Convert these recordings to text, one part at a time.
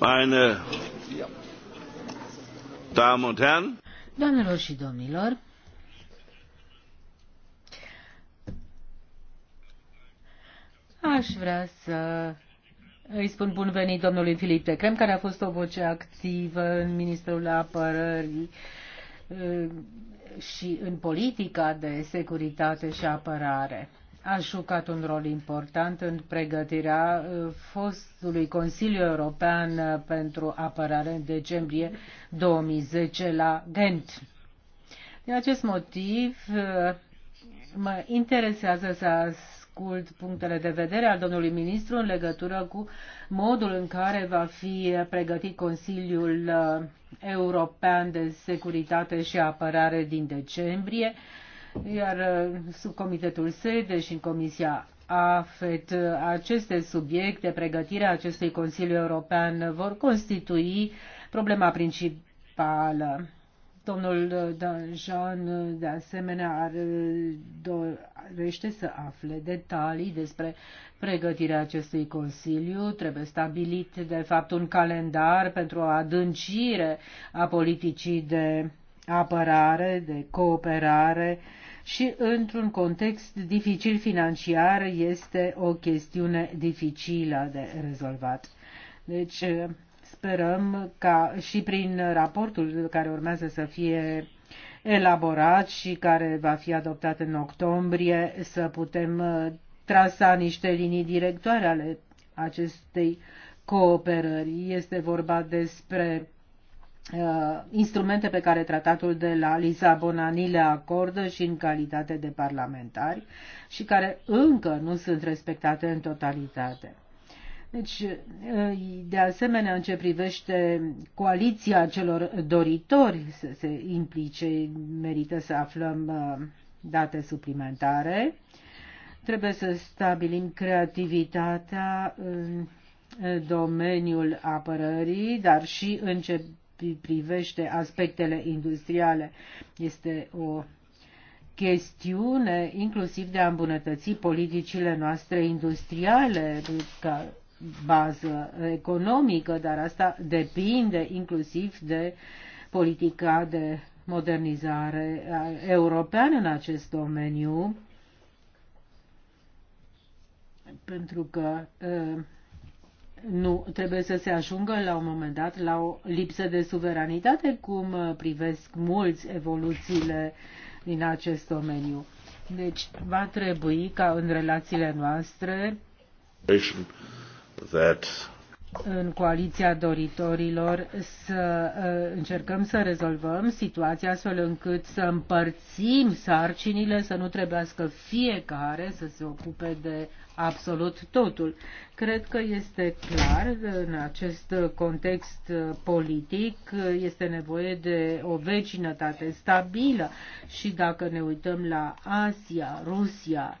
Meine Damen und Herren, Doamnelor și domnilor, aș vrea să îi spun bun venit domnului Filip de Crem, care a fost o voce activă în Ministerul Apărării eh, și în politica de securitate și apărare a jucat un rol important în pregătirea uh, fostului Consiliu European uh, pentru apărare în decembrie 2010 la Ghent. Din acest motiv, uh, mă interesează să ascult punctele de vedere al domnului ministru în legătură cu modul în care va fi pregătit Consiliul European de Securitate și Apărare din decembrie iar uh, sub comitetul sede și în comisia AFET, uh, aceste subiecte, pregătirea acestui Consiliu European uh, vor constitui problema principală. Domnul Danjean, de asemenea, ar, dorește să afle detalii despre pregătirea acestui Consiliu. Trebuie stabilit, de fapt, un calendar pentru o adâncire a politicii de apărare, de cooperare și într-un context dificil financiar este o chestiune dificilă de rezolvat. Deci eh, sperăm ca și prin raportul care urmează să fie elaborat și care va fi adoptat în octombrie să putem eh, trasa niște linii directoare ale acestei cooperări. Este vorba despre Uh, instrumente pe care tratatul de la Lisabona ni le acordă și în calitate de parlamentari și care încă nu sunt respectate în totalitate. Deci, uh, de asemenea, în ce privește coaliția celor doritori să se implice, merită să aflăm uh, date suplimentare. Trebuie să stabilim creativitatea în domeniul apărării, dar și în ce privește aspectele industriale. Este o chestiune inclusiv de a îmbunătăți politicile noastre industriale ca bază economică, dar asta depinde inclusiv de politica de modernizare europeană în acest domeniu, pentru că uh, nu trebuie să se ajungă la un moment dat la o lipsă de suveranitate, cum uh, privesc mulți evoluțiile din acest domeniu. Deci va trebui ca în relațiile noastre that în coaliția doritorilor să uh, încercăm să rezolvăm situația astfel încât să împărțim sarcinile, să nu trebuiască fiecare să se ocupe de absolut totul. Cred că este clar în acest context politic este nevoie de o vecinătate stabilă și dacă ne uităm la Asia, Rusia,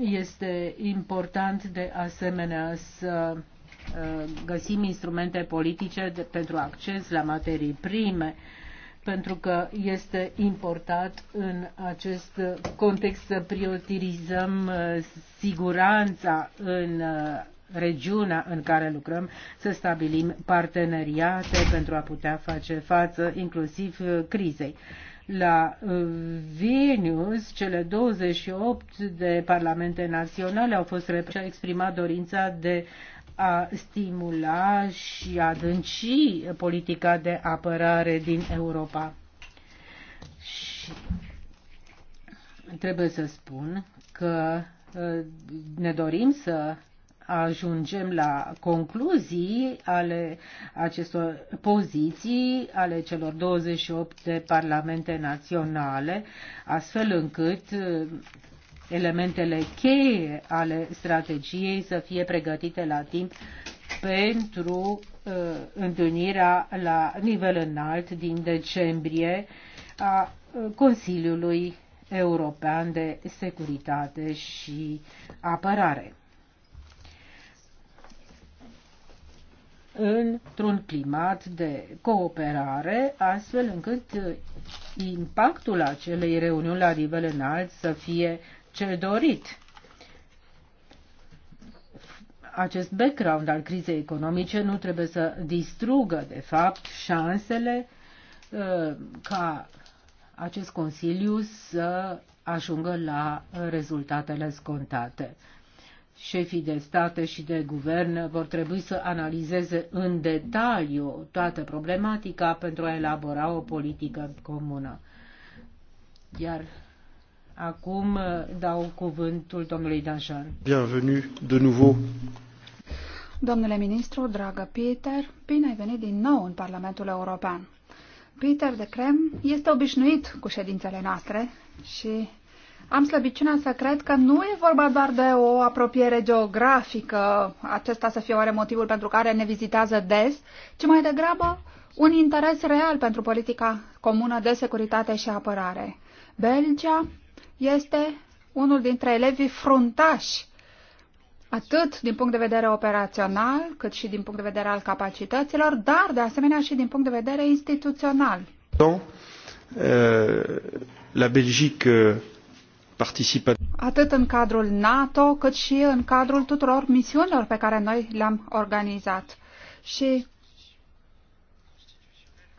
este important de asemenea să Uh, găsim instrumente politice pentru acces la materii prime, pentru că este important în acest context să prioritizăm uh, siguranța în uh, regiunea în care lucrăm, să stabilim parteneriate pentru a putea face față inclusiv crizei. La Vilnius, cele 28 de parlamente naționale au fost și a exprimat dorința de a stimula și a adânci politica de apărare din Europa. Și trebuie să spun că uh, ne dorim să ajungem la concluzii ale acestor poziții ale celor 28 de parlamente naționale, astfel încât uh, elementele cheie ale strategiei să fie pregătite la timp pentru uh, întâlnirea la nivel înalt din decembrie a uh, Consiliului European de Securitate și Apărare. într-un climat de cooperare, astfel încât uh, impactul acelei reuniuni la nivel înalt să fie cel dorit. Acest background al crizei economice nu trebuie să distrugă, de fapt, șansele uh, ca acest Consiliu să ajungă la rezultatele scontate. Șefii de state și de guvern vor trebui să analizeze în detaliu toată problematica pentru a elabora o politică comună. Iar Acum uh, dau cuvântul domnului Danjan. Bienvenue de nouveau. Domnule ministru, dragă Peter, bine ai venit din nou în Parlamentul European. Peter de Crem este obișnuit cu ședințele noastre și am slăbiciunea să cred că nu e vorba doar de o apropiere geografică, acesta să fie oare motivul pentru care ne vizitează des, ci mai degrabă un interes real pentru politica comună de securitate și apărare. Belgia este unul dintre elevii fruntași, atât din punct de vedere operațional, cât și din punct de vedere al capacităților, dar de asemenea și din punct de vedere instituțional. Euh, la Belgique euh, participă atât în cadrul NATO, cât și în cadrul tuturor misiunilor pe care noi le-am organizat. Și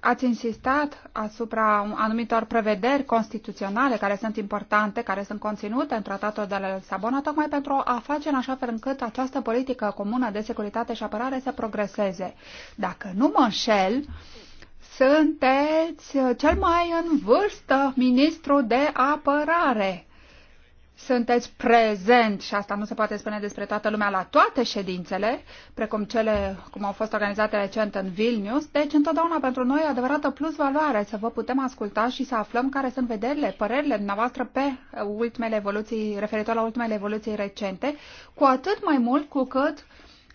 Ați insistat asupra anumitor prevederi constituționale care sunt importante, care sunt conținute în tratatul de la Lisabona, tocmai pentru a face în așa fel încât această politică comună de securitate și apărare să progreseze. Dacă nu mă înșel, sunteți cel mai în vârstă ministru de apărare sunteți prezent și asta nu se poate spune despre toată lumea la toate ședințele, precum cele cum au fost organizate recent în Vilnius. Deci, întotdeauna pentru noi e adevărată plus valoare să vă putem asculta și să aflăm care sunt vederile, părerile dumneavoastră pe ultimele evoluții, referitor la ultimele evoluții recente, cu atât mai mult cu cât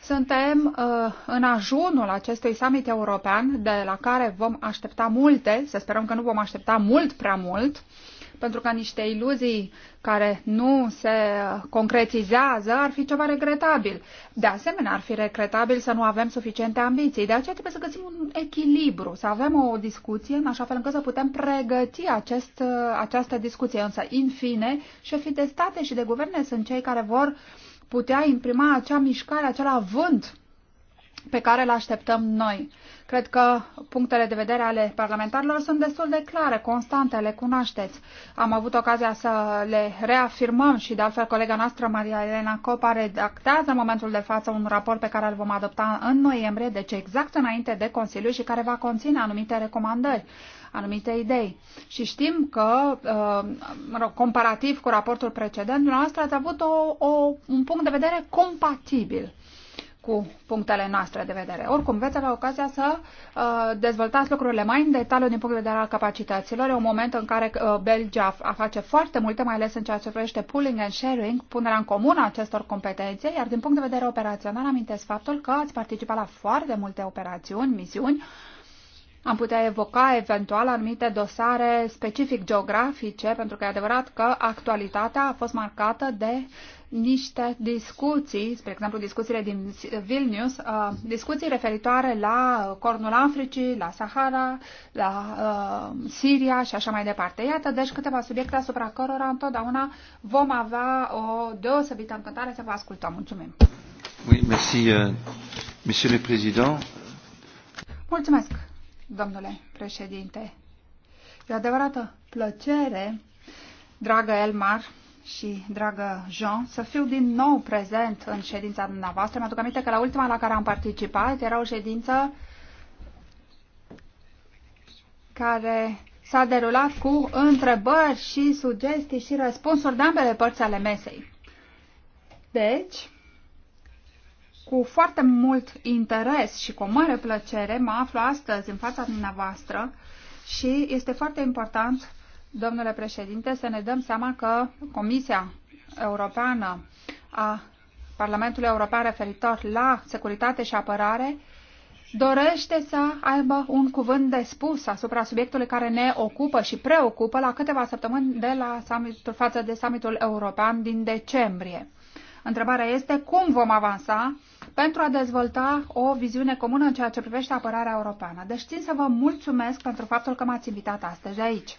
suntem uh, în ajunul acestui summit european, de la care vom aștepta multe, să sperăm că nu vom aștepta mult prea mult, uh, pentru că niște iluzii care nu se concretizează ar fi ceva regretabil. De asemenea, ar fi regretabil să nu avem suficiente ambiții. De aceea trebuie să găsim un echilibru, să avem o discuție în așa fel încât să putem pregăti acest, această discuție. Însă, în fine, șefii de state și de guverne sunt cei care vor putea imprima acea mișcare, acel avânt pe care îl așteptăm noi. Cred că punctele de vedere ale parlamentarilor sunt destul de clare, constante, le cunoașteți. Am avut ocazia să le reafirmăm și de altfel colega noastră, Maria Elena Copa, redactează în momentul de față un raport pe care îl vom adopta în noiembrie, deci exact înainte de Consiliu și care va conține anumite recomandări anumite idei. Și știm că, uh, mă rog, comparativ cu raportul precedent, dumneavoastră ați avut o, o, un punct de vedere compatibil cu punctele noastre de vedere. Oricum, veți avea ocazia să uh, dezvoltați lucrurile mai în detaliu din punct de vedere al capacităților. E un moment în care uh, Belgia a face foarte multe, mai ales în ceea ce privește pooling and sharing, punerea în comun a acestor competențe, iar din punct de vedere operațional amintesc faptul că ați participat la foarte multe operațiuni, misiuni, am putea evoca eventual anumite dosare specific geografice, pentru că e adevărat că actualitatea a fost marcată de niște discuții, spre exemplu discuțiile din Vilnius, uh, discuții referitoare la Cornul Africii, la Sahara, la uh, Siria și așa mai departe. Iată, deci câteva subiecte asupra cărora întotdeauna vom avea o deosebită încântare să vă ascultăm. Mulțumim! Oui, merci, uh, monsieur le président. Mulțumesc, domnule președinte. E adevărată plăcere, dragă Elmar, și, dragă Jean, să fiu din nou prezent în ședința dumneavoastră. Mi-aduc aminte că la ultima la care am participat era o ședință care s-a derulat cu întrebări și sugestii și răspunsuri de ambele părți ale mesei. Deci, cu foarte mult interes și cu o mare plăcere mă aflu astăzi în fața dumneavoastră și este foarte important domnule președinte, să ne dăm seama că Comisia Europeană a Parlamentului European referitor la securitate și apărare dorește să aibă un cuvânt de spus asupra subiectului care ne ocupă și preocupă la câteva săptămâni de la summitul, față de summitul european din decembrie. Întrebarea este cum vom avansa pentru a dezvolta o viziune comună în ceea ce privește apărarea europeană. Deci țin să vă mulțumesc pentru faptul că m-ați invitat astăzi aici.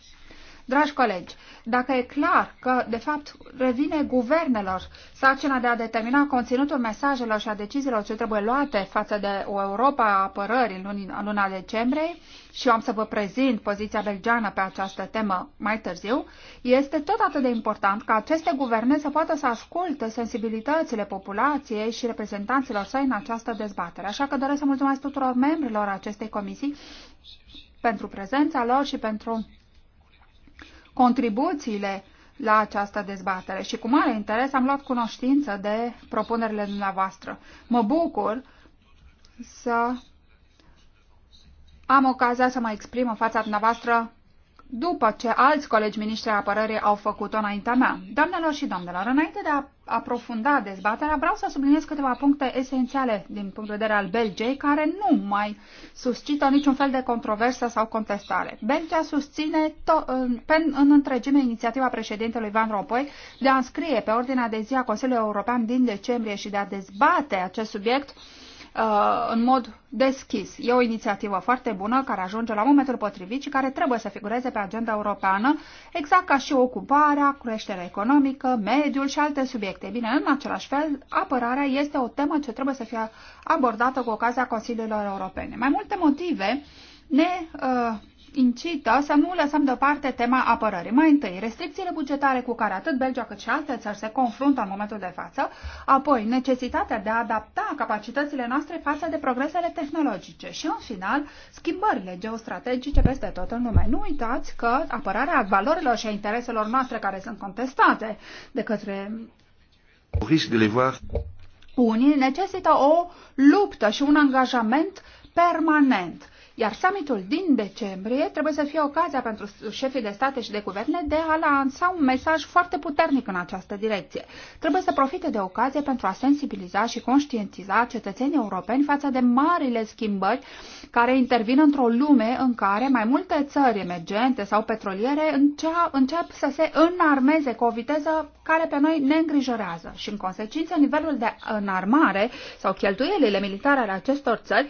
Dragi colegi, dacă e clar că, de fapt, revine guvernelor sarcina de a determina conținutul mesajelor și a deciziilor ce trebuie luate față de o Europa a apărării în luna, luna decembrie, și eu am să vă prezint poziția belgeană pe această temă mai târziu, este tot atât de important ca aceste guverne să poată să asculte sensibilitățile populației și reprezentanților săi în această dezbatere. Așa că doresc să mulțumesc tuturor membrilor acestei comisii pentru prezența lor și pentru contribuțiile la această dezbatere și cu mare interes am luat cunoștință de propunerile dumneavoastră. Mă bucur să am ocazia să mă exprim în fața dumneavoastră după ce alți colegi ministri apărării au făcut-o înaintea mea. Doamnelor și domnilor, înainte de a aprofunda dezbaterea, vreau să subliniez câteva puncte esențiale din punct de vedere al Belgiei, care nu mai suscită niciun fel de controversă sau contestare. Belgia susține în, în întregime inițiativa președintelui Van Rompuy de a înscrie pe ordinea de zi a Consiliului European din decembrie și de a dezbate acest subiect uh, uh, în mod deschis. E o inițiativă foarte bună care ajunge la momentul potrivit și care trebuie să figureze pe agenda europeană, exact ca și ocuparea, creșterea economică, mediul și alte subiecte. Bine, în același fel, apărarea este o temă ce trebuie să fie abordată cu ocazia Consiliilor Europene. Mai multe motive ne uh, incită să nu lăsăm deoparte tema apărării. Mai întâi, restricțiile bugetare cu care atât Belgia cât și alte țări se confruntă în momentul de față, apoi necesitatea de a adapta capacitățile noastre față de progresele tehnologice și, în final, schimbările geostrategice peste tot în lume. Nu uitați că apărarea valorilor și a intereselor noastre care sunt contestate de către unii necesită o luptă și un angajament permanent iar summitul din decembrie trebuie să fie ocazia pentru șefii de state și de guverne de a lansa un mesaj foarte puternic în această direcție. Trebuie să profite de ocazie pentru a sensibiliza și conștientiza cetățenii europeni față de marile schimbări care intervin într-o lume în care mai multe țări emergente sau petroliere încep să se înarmeze cu o viteză care pe noi ne îngrijorează și, în consecință, nivelul de înarmare sau cheltuielile militare ale acestor țări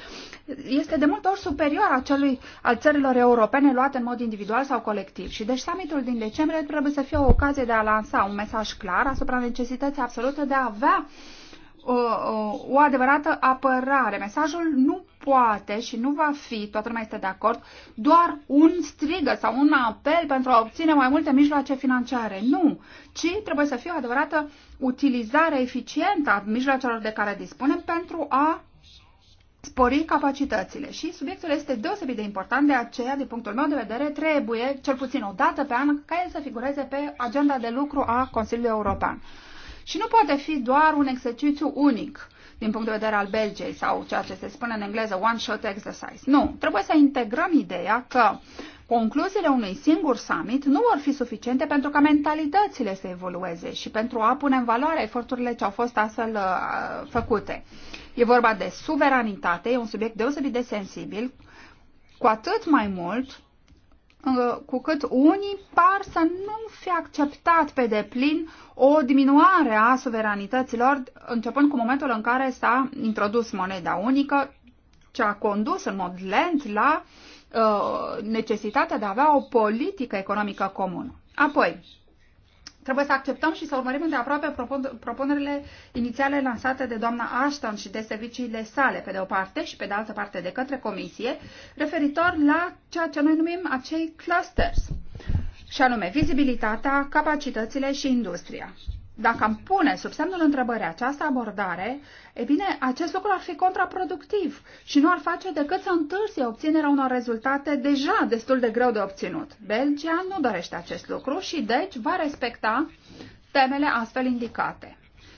este de multe ori superior superioară a celui al țărilor europene luate în mod individual sau colectiv. Și deci summitul din decembrie trebuie să fie o ocazie de a lansa un mesaj clar asupra necesității absolute de a avea o, uh, o, uh, o adevărată apărare. Mesajul nu poate și nu va fi, toată lumea este de acord, doar un strigă sau un apel pentru a obține mai multe mijloace financiare. Nu, ci trebuie să fie o adevărată utilizare eficientă a mijloacelor de care dispunem pentru a spori capacitățile. Și subiectul este deosebit de important, de aceea, din punctul meu de vedere, trebuie, cel puțin o dată pe an, ca el să figureze pe agenda de lucru a Consiliului European. Și nu poate fi doar un exercițiu unic din punct de vedere al Belgiei sau ceea ce se spune în engleză one-shot exercise. Nu, trebuie să integrăm ideea că concluziile unui singur summit nu vor fi suficiente pentru ca mentalitățile să evolueze și pentru a pune în valoare eforturile ce au fost astfel uh, făcute. E vorba de suveranitate, e un subiect deosebit de sensibil, cu atât mai mult uh, cu cât unii par să nu fi acceptat pe deplin o diminuare a suveranităților, începând cu momentul în care s-a introdus moneda unică, ce a condus în mod lent la uh, necesitatea de a avea o politică economică comună. Apoi, Trebuie să acceptăm și să urmărim de aproape propunerile inițiale lansate de doamna Ashton și de serviciile sale, pe de o parte și pe de altă parte de către Comisie, referitor la ceea ce noi numim acei clusters, și anume vizibilitatea, capacitățile și industria. Dacă am pune sub semnul întrebării această abordare, e bine, acest lucru ar fi contraproductiv și nu ar face decât să întârzie obținerea unor rezultate deja destul de greu de obținut. Belgia nu dorește acest lucru și deci va respecta temele astfel indicate.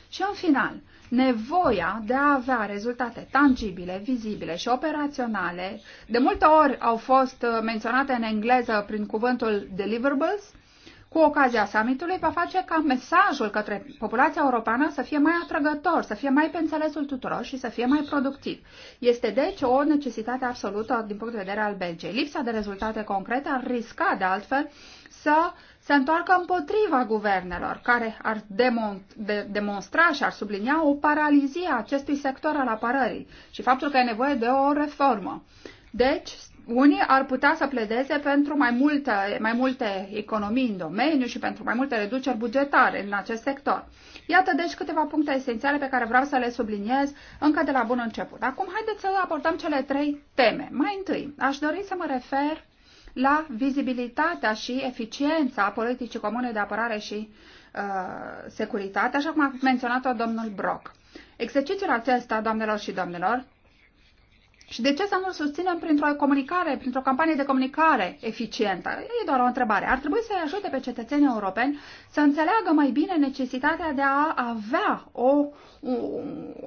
Și în final, nevoia de a avea rezultate tangibile, vizibile și operaționale, de multe ori au fost uh, menționate în engleză prin cuvântul deliverables, cu ocazia summitului va face ca mesajul către populația europeană să fie mai atrăgător, să fie mai pe înțelesul tuturor și să fie mai productiv. Este deci o necesitate absolută din punct de vedere al Belgiei. Lipsa de rezultate concrete ar risca de altfel să se întoarcă împotriva guvernelor, care ar demonstra și ar sublinia o paralizie a acestui sector al apărării și faptul că e nevoie de o reformă. Deci, unii ar putea să pledeze pentru mai multe, mai multe economii în domeniu și pentru mai multe reduceri bugetare în acest sector. Iată deci câteva puncte esențiale pe care vreau să le subliniez încă de la bun început. Acum haideți să abordăm cele trei teme. Mai întâi, aș dori să mă refer la vizibilitatea și eficiența politicii comune de apărare și uh, securitate, așa cum a menționat-o domnul Brock. Exercițiul acesta, doamnelor și domnilor, și de ce să nu susținem printr-o comunicare, printr-o campanie de comunicare eficientă? E doar o întrebare. Ar trebui să-i ajute pe cetățenii europeni să înțeleagă mai bine necesitatea de a avea o, o,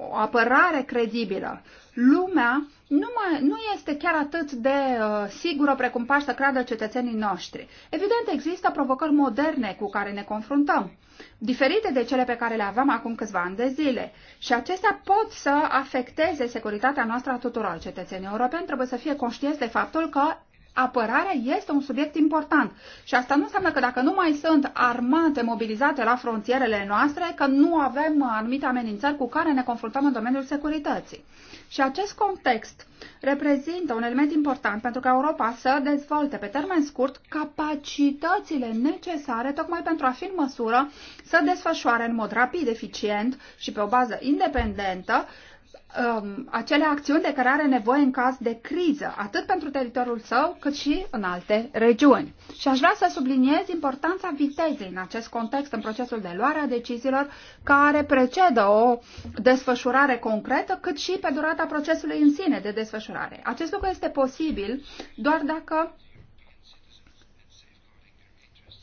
o apărare credibilă. Lumea nu, mai, nu este chiar atât de uh, sigură precum par să creadă cetățenii noștri. Evident, există provocări moderne cu care ne confruntăm diferite de cele pe care le aveam acum câțiva ani de zile. Și acestea pot să afecteze securitatea noastră a tuturor. Cetățenii europeni trebuie să fie conștienți de faptul că apărarea este un subiect important. Și asta nu înseamnă că dacă nu mai sunt armate mobilizate la frontierele noastre, că nu avem anumite amenințări cu care ne confruntăm în domeniul securității. Și acest context reprezintă un element important pentru ca Europa să dezvolte pe termen scurt capacitățile necesare tocmai pentru a fi în măsură să desfășoare în mod rapid, eficient și pe o bază independentă um, acele acțiuni de care are nevoie în caz de criză, atât pentru teritoriul său, cât și în alte regiuni. Și aș vrea să subliniez importanța vitezei în acest context, în procesul de luare a deciziilor, care precedă o desfășurare concretă, cât și pe durata procesului în sine de desfășurare. Acest lucru este posibil doar dacă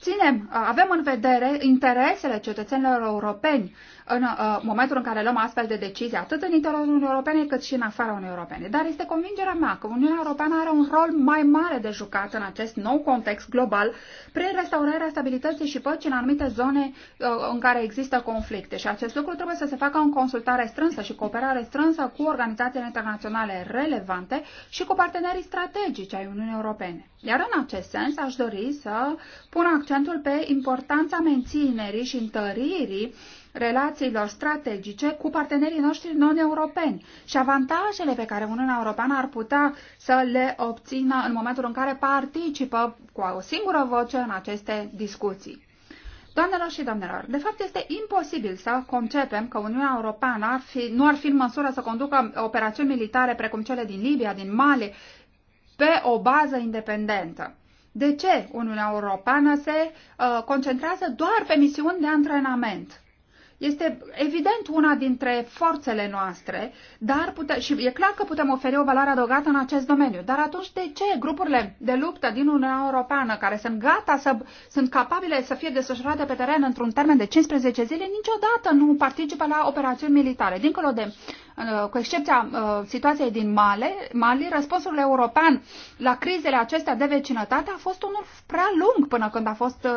ținem, avem în vedere interesele cetățenilor europeni în uh, momentul în care luăm astfel de decizii, atât în interiorul Uniunii Europene, cât și în afara Uniunii Europene. Dar este convingerea mea că Uniunea Europeană are un rol mai mare de jucat în acest nou context global prin restaurarea stabilității și păcii în anumite zone uh, în care există conflicte. Și acest lucru trebuie să se facă în consultare strânsă și cooperare strânsă cu organizațiile internaționale relevante și cu partenerii strategici ai Uniunii Europene. Iar în acest sens aș dori să pun accentul pe importanța menținerii și întăririi relațiilor strategice cu partenerii noștri non-europeni și avantajele pe care Uniunea Europeană ar putea să le obțină în momentul în care participă cu o singură voce în aceste discuții. Doamnelor și domnilor, de fapt este imposibil să concepem că Uniunea Europeană ar fi, nu ar fi în măsură să conducă operațiuni militare precum cele din Libia, din Mali, pe o bază independentă. De ce Uniunea Europeană se uh, concentrează doar pe misiuni de antrenament? este evident una dintre forțele noastre, dar pute- și e clar că putem oferi o valoare adăugată în acest domeniu. Dar atunci de ce grupurile de luptă din Uniunea Europeană, care sunt gata să sunt capabile să fie desfășurate pe teren într-un termen de 15 zile, niciodată nu participă la operațiuni militare, dincolo de Uh, cu excepția uh, situației din Mali, Mali, răspunsul european la crizele acestea de vecinătate a fost unul prea lung până când a fost uh,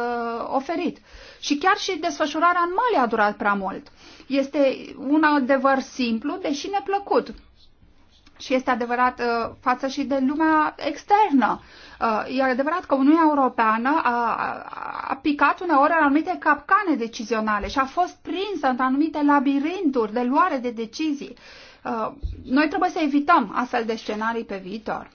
oferit. Și chiar și desfășurarea în Mali a durat prea mult. Este un adevăr simplu, deși neplăcut și este adevărat uh, față și de lumea externă. E uh, adevărat că Uniunea Europeană a, a picat uneori în anumite capcane decizionale și a fost prinsă în anumite labirinturi de luare de decizii. Uh, noi trebuie să evităm astfel de scenarii pe viitor.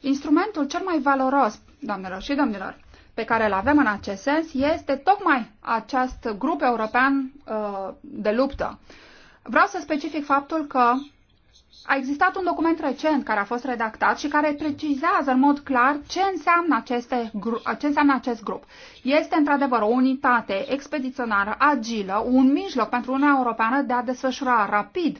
Instrumentul cel mai valoros, doamnelor și domnilor, pe care îl avem în acest sens este tocmai acest grup european de luptă. Vreau să specific faptul că a existat un document recent care a fost redactat și care precizează în mod clar ce înseamnă, aceste, ce înseamnă acest grup. Este într-adevăr o unitate expediționară, agilă, un mijloc pentru Uniunea Europeană de a desfășura rapid,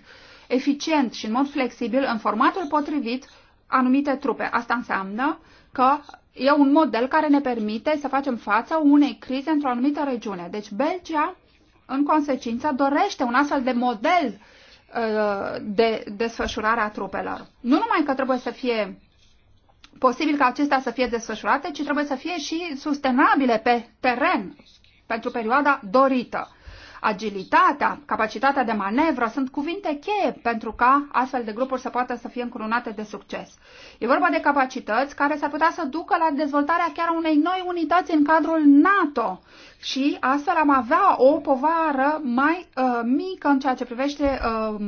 eficient și în mod flexibil, în formatul potrivit, anumite trupe. Asta înseamnă că e un model care ne permite să facem față unei crize într-o anumită regiune. Deci Belgia, în consecință, dorește un astfel de model uh, Uh, de desfășurare a trupelor. Nu numai că trebuie să fie posibil ca acestea să fie desfășurate, ci trebuie să fie și sustenabile pe teren pentru perioada dorită agilitatea, capacitatea de manevră sunt cuvinte cheie pentru ca astfel de grupuri să poată să fie încurunate de succes. E vorba de capacități care s-ar putea să ducă la dezvoltarea chiar unei noi unități în cadrul NATO și astfel am avea o povară mai uh, mică în ceea ce privește uh,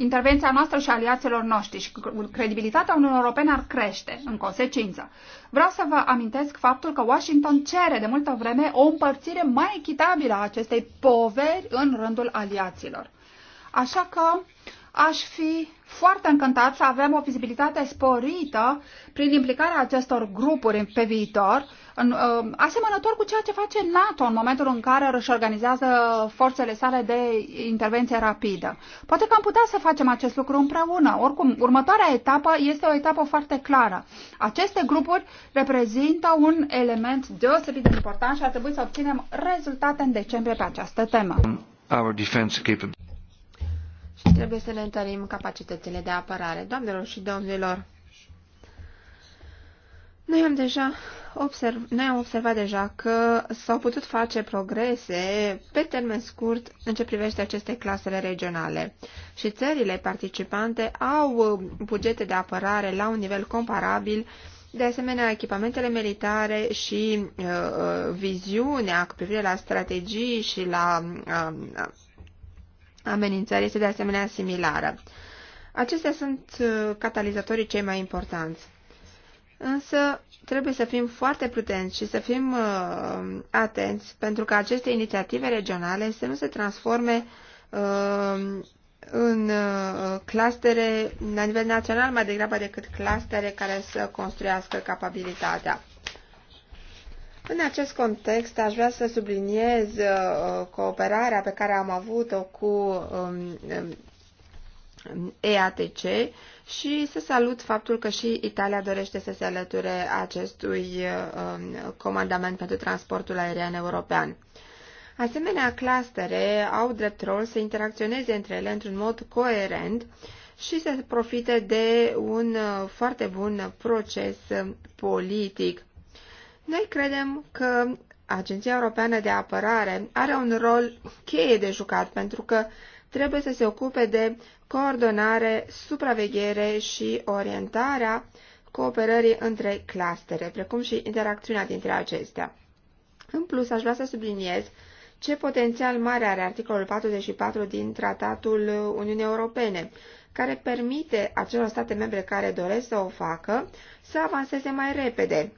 intervenția noastră și aliaților noștri și credibilitatea Uniunii Europene ar crește în consecință. Vreau să vă amintesc faptul că Washington cere de multă vreme o împărțire mai echitabilă a acestei poveri în rândul aliaților. Așa că aș fi foarte încântat să avem o vizibilitate sporită prin implicarea acestor grupuri pe viitor în, uh, asemănător cu ceea ce face NATO în momentul în care își organizează forțele sale de intervenție rapidă. Poate că am putea să facem acest lucru împreună. Oricum, următoarea etapă este o etapă foarte clară. Aceste grupuri reprezintă un element deosebit de important și ar trebui să obținem rezultate în decembrie pe această temă. Um, our Și trebuie să le întărim capacitățile de apărare. Doamnelor și domnilor, noi am deja observ, noi am observat deja că s-au putut face progrese pe termen scurt în ce privește aceste clasele regionale și țările participante au uh, bugete de apărare la un nivel comparabil, de asemenea echipamentele militare și uh, uh, viziunea cu privire la strategii și la uh, amenințări este de asemenea similară. Acestea sunt uh, catalizatorii cei mai importanți. Însă trebuie să fim foarte prudenți și să fim uh, atenți pentru că aceste inițiative regionale să nu se transforme uh, în uh, clastere la nivel național mai degrabă decât clastere care să construiască capabilitatea. În acest context, aș vrea să subliniez uh, cooperarea pe care am avut-o cu um, um, EATC și să salut faptul că și Italia dorește să se alăture acestui um, comandament pentru transportul aerian european. Asemenea, clustere au drept rol să interacționeze între ele într-un mod coerent și să profite de un uh, foarte bun proces politic. Noi credem că Agenția Europeană de Apărare are un rol cheie de jucat pentru că trebuie să se ocupe de coordonare, supraveghere și orientarea cooperării între clastere, precum și interacțiunea dintre acestea. În plus, aș vrea să subliniez ce potențial mare are articolul 44 din Tratatul Uniunii Europene, care permite acelor state membre care doresc să o facă să avanseze mai repede.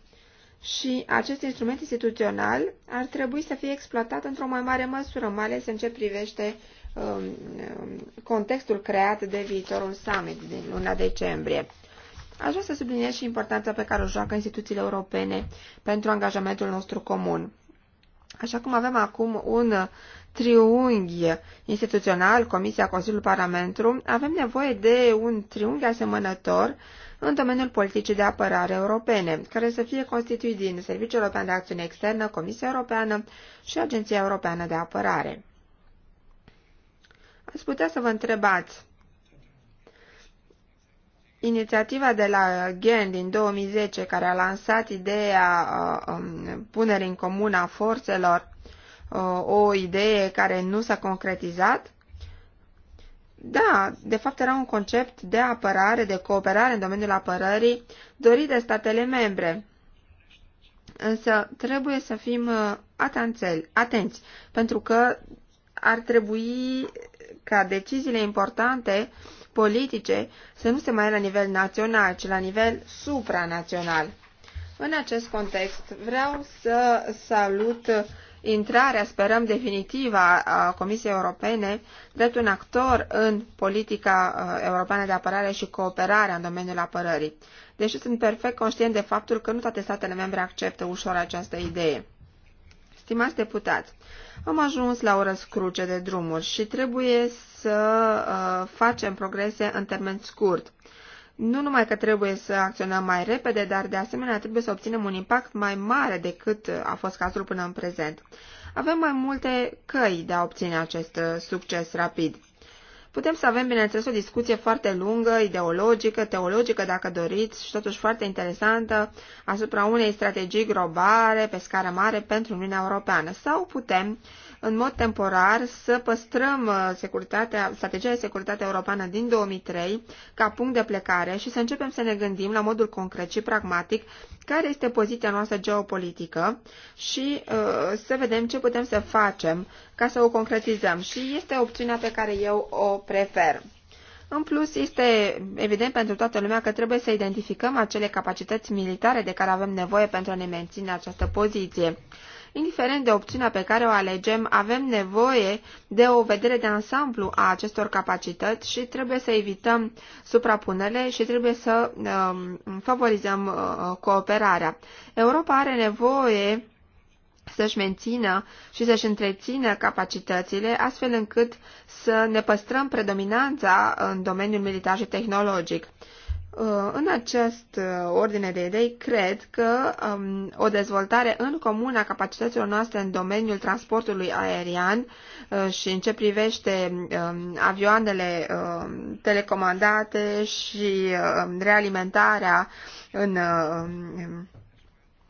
Și acest instrument instituțional ar trebui să fie exploatat într-o mai mare măsură, mai ales în ce privește Um, contextul creat de viitorul summit din luna decembrie. Aș vrea să subliniez și importanța pe care o joacă instituțiile europene pentru angajamentul nostru comun. Așa cum avem acum un triunghi instituțional, Comisia, Consiliul, Parlamentul, avem nevoie de un triunghi asemănător în domeniul politicii de apărare europene, care să fie constituit din Serviciul European de Acțiune Externă, Comisia Europeană și Agenția Europeană de Apărare ați putea să vă întrebați, inițiativa de la Gen din 2010, care a lansat ideea uh, um, punerii în comun a forțelor, uh, o idee care nu s-a concretizat, da, de fapt era un concept de apărare, de cooperare în domeniul apărării dorit de statele membre. Însă trebuie să fim uh, atanțeli, atenți, pentru că ar trebui ca deciziile importante politice să nu se mai ia la nivel național, ci la nivel supranațional. În acest context, vreau să salut intrarea, sperăm definitivă, a Comisiei Europene drept un actor în politica europeană de apărare și cooperare în domeniul apărării, deși sunt perfect conștient de faptul că nu toate statele membre acceptă ușor această idee. Stimați deputați, am ajuns la o răscruce de drumuri și trebuie să uh, facem progrese în termen scurt. Nu numai că trebuie să acționăm mai repede, dar de asemenea trebuie să obținem un impact mai mare decât uh, a fost cazul până în prezent. Avem mai multe căi de a obține acest uh, succes rapid. Putem să avem, bineînțeles, o discuție foarte lungă, ideologică, teologică, dacă doriți, și totuși foarte interesantă, asupra unei strategii globale, pe scară mare, pentru Uniunea Europeană. Sau putem uh, în mod temporar să păstrăm uh, securitatea, strategia de securitate europeană din 2003 ca punct de plecare și să începem să ne gândim la modul concret și pragmatic care este poziția noastră geopolitică și uh, să vedem ce putem să facem ca să o concretizăm. Și este opțiunea pe care eu o prefer. În plus, este evident pentru toată lumea că trebuie să identificăm acele capacități militare de care avem nevoie pentru a ne menține această poziție indiferent de opțiunea pe care o alegem, avem nevoie de o vedere de ansamblu a acestor capacități și trebuie să evităm suprapunele și trebuie să um, uh, favorizăm uh, cooperarea. Europa are nevoie să-și mențină și să-și întrețină capacitățile, astfel încât să ne păstrăm predominanța în domeniul militar și tehnologic. Uh, în acest uh, ordine de idei, cred că um, o dezvoltare în comun a capacităților noastre în domeniul transportului aerian uh, și în ce privește um, avioanele um, telecomandate și um, realimentarea în, um,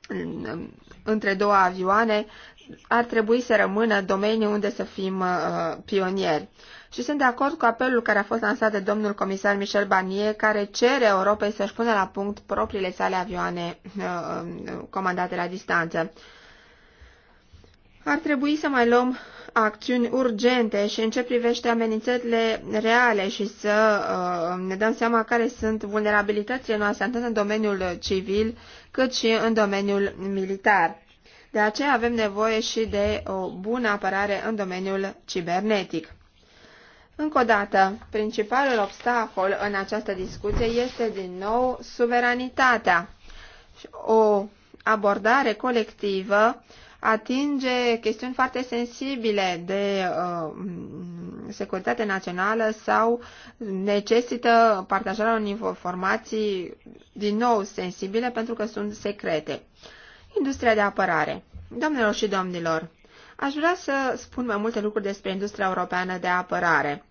în, între două avioane ar trebui să rămână domenii unde să fim uh, pionieri și sunt de acord cu apelul care a fost lansat de domnul comisar Michel Barnier, care cere Europei să-și pună la punct propriile sale avioane uh, uh, comandate la distanță. Ar trebui să mai luăm acțiuni urgente și în ce privește amenințările reale și să uh, ne dăm seama care sunt vulnerabilitățile noastre atât în domeniul civil cât și în domeniul militar. De aceea avem nevoie și de o bună apărare în domeniul cibernetic. Încă o dată, principalul obstacol în această discuție este din nou suveranitatea. O abordare colectivă atinge chestiuni foarte sensibile de uh, securitate națională sau necesită partajarea unor informații din nou sensibile pentru că sunt secrete. Industria de apărare. Domnilor și domnilor, Aș vrea să spun mai multe lucruri despre industria europeană de apărare.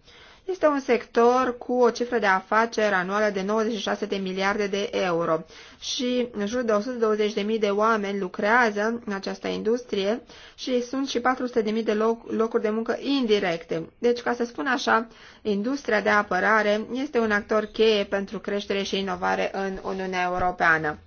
Este un sector cu o cifră de afaceri anuală de 96 de miliarde de euro și în jur de 120.000 de oameni lucrează în această industrie și sunt și 400.000 de loc, locuri de muncă indirecte. Deci, ca să spun așa, industria de apărare este un actor cheie pentru creștere și inovare în Uniunea Europeană.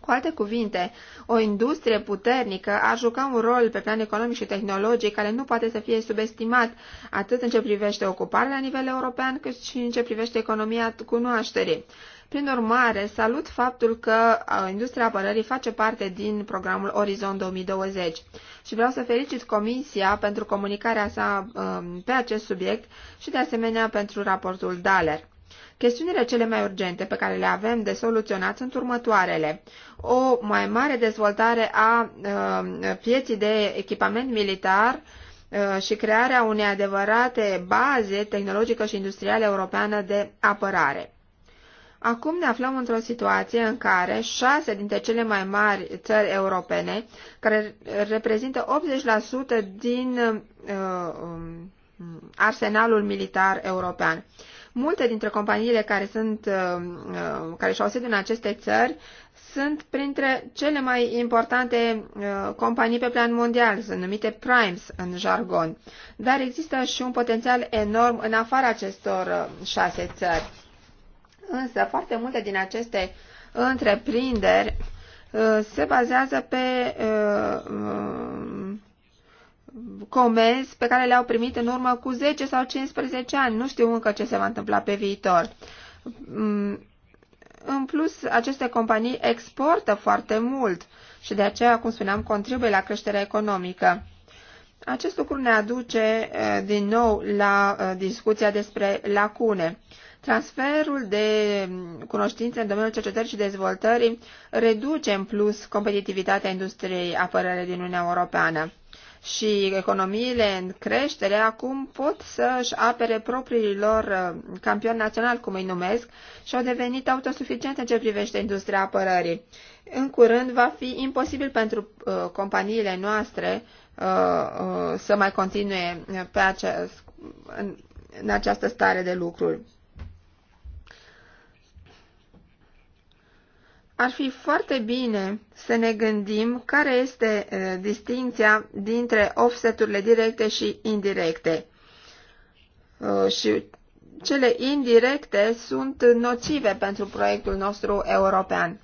Cu alte cuvinte, o industrie puternică ar juca un rol pe plan economic și tehnologic care nu poate să fie subestimat atât în ce privește ocuparea la nivel european, cât și în ce privește economia cunoașterii. Prin urmare, salut faptul că industria apărării face parte din programul Orizont 2020 și vreau să felicit Comisia pentru comunicarea sa pe acest subiect și de asemenea pentru raportul Daler. Chestiunile cele mai urgente pe care le avem de soluționat sunt următoarele. O mai mare dezvoltare a uh, pieții de echipament militar uh, și crearea unei adevărate baze tehnologică și industrială europeană de apărare. Acum ne aflăm într-o situație în care șase dintre cele mai mari țări europene, care reprezintă 80% din uh, um, arsenalul militar european, Multe dintre companiile care sunt, uh, uh, care și-au sediu în aceste țări sunt printre cele mai importante uh, companii pe plan mondial, sunt numite primes în jargon, dar există și un potențial enorm în afara acestor șase țări. Însă foarte multe din aceste întreprinderi se bazează pe comenzi pe care le-au primit în urmă cu 10 sau 15 ani. Nu știu încă ce se va întâmpla pe viitor. Mm, în plus, aceste companii exportă foarte mult și de aceea, cum spuneam, contribuie la creșterea economică. Acest lucru ne aduce din nou la discuția despre lacune. Transferul de mm, cunoștințe în domeniul cercetării și dezvoltării reduce în plus competitivitatea industriei apărării din Uniunea Europeană și economiile în creștere acum pot să-și apere propriilor uh, campioni național, cum îi numesc, și au devenit autosuficiente în ce privește industria apărării. În curând va fi imposibil pentru uh, companiile noastre uh, uh, să mai continue pe acest, în, în această stare de lucruri. ar fi foarte bine să ne gândim care este distinția dintre offseturile directe și indirecte. Și cele indirecte sunt nocive pentru proiectul nostru european.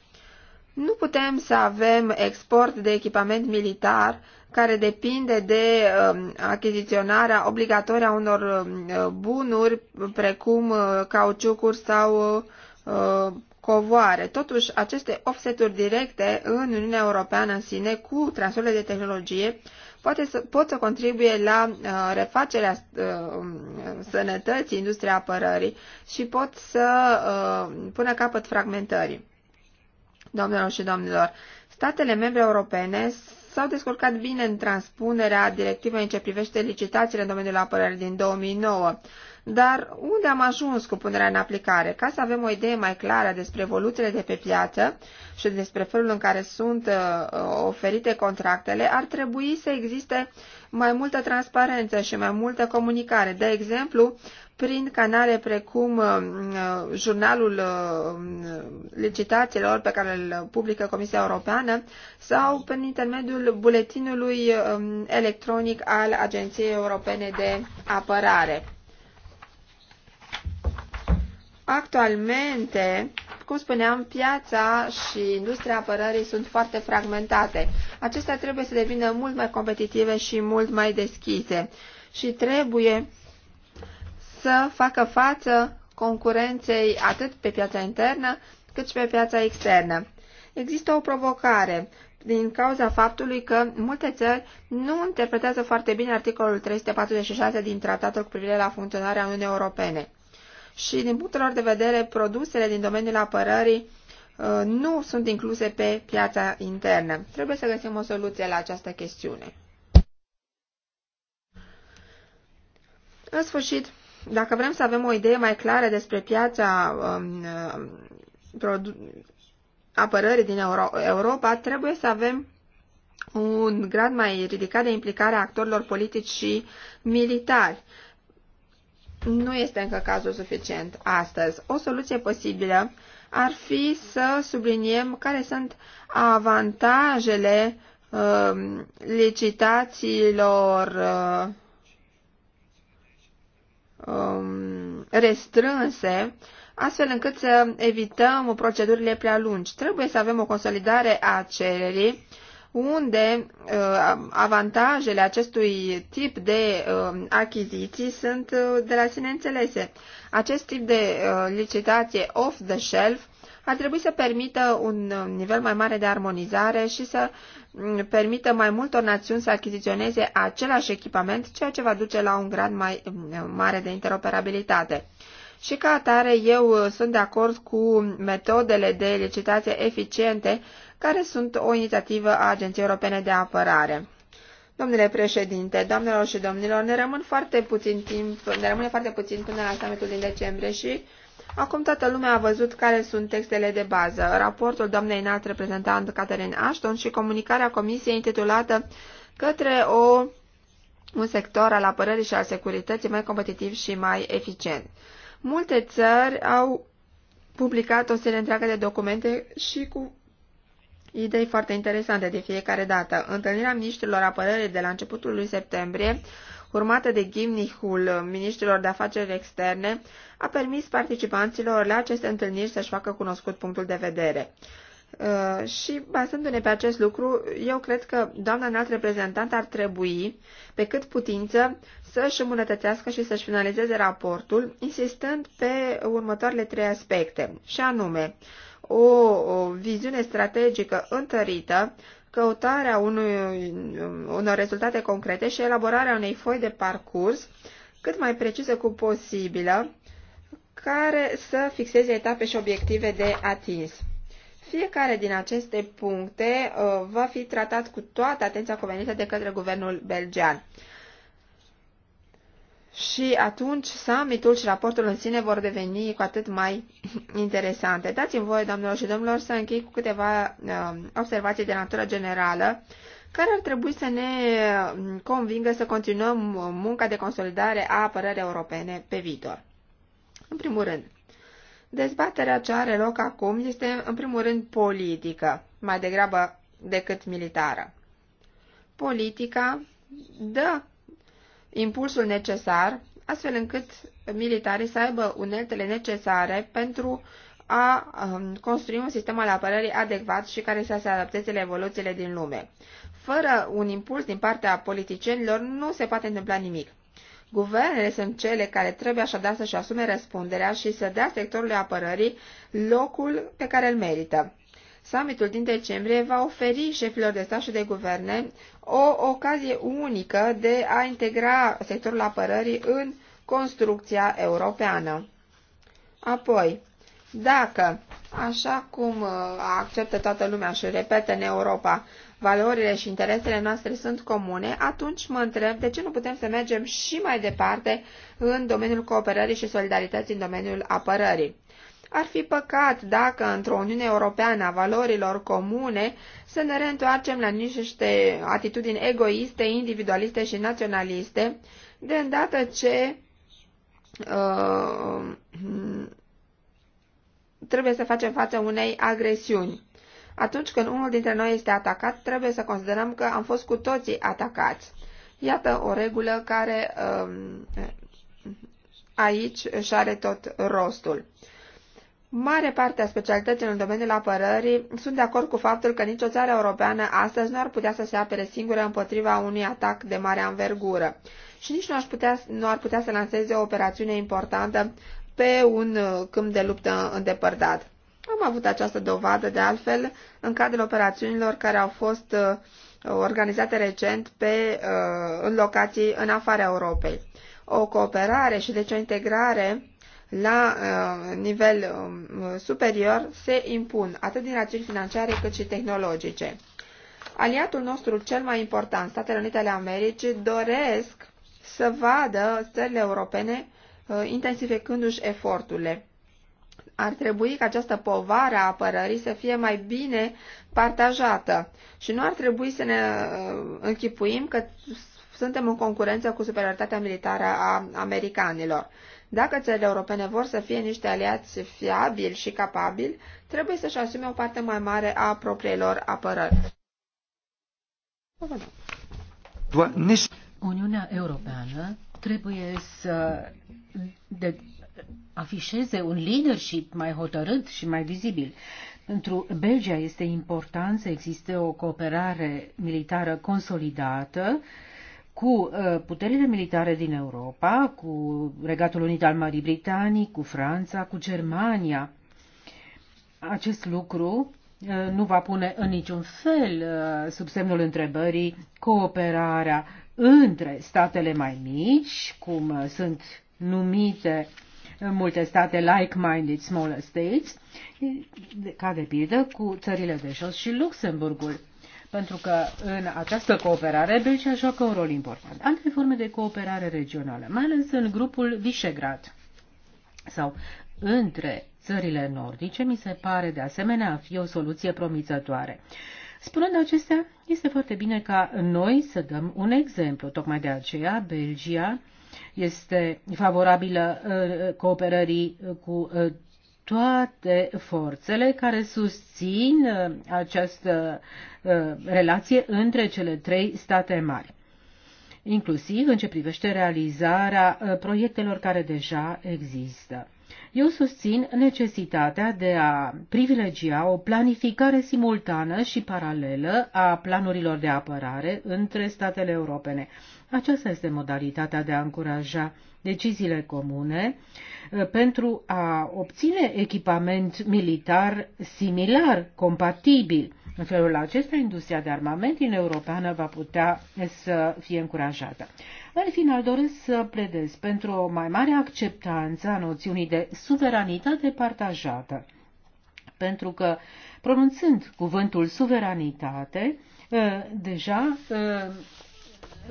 Nu putem să avem export de echipament militar care depinde de achiziționarea obligatorie a unor bunuri precum cauciucuri sau covoare. Totuși, aceste offseturi directe în Uniunea Europeană în sine, cu transferurile de tehnologie, poate să, pot să contribuie la uh, refacerea uh, sănătății industriei apărării și pot să uh, pună capăt fragmentării. Domnilor și domnilor, statele membre europene s-au descurcat bine în transpunerea directivei în ce privește licitațiile în domeniul apărării din 2009 dar unde am ajuns cu punerea în aplicare? Ca să avem o idee mai clară despre evoluțiile de pe piață și despre felul în care sunt uh, oferite contractele, ar trebui să existe mai multă transparență și mai multă comunicare. De exemplu, prin canale precum uh, uh, jurnalul licitațiilor pe care îl publică Comisia Europeană sau prin intermediul buletinului um, electronic al Agenției Europene de Apărare. Actualmente, cum spuneam, piața și industria apărării sunt foarte fragmentate. Acestea trebuie să devină mult mai competitive și mult mai deschise și trebuie să facă față concurenței atât pe piața internă cât și pe piața externă. Există o provocare din cauza faptului că multe țări nu interpretează foarte bine articolul 346 din Tratatul cu privire la funcționarea Uniunii Europene și din punctul lor de vedere produsele din domeniul apărării uh, nu sunt incluse pe piața internă. Trebuie să găsim o soluție la această chestiune. În sfârșit, dacă vrem să avem o idee mai clară despre piața um, uh, apărării din Euro Europa, trebuie să avem un grad mai ridicat de implicare a actorilor politici și militari nu este încă cazul suficient astăzi. O soluție posibilă ar fi să subliniem care sunt avantajele uh, licitațiilor uh, um, restrânse, astfel încât să evităm procedurile prea lungi. Trebuie să avem o consolidare a cererii unde uh, avantajele acestui tip de uh, achiziții sunt uh, de la sine înțelese. Acest tip de licitație off-the-shelf ar trebui să permită un nivel mai mare de armonizare și să mm, permită mai multor națiuni să achiziționeze același echipament, ceea ce va duce la un grad mai mm, mare de interoperabilitate. Și ca atare, eu sunt de acord cu metodele de licitație eficiente care sunt o inițiativă a Agenției Europene de Apărare. Domnule președinte, doamnelor și domnilor, ne, rămân foarte puțin timp, ne rămâne foarte puțin până la summitul din decembrie și acum toată lumea a văzut care sunt textele de bază, raportul doamnei înalt reprezentant Catherine Ashton și comunicarea comisiei intitulată către o, un sector al apărării și al securității mai competitiv și mai eficient. Multe țări au publicat o serie întreagă de documente și cu idei foarte interesante de fiecare dată. Întâlnirea ministrilor apărării de la începutul lui septembrie, urmată de ghimnihul ministrilor de afaceri externe, a permis participanților la aceste întâlniri să-și facă cunoscut punctul de vedere. Uh, și bazându-ne pe acest lucru, eu cred că doamna înalt reprezentant ar trebui, pe cât putință, să-și îmbunătățească și să-și finalizeze raportul, insistând pe următoarele trei aspecte, și anume, o, o viziune strategică întărită, căutarea unui, unor rezultate concrete și elaborarea unei foi de parcurs cât mai precise cu posibilă, care să fixeze etape și obiective de atins. Fiecare din aceste puncte uh, va fi tratat cu toată atenția convenită de către guvernul belgean și atunci summitul și raportul în sine vor deveni cu atât mai interesante. Dați-mi voie, doamnelor și domnilor, să închei cu câteva uh, observații de natură generală care ar trebui să ne um, convingă să continuăm munca de consolidare a apărării europene pe viitor. În primul rând, dezbaterea ce are loc acum este, în primul rând, politică, mai degrabă decât militară. Politica dă impulsul necesar, astfel încât militarii să aibă uneltele necesare pentru a um, construi un sistem al apărării adecvat și care să se adapteze la evoluțiile din lume. Fără un impuls din partea politicienilor nu se poate întâmpla nimic. Guvernele sunt cele care trebuie așadar să-și asume răspunderea și să dea sectorului apărării locul pe care îl merită. Summitul din decembrie va oferi șefilor de stat și de guverne o ocazie unică de a integra sectorul apărării în construcția europeană. Apoi, dacă, așa cum uh, acceptă toată lumea și repetă în Europa, valorile și interesele noastre sunt comune, atunci mă întreb de ce nu putem să mergem și mai departe în domeniul cooperării și solidarității în domeniul apărării. Ar fi păcat dacă într-o Uniune Europeană a valorilor comune să ne reîntoarcem la niște atitudini egoiste, individualiste și naționaliste, de îndată ce uh, trebuie să facem față unei agresiuni. Atunci când unul dintre noi este atacat, trebuie să considerăm că am fost cu toții atacați. Iată o regulă care uh, aici își are tot rostul mare parte a specialităților în domeniul apărării sunt de acord cu faptul că nicio țară europeană astăzi nu ar putea să se apere singură împotriva unui atac de mare anvergură și nici nu, aș putea, nu ar putea să lanseze o operațiune importantă pe un uh, câmp de luptă îndepărtat. Am avut această dovadă, de altfel, în cadrul operațiunilor care au fost uh, organizate recent pe, uh, în locații în afara Europei. O cooperare și deci o integrare la uh, nivel um, superior se impun, atât din rațiuni financiare cât și tehnologice. Aliatul nostru cel mai important, Statele Unite ale Americii, doresc să vadă țările europene uh, intensificându-și eforturile. Ar trebui ca această povară a apărării să fie mai bine partajată și nu ar trebui să ne uh, închipuim că suntem în concurență cu superioritatea militară a americanilor. Dacă țările europene vor să fie niște aliați fiabili și capabili, trebuie să-și asume o parte mai mare a propriilor apărări. Uniunea Europeană trebuie să de, afișeze un leadership mai hotărât și mai vizibil. Pentru Belgia este important să existe o cooperare militară consolidată uh, cu uh, puterile militare din Europa, cu Regatul Unit al Marii Britanii, cu Franța, cu Germania. Acest lucru uh, nu va pune în niciun fel uh, sub semnul întrebării cooperarea între statele mai mici, cum sunt numite în multe state like-minded smaller states, ca de pildă cu țările de jos și Luxemburgul pentru că în această cooperare Belgia joacă un rol important. Alte forme de cooperare regională, mai ales în grupul Visegrad sau între țările nordice, mi se pare de asemenea a fi o soluție promițătoare. Spunând acestea, este foarte bine ca noi să dăm un exemplu. Tocmai de aceea, Belgia este favorabilă uh, cooperării cu uh, toate forțele care susțin uh, această uh, relație între cele trei state mari, inclusiv în ce privește realizarea uh, proiectelor care deja există. Eu susțin necesitatea de a privilegia o planificare simultană și paralelă a planurilor de apărare între statele europene. Aceasta este modalitatea de a încuraja deciziile comune uh, pentru a obține echipament militar similar, compatibil. În felul acesta, industria de armament din europeană va putea să fie încurajată. În final, doresc să pledez pentru o mai mare acceptanță a noțiunii de suveranitate partajată. Pentru că, pronunțând cuvântul suveranitate, uh, deja uh,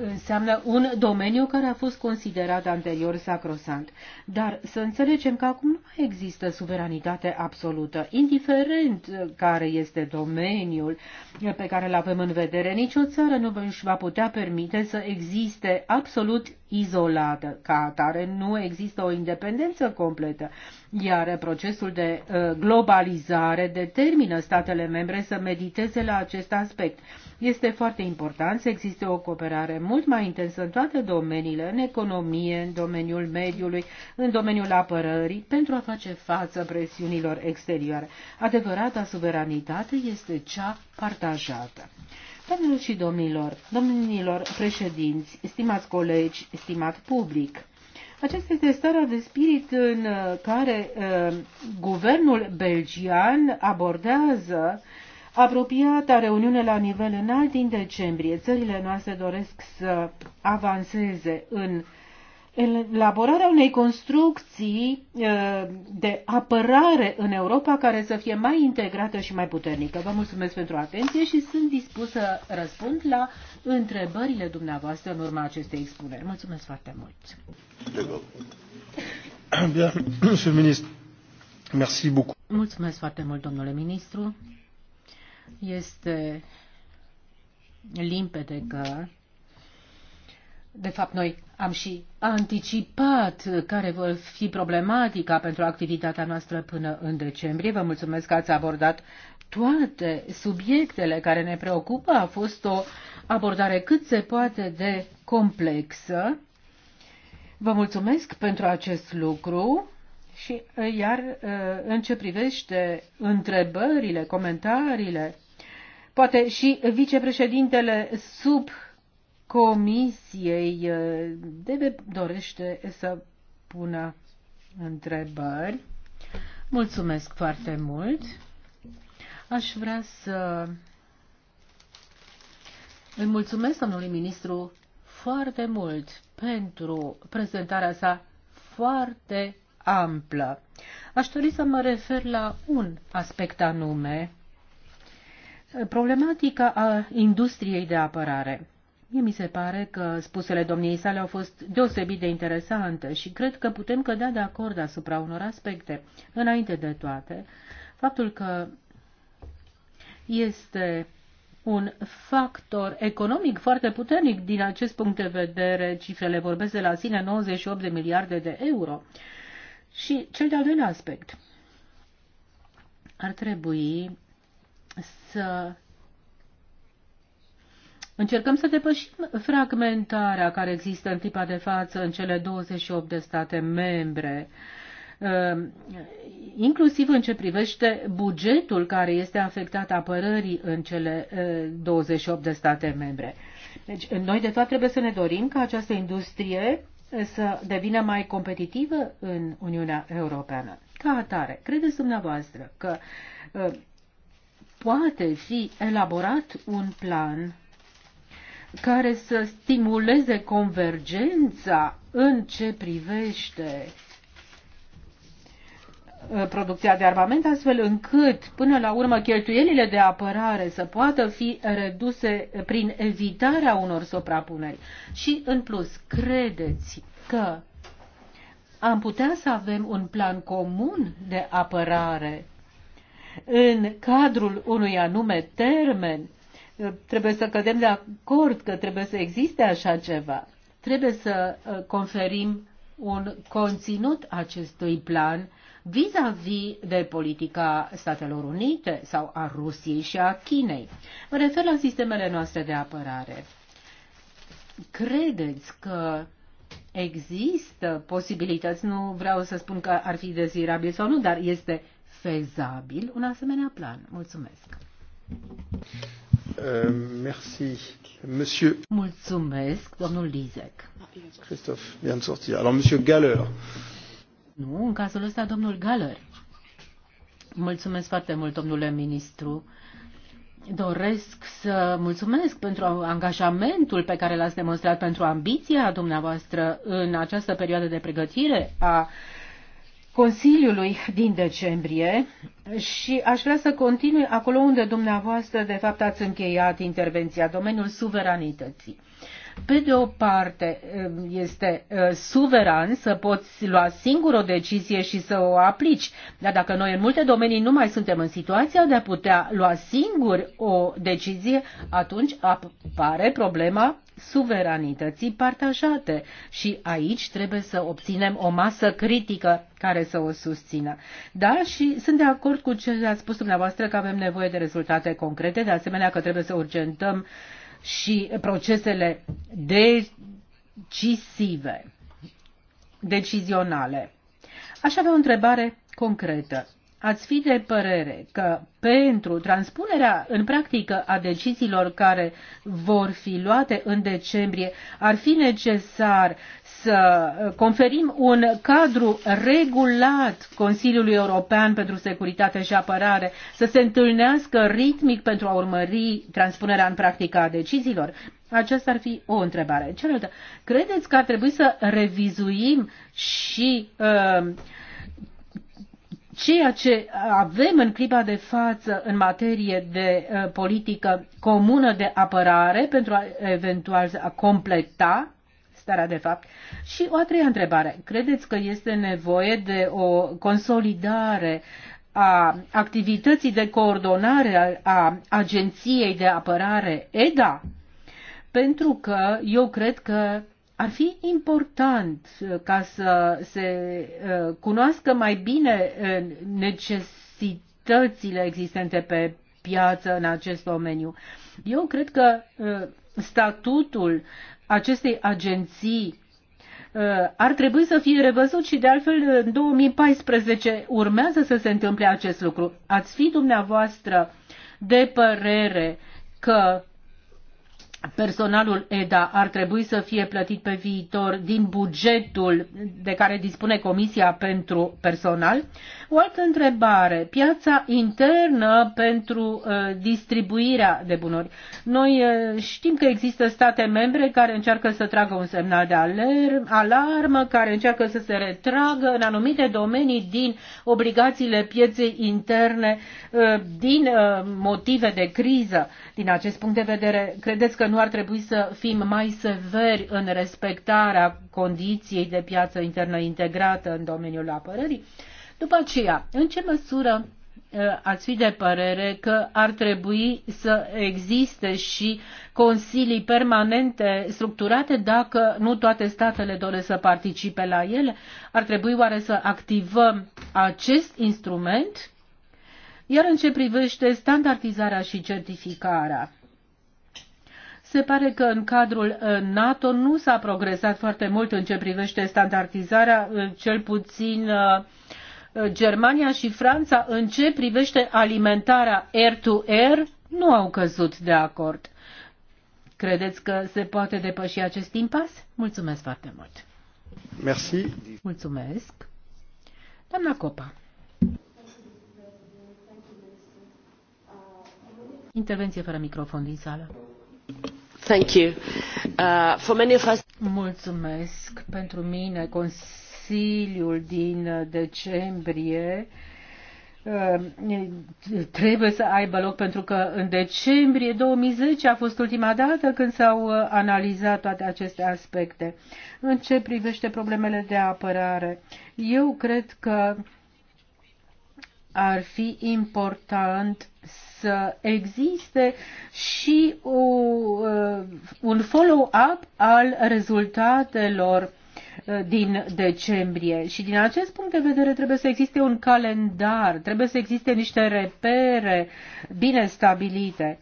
înseamnă un domeniu care a fost considerat anterior sacrosant. Dar să înțelegem că acum nu mai există suveranitate absolută, indiferent uh, care este domeniul uh, pe care îl avem în vedere. Nicio țară nu își va putea permite să existe absolut izolată. Ca atare nu există o independență completă, iar procesul de uh, globalizare determină statele membre să mediteze la acest aspect este foarte important să existe o cooperare mult mai intensă în toate domeniile, în economie, în domeniul mediului, în domeniul apărării, pentru a face față presiunilor exterioare. Adevărata suveranitate este cea partajată. Doamnelor și domnilor, domnilor președinți, stimați colegi, stimat public, aceasta este starea de spirit în care uh, guvernul belgian abordează apropiata reuniune la nivel înalt din decembrie. Țările noastre doresc să avanseze în elaborarea unei construcții de apărare în Europa care să fie mai integrată și mai puternică. Vă mulțumesc pentru atenție și sunt dispus să răspund la întrebările dumneavoastră în urma acestei expuneri. Mulțumesc foarte mult! Bien, monsieur le ministre, merci beaucoup. Mulțumesc foarte mult, domnule ministru. Este limpede că de fapt, noi am și anticipat care vor fi problematica pentru activitatea noastră până în decembrie. Vă mulțumesc că ați abordat toate subiectele care ne preocupă. A fost o abordare cât se poate de complexă. Vă mulțumesc pentru acest lucru. Și iar în ce privește întrebările, comentariile, poate și vicepreședintele sub comisiei debe dorește să pună întrebări. Mulțumesc foarte mult. Aș vrea să îi mulțumesc domnului ministru foarte mult pentru prezentarea sa foarte amplă. Aș dori să mă refer la un aspect anume, problematica a industriei de apărare. Mie mi se pare că spusele domniei sale au fost deosebit de interesante și cred că putem cădea de acord asupra unor aspecte. Înainte de toate, faptul că este un factor economic foarte puternic din acest punct de vedere, cifrele vorbesc de la sine 98 de miliarde de euro. Și cel de-al doilea aspect. Ar trebui să Încercăm să depășim fragmentarea care există în clipa de față în cele 28 de state membre, um, inclusiv în ce privește bugetul care este afectat apărării în cele 28 uh, de state membre. Deci, noi de fapt trebuie să ne dorim ca această industrie să devină mai competitivă în Uniunea Europeană. Ca atare, credeți dumneavoastră că ă, poate fi elaborat un plan care să stimuleze convergența în ce privește Uh, producția de armament, astfel încât, până la urmă, cheltuielile de apărare să poată fi reduse prin evitarea unor suprapuneri. Și, în plus, credeți că am putea să avem un plan comun de apărare în cadrul unui anume termen. Uh, trebuie să cădem de acord că trebuie să existe așa ceva. Trebuie să uh, conferim un conținut acestui plan vis-a-vis -vis de politica Statelor Unite sau a Rusiei și a Chinei. Mă refer la sistemele noastre de apărare. Credeți că există posibilități, nu vreau să spun că ar fi dezirabil sau nu, dar este fezabil un asemenea plan. Mulțumesc. Uh, merci. Monsieur... Mulțumesc, domnul Lizek. Christophe vient de sortir. Alors, monsieur Galler. Nu, în cazul ăsta domnul Galler. Mulțumesc foarte mult, domnule ministru. Doresc să mulțumesc pentru angajamentul pe care l-ați demonstrat, pentru ambiția dumneavoastră în această perioadă de pregătire a Consiliului din decembrie și aș vrea să continui acolo unde dumneavoastră, de fapt, ați încheiat intervenția, domeniul suveranității. Pe de o parte, eh, este eh, suveran să poți lua singur o decizie și să o aplici, dar dacă noi în multe domenii nu mai suntem în situația de a putea lua singur o decizie, atunci apare problema suveranității partajate și aici trebuie să obținem o masă critică care să o susțină. Da, și sunt de acord cu ce a spus dumneavoastră că avem nevoie de rezultate concrete, de asemenea că trebuie să urgentăm uh, și procesele decisive, decizionale. Aș avea o întrebare concretă. Ați fi de părere că pentru transpunerea în practică a deciziilor care vor fi luate în decembrie ar fi necesar să uh, conferim un cadru regulat Consiliului European pentru Securitate și Apărare, să se întâlnească ritmic pentru a urmări transpunerea în practică a deciziilor? Aceasta ar fi o întrebare. Cealaltă, credeți că ar trebui să revizuim și uh, ceea ce avem în clipa de față în materie de uh, politică comună de apărare pentru a eventual a completa starea de fapt. Și o a treia întrebare. Credeți că este nevoie de o consolidare a activității de coordonare a Agenției de Apărare EDA? Pentru că eu cred că ar fi important uh, ca să se uh, cunoască mai bine uh, necesitățile existente pe piață în acest domeniu. Eu cred că statutul acestei agenții uh, ar trebui să fie revăzut și de altfel în 2014 urmează să se întâmple acest lucru. Ați fi dumneavoastră de părere că personalul EDA ar trebui să fie plătit pe viitor din bugetul de care dispune Comisia pentru personal? O altă întrebare, piața internă pentru uh, distribuirea de bunuri. Noi uh, știm că există state membre care încearcă să tragă un semnal de alarm, alarmă, care încearcă să se retragă în anumite domenii din obligațiile pieței interne uh, din uh, motive de criză. Din acest punct de vedere, credeți că nu nu ar trebui să fim mai severi în respectarea condiției de piață internă integrată în domeniul apărării? După aceea, în ce măsură uh, ați fi de părere că ar trebui să existe și consilii permanente structurate dacă nu toate statele doresc să participe la ele? Ar trebui oare să activăm acest instrument? Iar în ce privește standardizarea și certificarea, se pare că în cadrul uh, NATO nu s-a progresat foarte mult în ce privește standardizarea, uh, cel puțin uh, Germania și Franța, în ce privește alimentarea air-to-air, nu au căzut de acord. Credeți că se poate depăși acest impas? Mulțumesc foarte mult! Merci. Mulțumesc! Doamna Copa. Intervenție fără microfon din sală. Uh, Mulțumesc. Pentru mine, Consiliul din decembrie uh, trebuie să aibă loc pentru că în decembrie 2010 a fost ultima dată când s-au uh, analizat toate aceste aspecte. În ce privește problemele de apărare, eu cred că ar fi important să existe și o, uh, un follow-up al rezultatelor uh, din decembrie. Și din acest punct de vedere trebuie să existe un calendar, trebuie să existe niște repere bine stabilite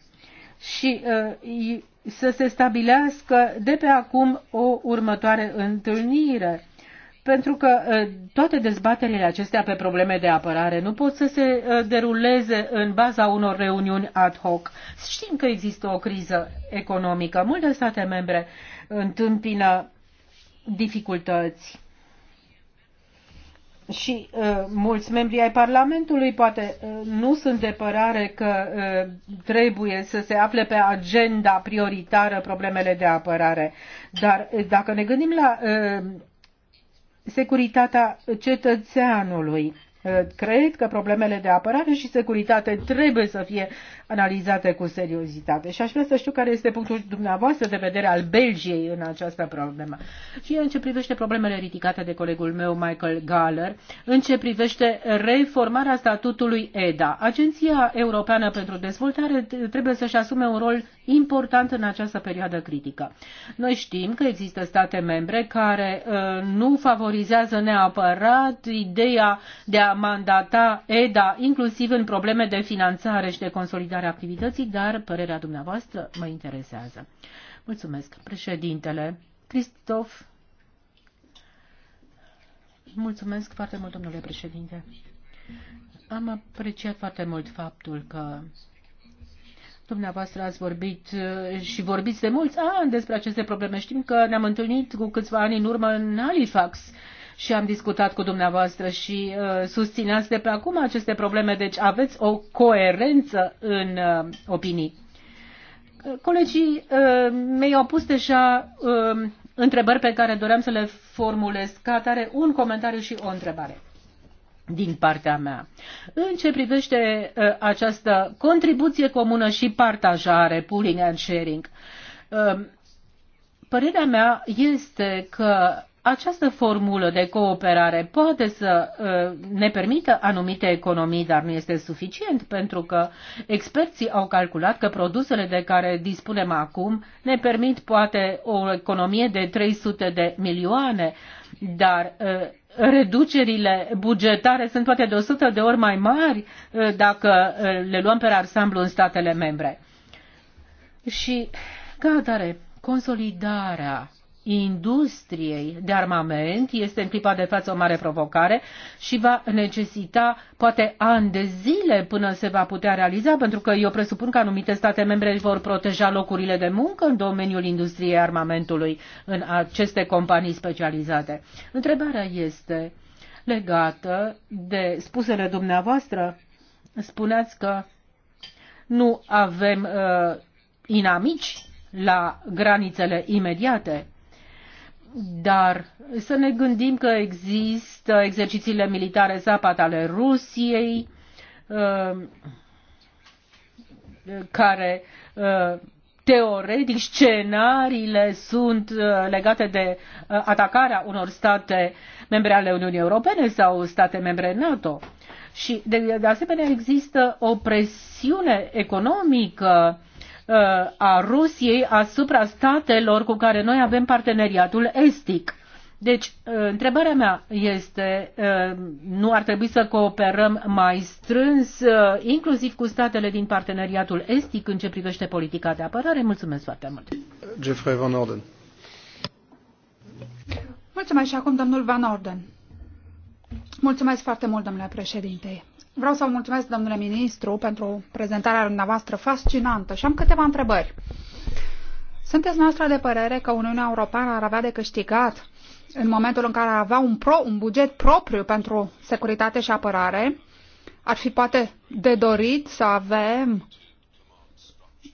și uh, să se stabilească de pe acum o următoare întâlnire pentru că uh, toate dezbaterile acestea pe probleme de apărare nu pot să se uh, deruleze în baza unor reuniuni ad hoc. Știm că există o criză economică. Multe state membre întâmpină dificultăți. Și uh, mulți membri ai Parlamentului poate uh, nu sunt de părare că uh, trebuie să se afle pe agenda prioritară problemele de apărare. Dar uh, dacă ne gândim la uh, securitatea cetățeanului Uh, cred că problemele de apărare și securitate trebuie să fie analizate cu seriozitate și aș vrea să știu care este punctul dumneavoastră de vedere al Belgiei în această problemă. Și în ce privește problemele ridicate de colegul meu Michael Galler, în ce privește reformarea statutului EDA, Agenția Europeană pentru Dezvoltare trebuie să-și asume un rol important în această perioadă critică. Noi știm că există state membre care uh, nu favorizează neapărat ideea de a mandata EDA, inclusiv în probleme de finanțare și de consolidare a activității, dar părerea dumneavoastră mă interesează. Mulțumesc, președintele. Cristof. Mulțumesc foarte mult, domnule președinte. Am apreciat foarte mult faptul că Dumneavoastră ați vorbit uh, și vorbiți de mulți ani despre aceste probleme. Știm că ne-am întâlnit cu câțiva ani în urmă în Halifax și am discutat cu dumneavoastră și uh, susțineați de pe acum aceste probleme, deci aveți o coerență în uh, opinii. Colegii uh, mei au pus deja uh, întrebări pe care doream să le formulez ca atare, un comentariu și o întrebare din partea mea. În ce privește uh, această contribuție comună și partajare, pooling and sharing, uh, părerea mea este că această formulă de cooperare poate să uh, ne permită anumite economii, dar nu este suficient pentru că experții au calculat că produsele de care dispunem acum ne permit poate o economie de 300 de milioane, dar uh, reducerile bugetare sunt poate de 100 de ori mai mari uh, dacă le luăm pe ansamblu în statele membre. Și, ca atare, consolidarea industriei de armament este în clipa de față o mare provocare și va necesita poate ani de zile până se va putea realiza, pentru că eu presupun că anumite state membre își vor proteja locurile de muncă în domeniul industriei armamentului în aceste companii specializate. Întrebarea este legată de spusele dumneavoastră. Spuneați că nu avem uh, inamici la granițele imediate. Dar să ne gândim că există exercițiile militare zapat ale Rusiei, uh, care uh, teoretic scenariile sunt uh, legate de atacarea unor state membre ale Uniunii Europene sau state membre NATO. Și de, de asemenea există o presiune economică uh, Uh, a Rusiei asupra statelor cu care noi avem parteneriatul estic. Deci, uh, întrebarea mea este, uh, nu ar trebui să cooperăm mai strâns, inclusiv cu statele din parteneriatul estic, în ce privește politica de apărare? Mulțumesc foarte mult! Jeffrey Van Orden. Mulțumesc și acum domnul Van Orden. Mulțumesc foarte mult, domnule președinte. Vreau să vă mulțumesc, domnule ministru, pentru prezentarea dumneavoastră fascinantă și am câteva întrebări. Sunteți noastră de părere că Uniunea Europeană ar avea de câștigat în momentul în care ar avea un, pro, un buget propriu pentru securitate și apărare? Ar fi poate de dorit să avem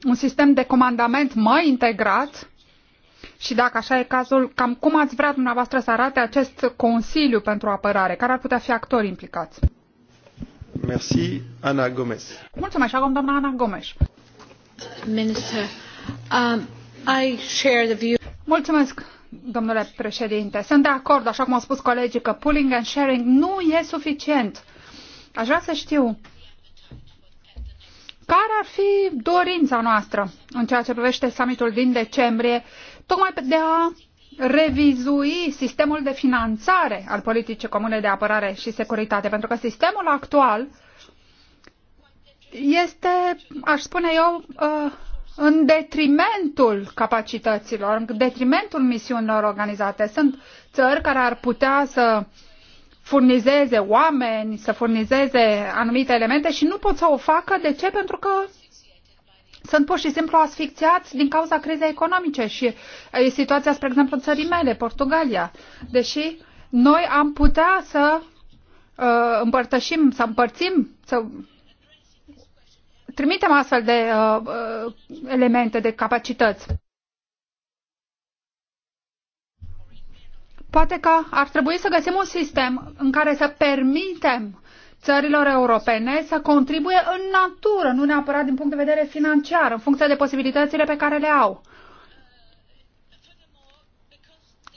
un sistem de comandament mai integrat? Și dacă așa e cazul, cam cum ați vrea dumneavoastră să arate acest Consiliu pentru Apărare? Care ar putea fi actori implicați? Merci, Ana Mulțumesc, acum doamna Ana Minister, um, I share the view... Mulțumesc, domnule președinte. Sunt de acord, așa cum au spus colegii, că pooling and sharing nu e suficient. Aș vrea să știu care ar fi dorința noastră în ceea ce privește summitul din decembrie, tocmai de a revizui sistemul de finanțare al politicii comune de apărare și securitate, pentru că sistemul actual este, aș spune eu, uh, în detrimentul capacităților, în detrimentul misiunilor organizate. Sunt țări care ar putea să furnizeze oameni, să furnizeze anumite elemente și nu pot să o facă. De ce? Pentru că sunt pur și simplu asfixiați din cauza crizei economice și e situația, spre exemplu, țării mele, Portugalia. Deși noi am putea să uh, împărtășim, să împărțim, să trimitem astfel de uh, elemente, de capacități. Poate că ar trebui să găsim un sistem în care să permitem țărilor europene să contribuie în natură, nu neapărat din punct de vedere financiar, în funcție de posibilitățile pe care le au.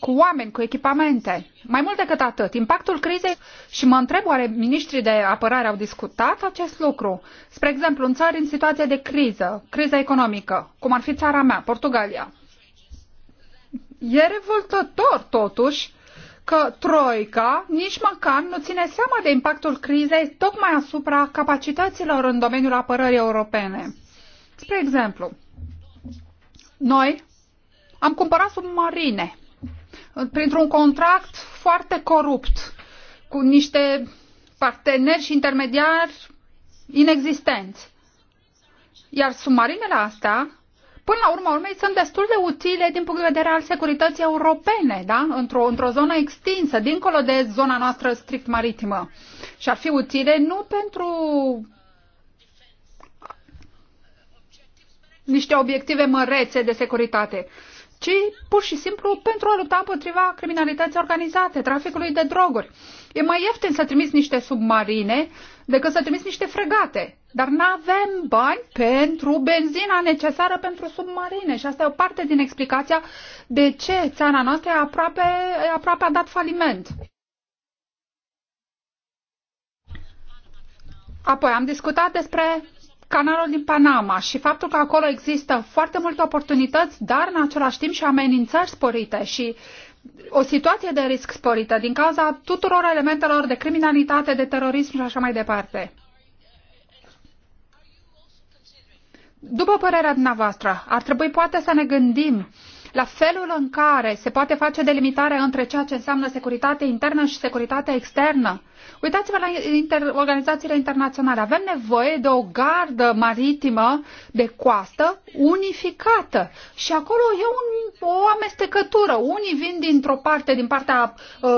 Cu oameni, cu echipamente. Mai mult decât atât, impactul crizei și mă întreb oare ministrii de apărare au discutat acest lucru. Spre exemplu, în țări în situație de criză, criză economică, cum ar fi țara mea, Portugalia. E revoltător totuși că Troica nici măcar nu ține seama de impactul crizei tocmai asupra capacităților în domeniul apărării europene. Spre exemplu, noi am cumpărat submarine printr-un contract foarte corupt cu niște parteneri și intermediari inexistenți. Iar submarinele astea până la urma urmei, sunt destul de utile din punct de vedere al securității europene, da? într-o, într zonă extinsă, dincolo de zona noastră strict maritimă. Și ar fi utile nu pentru niște obiective mărețe de securitate, ci pur și simplu pentru a lupta împotriva criminalității organizate, traficului de droguri. E mai ieftin să trimiți niște submarine decât să trimiți niște fregate. Dar nu avem bani pentru benzina necesară pentru submarine și asta e o parte din explicația de ce țara noastră aproape, aproape a dat faliment. Apoi am discutat despre canalul din Panama și faptul că acolo există foarte multe oportunități, dar în același timp și amenințări sporite și o situație de risc sporită din cauza tuturor elementelor de criminalitate, de terorism și așa mai departe. După părerea dumneavoastră, ar trebui poate să ne gândim la felul în care se poate face delimitarea între ceea ce înseamnă securitate internă și securitate externă. Uitați-vă la inter- organizațiile internaționale. Avem nevoie de o gardă maritimă de coastă unificată. Și acolo e un, o amestecătură. Unii vin dintr-o parte, din partea uh,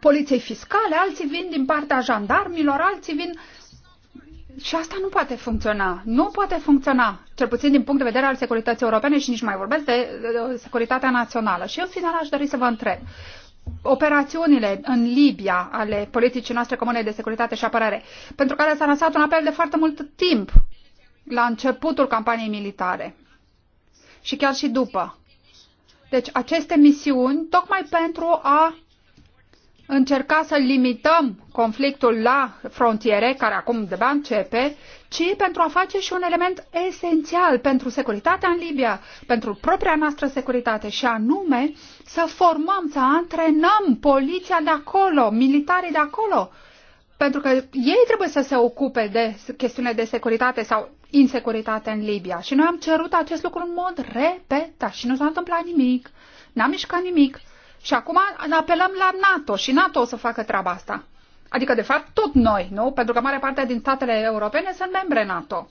poliției fiscale, alții vin din partea jandarmilor, alții vin uh, și asta nu poate funcționa. Nu poate funcționa, cel puțin din punct de vedere al securității europene și nici mai vorbesc de securitatea națională. Și în final aș dori să vă întreb. Operațiunile în Libia ale politicii noastre comune de securitate și apărare, pentru care s-a lansat un apel de foarte mult timp la începutul campaniei militare și chiar și după. Deci aceste misiuni, tocmai pentru a încerca să limităm conflictul la frontiere, care acum de va începe, ci pentru a face și un element esențial pentru securitatea în Libia, pentru propria noastră securitate, și anume să formăm, să antrenăm poliția de acolo, militarii de acolo, pentru că ei trebuie să se ocupe de chestiune de securitate sau insecuritate în Libia. Și noi am cerut acest lucru în mod repetat și nu s-a întâmplat nimic, n-a mișcat nimic. Și acum apelăm la NATO și NATO o să facă treaba asta. Adică, de fapt, tot noi, nu? Pentru că mare parte din statele europene sunt membre NATO.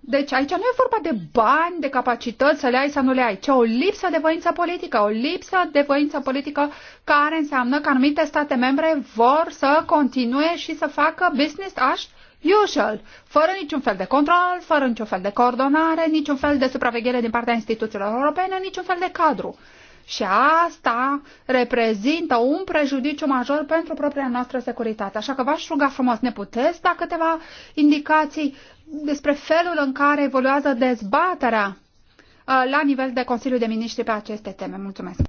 Deci aici nu e vorba de bani, de capacități, să le ai, să nu le ai, ci o lipsă de voință politică, o lipsă de voință politică care înseamnă că anumite state membre vor să continue și să facă business as usual, fără niciun fel de control, fără niciun fel de coordonare, niciun fel de supraveghere din partea instituțiilor europene, niciun fel de cadru. Și asta reprezintă un prejudiciu major pentru propria noastră securitate. Așa că v-aș ruga frumos, ne puteți da câteva indicații despre felul în care evoluează dezbaterea uh, la nivel de Consiliu de Ministri pe aceste teme. Mulțumesc.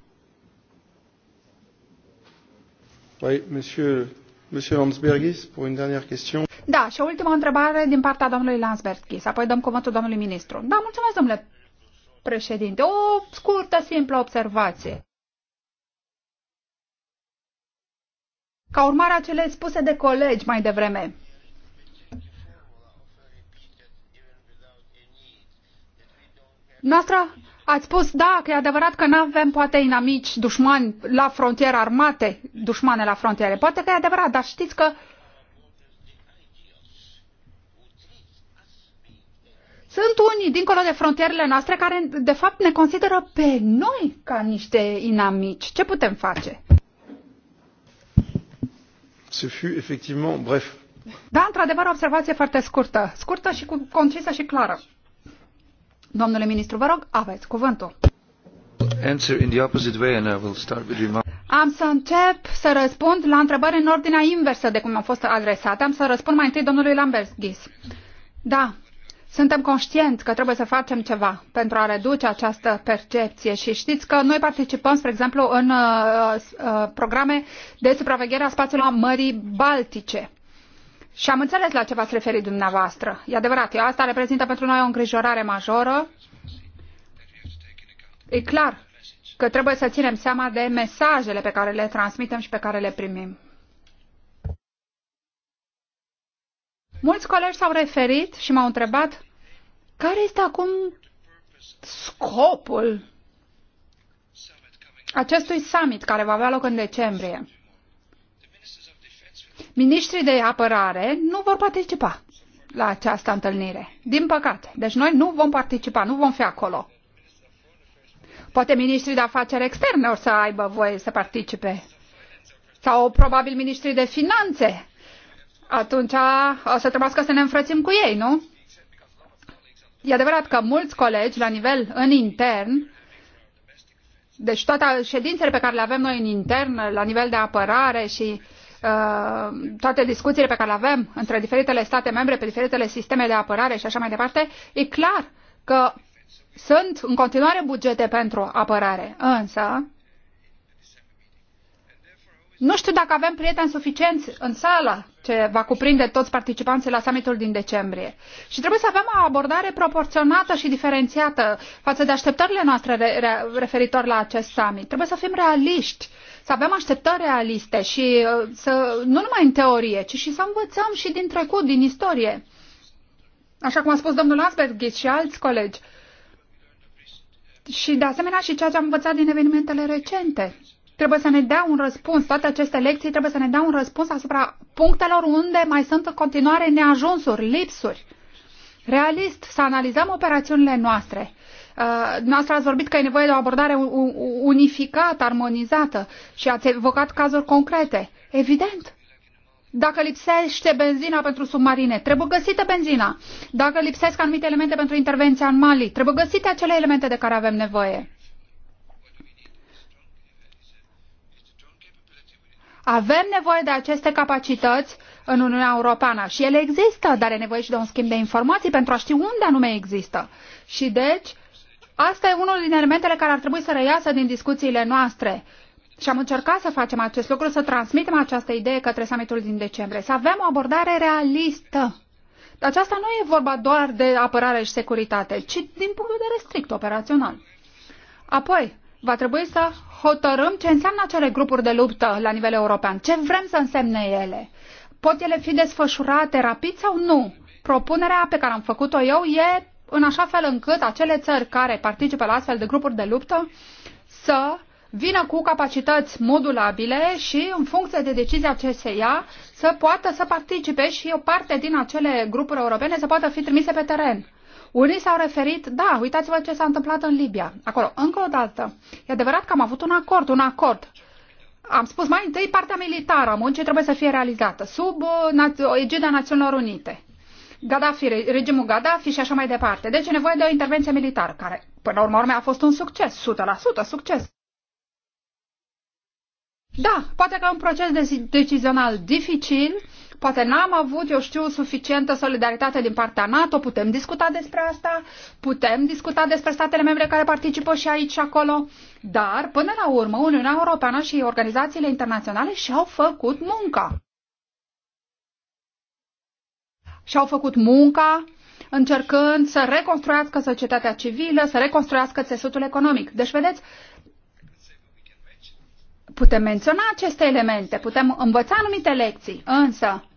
Oui, monsieur, monsieur Lansbergis, pour une dernière question. Da, și o ultimă întrebare din partea domnului Lansbergis, apoi dăm cuvântul domnului ministru. Da, mulțumesc, domnule președinte. O scurtă, simplă observație. Ca urmare a cele spuse de colegi mai devreme, Noastră ați spus, da, că e adevărat că nu avem poate inamici, dușmani la frontiere armate, dușmane la frontiere. Poate că e adevărat, dar știți că Sunt unii dincolo de frontierele noastre care, de fapt, ne consideră pe noi ca niște inamici. Ce putem face? Ce fut effectivement bref. Da, într-adevăr, o observație foarte scurtă. Scurtă și cu, concisă și clară. Domnule ministru, vă rog, aveți cuvântul. Answer in the opposite way and I will start with Am să încep să răspund la întrebări în ordinea inversă de cum am fost adresate. Am să răspund mai întâi domnului Lamberghis. Da, suntem conștienți că trebuie să facem ceva pentru a reduce această percepție și știți că noi participăm, spre exemplu, în uh, uh, programe de supraveghere a spațiului a Mării Baltice. Și am înțeles la ce v-ați referit dumneavoastră. E adevărat, eu asta reprezintă pentru noi o îngrijorare majoră. E clar că trebuie să ținem seama de mesajele pe care le transmitem și pe care le primim. Mulți colegi s-au referit și m-au întrebat care este acum scopul acestui summit care va avea loc în decembrie. Ministrii de apărare nu vor participa la această întâlnire. Din păcate. Deci noi nu vom participa, nu vom fi acolo. Poate ministrii de afaceri externe or să aibă voie să participe. Sau probabil ministrii de finanțe atunci o să trebuiască să ne înfrățim cu ei, nu? E adevărat că mulți colegi la nivel în intern, deci toate ședințele pe care le avem noi în intern, la nivel de apărare și uh, toate discuțiile pe care le avem între diferitele state membre, pe diferitele sisteme de apărare și așa mai departe, e clar că sunt în continuare bugete pentru apărare. Însă, nu știu dacă avem prieteni suficienți în sală, ce va cuprinde toți participanții la summitul din decembrie. Și trebuie să avem o abordare proporționată și diferențiată față de așteptările noastre referitor la acest summit. Trebuie să fim realiști, să avem așteptări realiste și uh, să, nu numai în teorie, ci și să învățăm și din trecut, din istorie. Așa cum a spus domnul Asberg și alți colegi. Și de asemenea și ceea ce am învățat din evenimentele recente trebuie să ne dea un răspuns, toate aceste lecții trebuie să ne dea un răspuns asupra punctelor unde mai sunt în continuare neajunsuri, lipsuri. Realist, să analizăm operațiunile noastre. Uh, noastră ați vorbit că e nevoie de o abordare unificată, armonizată și ați evocat cazuri concrete. Evident, dacă lipsește benzina pentru submarine, trebuie găsită benzina. Dacă lipsesc anumite elemente pentru intervenția în Mali, trebuie găsite acele elemente de care avem nevoie. Avem nevoie de aceste capacități în Uniunea Europeană și ele există, dar e nevoie și de un schimb de informații pentru a ști unde anume există. Și deci, asta e unul din elementele care ar trebui să reiasă din discuțiile noastre. Și am încercat să facem acest lucru, să transmitem această idee către summitul din decembrie, să avem o abordare realistă. Aceasta nu e vorba doar de apărare și securitate, ci din punct de vedere strict operațional. Apoi, va trebui să hotărâm ce înseamnă acele grupuri de luptă la nivel european, ce vrem să însemne ele. Pot ele fi desfășurate rapid sau nu? Propunerea pe care am făcut-o eu e în așa fel încât acele țări care participă la astfel de grupuri de luptă să vină cu capacități modulabile și, în funcție de decizia ce se ia, să poată să participe și o parte din acele grupuri europene să poată fi trimise pe teren. Unii s-au referit, da, uitați-vă ce s-a întâmplat în Libia. Acolo, încă o dată, e adevărat că am avut un acord, un acord. Am spus mai întâi partea militară a muncii trebuie să fie realizată sub uh, egida Națiunilor Unite. Gaddafi, regimul Gaddafi și așa mai departe. Deci e nevoie de o intervenție militară, care până la urmă a fost un succes, 100% succes. Da, poate că un proces decizional dificil, poate n-am avut, eu știu, suficientă solidaritate din partea NATO, putem discuta despre asta, putem discuta despre statele membre care participă și aici și acolo, dar până la urmă Uniunea Europeană și organizațiile internaționale și-au făcut munca. Și-au făcut munca încercând să reconstruiască societatea civilă, să reconstruiască țesutul economic. Deci, vedeți, putem menționa aceste elemente, putem învăța anumite lecții, însă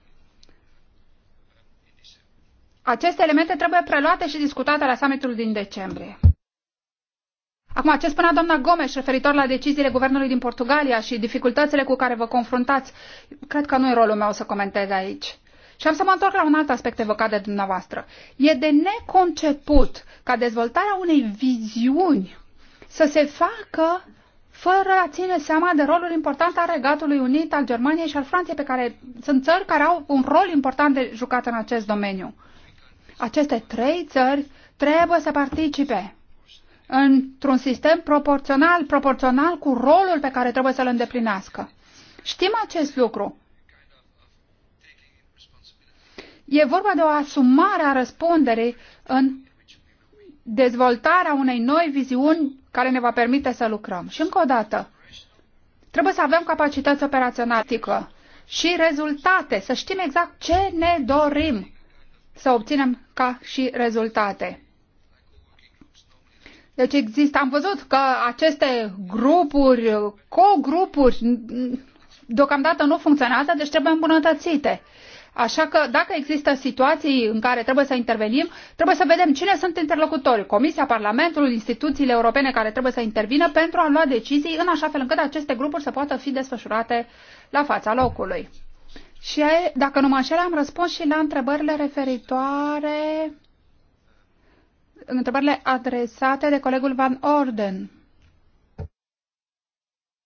aceste elemente trebuie preluate și discutate la summitul din decembrie. Acum, ce spunea doamna Gomes referitor la deciziile guvernului din Portugalia și dificultățile cu care vă confruntați, cred că nu e rolul meu să comentez aici. Și am să mă întorc la un alt aspect evocat de dumneavoastră. E de neconceput ca dezvoltarea unei viziuni să se facă fără a ține seama de rolul important al Regatului Unit, al Germaniei și al Franței, pe care sunt țări care au un rol important de jucat în acest domeniu. Aceste trei țări trebuie să participe într-un sistem proporțional, proporțional cu rolul pe care trebuie să-l îndeplinească. Știm acest lucru. E vorba de o asumare a răspunderii în dezvoltarea unei noi viziuni care ne va permite să lucrăm. Și încă o dată, trebuie să avem capacități operaționale și rezultate, să știm exact ce ne dorim să obținem ca și rezultate. Deci există, am văzut că aceste grupuri, co-grupuri, deocamdată nu funcționează, deci trebuie îmbunătățite. Așa că dacă există situații în care trebuie să intervenim, trebuie să vedem cine sunt interlocutorii, Comisia, Parlamentul, instituțiile europene care trebuie să intervină pentru a lua decizii în așa fel încât aceste grupuri să poată fi desfășurate la fața locului. Și dacă nu mă înșel, am răspuns și la întrebările referitoare, întrebările adresate de colegul Van Orden.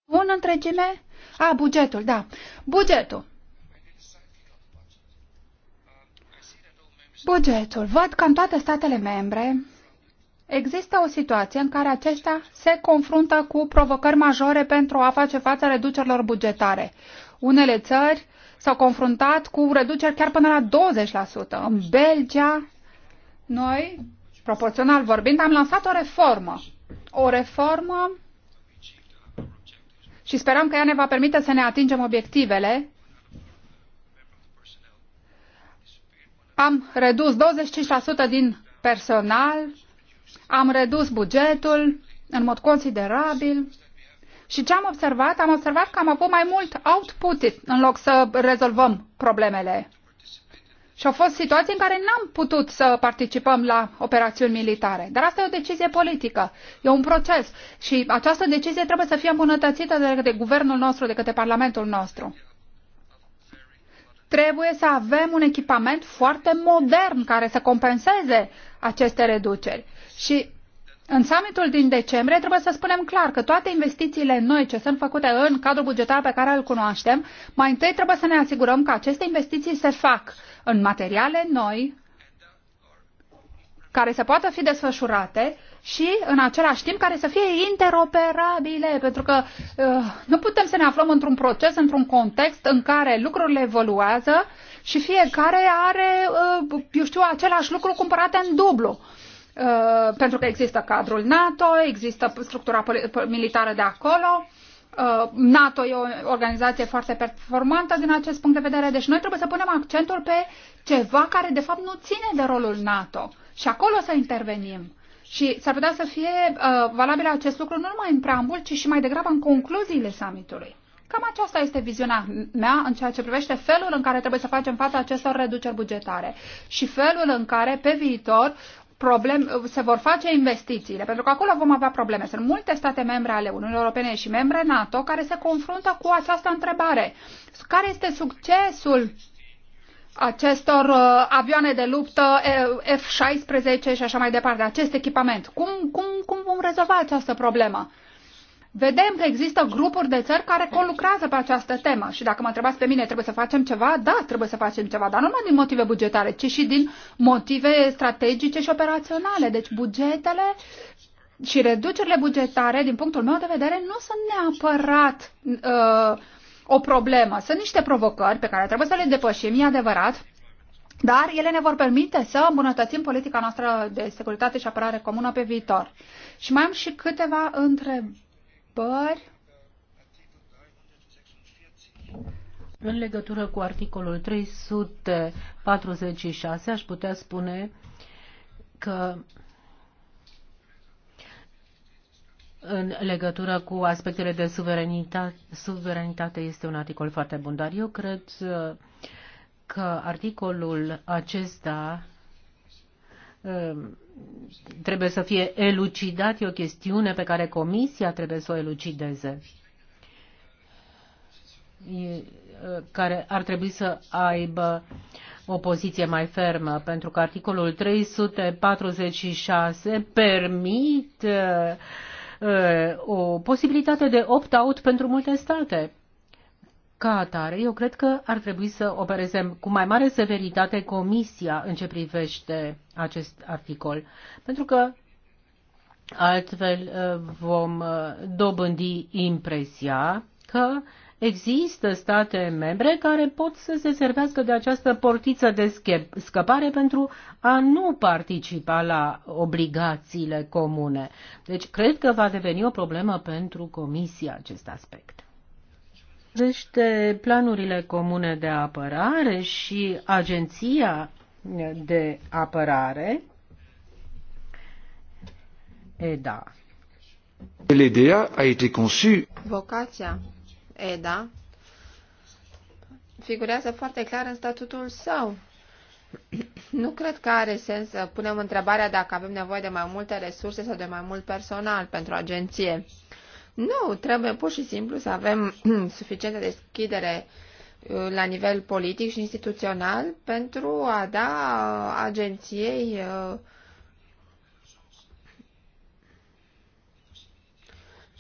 Un întregime? A, bugetul, da. Bugetul. Bugetul. Văd că în toate statele membre există o situație în care acestea se confruntă cu provocări majore pentru a face față reducerilor bugetare. Unele țări s-au confruntat cu reduceri chiar până la 20%. În Belgia, noi, proporțional vorbind, am lansat o reformă. O reformă și sperăm că ea ne va permite să ne atingem obiectivele. Am redus 25% din personal, am redus bugetul în mod considerabil și ce am observat? Am observat că am avut mai mult output în loc să rezolvăm problemele. Și au fost situații în care n-am putut să participăm la operațiuni militare. Dar asta e o decizie politică, e un proces și această decizie trebuie să fie îmbunătățită de către guvernul nostru, de către Parlamentul nostru. Trebuie să avem un echipament foarte modern care să compenseze aceste reduceri. Și în summitul din decembrie trebuie să spunem clar că toate investițiile noi ce sunt făcute în cadrul bugetar pe care îl cunoaștem, mai întâi trebuie să ne asigurăm că aceste investiții se fac în materiale noi care să poată fi desfășurate și în același timp care să fie interoperabile, pentru că uh, nu putem să ne aflăm într-un proces, într-un context în care lucrurile evoluează și fiecare are, uh, eu știu, același lucru cumpărat în dublu. Uh, Uh, pentru că există cadrul NATO, există structura militară de acolo, uh, NATO e o organizație foarte performantă din acest punct de vedere, deci noi trebuie să punem accentul pe ceva care de fapt nu ține de rolul NATO și acolo să intervenim. Și s-ar putea să fie uh, valabil acest lucru nu numai în preambul, ci și mai degrabă în concluziile summitului. Cam aceasta este viziunea mea în ceea ce privește felul în care trebuie să facem față acestor reduceri bugetare și felul în care pe viitor probleme, se vor face investițiile, pentru că acolo vom avea probleme. Sunt multe state membre ale Uniunii Europene și membre NATO care se confruntă cu această întrebare. Care este succesul acestor uh, avioane de luptă uh, F-16 și așa mai departe, acest echipament? Cum, cum, cum vom rezolva această problemă? vedem că există grupuri de țări care conlucrează pe această temă. Și dacă mă întrebați pe mine, trebuie să facem ceva? Da, trebuie să facem ceva, dar nu numai din motive bugetare, ci și din motive strategice și operaționale. Deci bugetele și reducerile bugetare, din punctul meu de vedere, nu sunt neapărat uh, o problemă. Sunt niște provocări pe care trebuie să le depășim, e adevărat, dar ele ne vor permite să îmbunătățim politica noastră de securitate și apărare comună pe viitor. Și mai am și câteva întrebări întrebări? În legătură cu articolul 346, aș putea spune că în legătură cu aspectele de suveranitate, suveranitate este un articol foarte bun, dar eu cred uh, că articolul acesta Ehm, trebuie să fie elucidat, e o chestiune pe care Comisia trebuie să o elucideze, care ar trebui să aibă o poziție mai fermă, pentru că articolul 346 permite o posibilitate de opt-out pentru multe state. Ca atare, eu cred că ar trebui să opereze cu mai mare severitate Comisia în ce privește acest articol, pentru că altfel uh, vom uh, dobândi impresia că există state membre care pot să se servească de această portiță de scăpare pentru a nu participa la obligațiile comune. Deci cred că va deveni o problemă pentru Comisia acest aspect privește planurile comune de apărare și agenția de apărare, EDA. L'EDA a été conçu. Vocația EDA figurează foarte clar în statutul său. Nu cred că are sens să punem întrebarea dacă avem nevoie de mai multe resurse sau de mai mult personal pentru agenție. Nu, trebuie pur și simplu să avem suficientă deschidere uh, la nivel politic și instituțional pentru a da uh, agenției uh,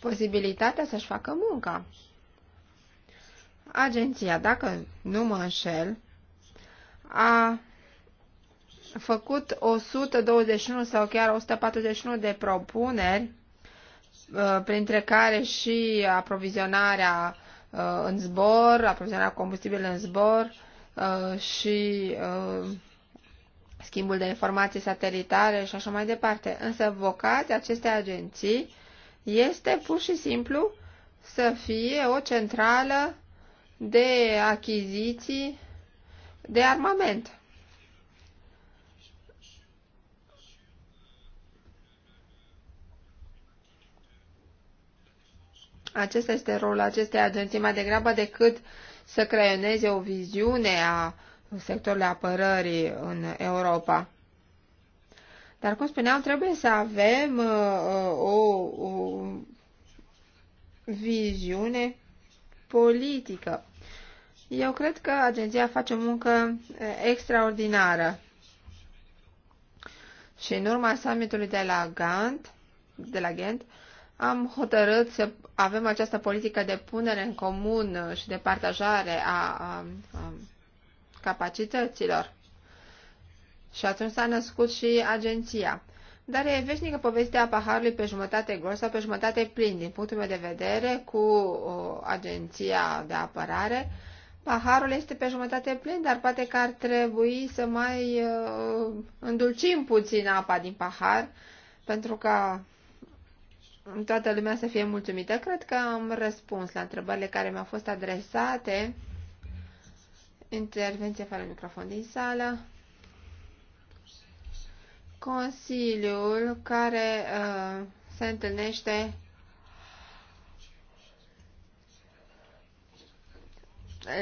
posibilitatea să-și facă munca. Agenția, dacă nu mă înșel, a făcut 121 sau chiar 141 de propuneri Uh, printre care și aprovizionarea uh, în zbor, aprovizionarea combustibil în zbor uh, și schimbul de informații satelitare și așa mai departe. Însă vocația acestei agenții este pur și simplu să fie o centrală de achiziții de armament. Acesta este rolul acestei agenții mai degrabă decât să creioneze o viziune a sectorului apărării în Europa. Dar, cum spuneam, trebuie să avem uh, uh o, o viziune politică. Eu cred că agenția face o muncă uh, extraordinară. Și în urma summitului de la Gant, de la Ghent, am hotărât să avem această politică de punere în comun și de partajare a, a, a capacităților. Și atunci s-a născut și agenția. Dar e veșnică povestea paharului pe jumătate gol sau pe jumătate plin, din punctul meu de vedere, cu o, agenția de apărare. Paharul este pe jumătate plin, dar poate că ar trebui să mai uh, îndulcim puțin apa din pahar, pentru că toată lumea să fie mulțumită. Cred că am răspuns la întrebările care mi-au fost adresate. Intervenție fără microfon din sală. Consiliul care uh, se întâlnește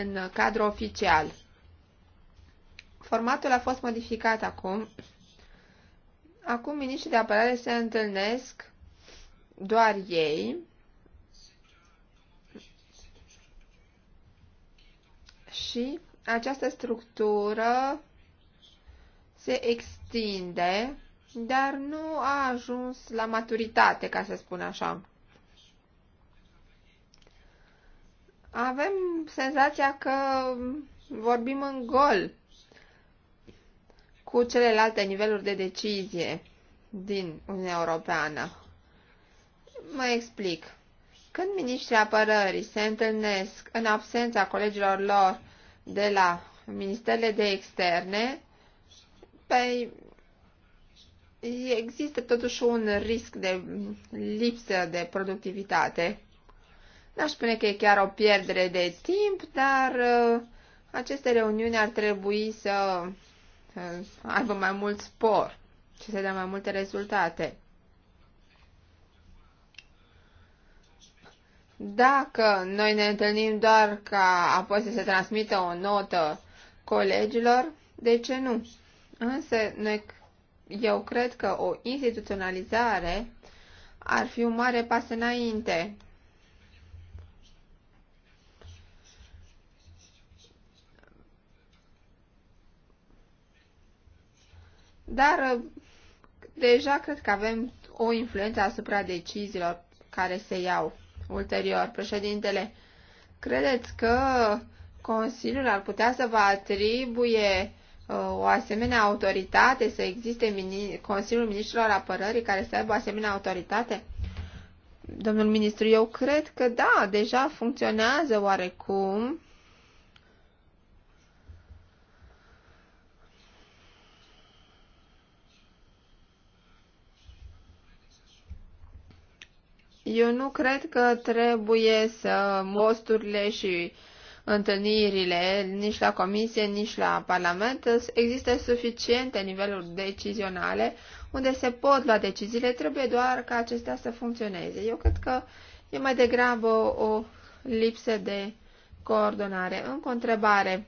în cadru oficial. Formatul a fost modificat acum. Acum miniștrii de apărare se întâlnesc doar ei. Și această structură se extinde, dar nu a ajuns la maturitate, ca să spun așa. Avem senzația că vorbim în gol cu celelalte niveluri de decizie din Uniunea Europeană. Mă explic. Când ministrii apărării se întâlnesc în absența colegilor lor de la ministerele de externe, pe păi, există totuși un risc de lipsă de productivitate. N-aș spune că e chiar o pierdere de timp, dar uh, aceste reuniuni ar trebui să uh, aibă mai mult spor și să dea mai multe rezultate. Dacă noi ne întâlnim doar ca apoi să se transmită o notă colegilor, de ce nu? Însă, noi, eu cred că o instituționalizare ar fi un mare pas înainte. Dar uh, deja cred că avem o influență asupra deciziilor care se iau ulterior. Președintele, credeți că Consiliul ar putea să vă atribuie uh, o asemenea autoritate, să existe Consiliul Ministrilor Apărării care să aibă o asemenea autoritate? Domnul ministru, eu cred că da, deja funcționează oarecum Eu nu cred că trebuie să posturile și întâlnirile, nici la Comisie, nici la Parlament, există suficiente niveluri decizionale unde se pot lua deciziile, trebuie doar ca acestea să funcționeze. Eu cred că e mai degrabă o lipsă de coordonare. Încă o întrebare.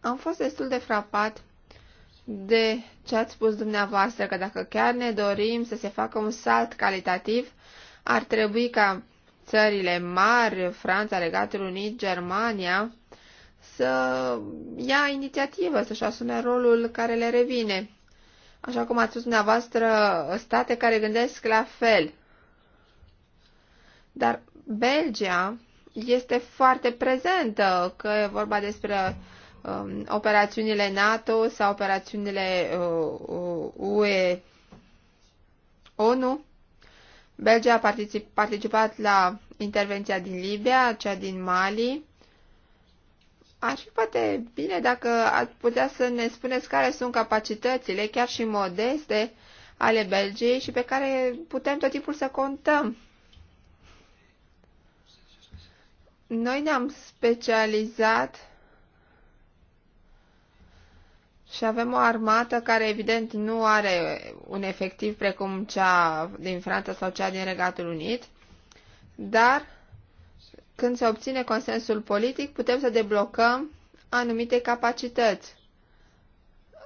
Am fost destul de frapat de ce ați spus dumneavoastră, că dacă chiar ne dorim să se facă un salt calitativ, ar trebui ca țările mari, Franța, Regatul Unit, Germania, să ia inițiativă, să-și asume rolul care le revine. Așa cum ați spus dumneavoastră, state care gândesc la fel. Dar Belgia este foarte prezentă, că e vorba despre Um, operațiunile NATO sau operațiunile UE uh, uh, ONU. Belgia a particip, participat la intervenția din Libia, cea din Mali. Ar fi poate bine dacă ați putea să ne spuneți care sunt capacitățile, chiar și modeste, ale Belgiei și pe care putem tot timpul să contăm. Noi ne-am specializat și avem o armată care evident nu are un efectiv precum cea din Franța sau cea din Regatul Unit, dar când se obține consensul politic putem să deblocăm anumite capacități.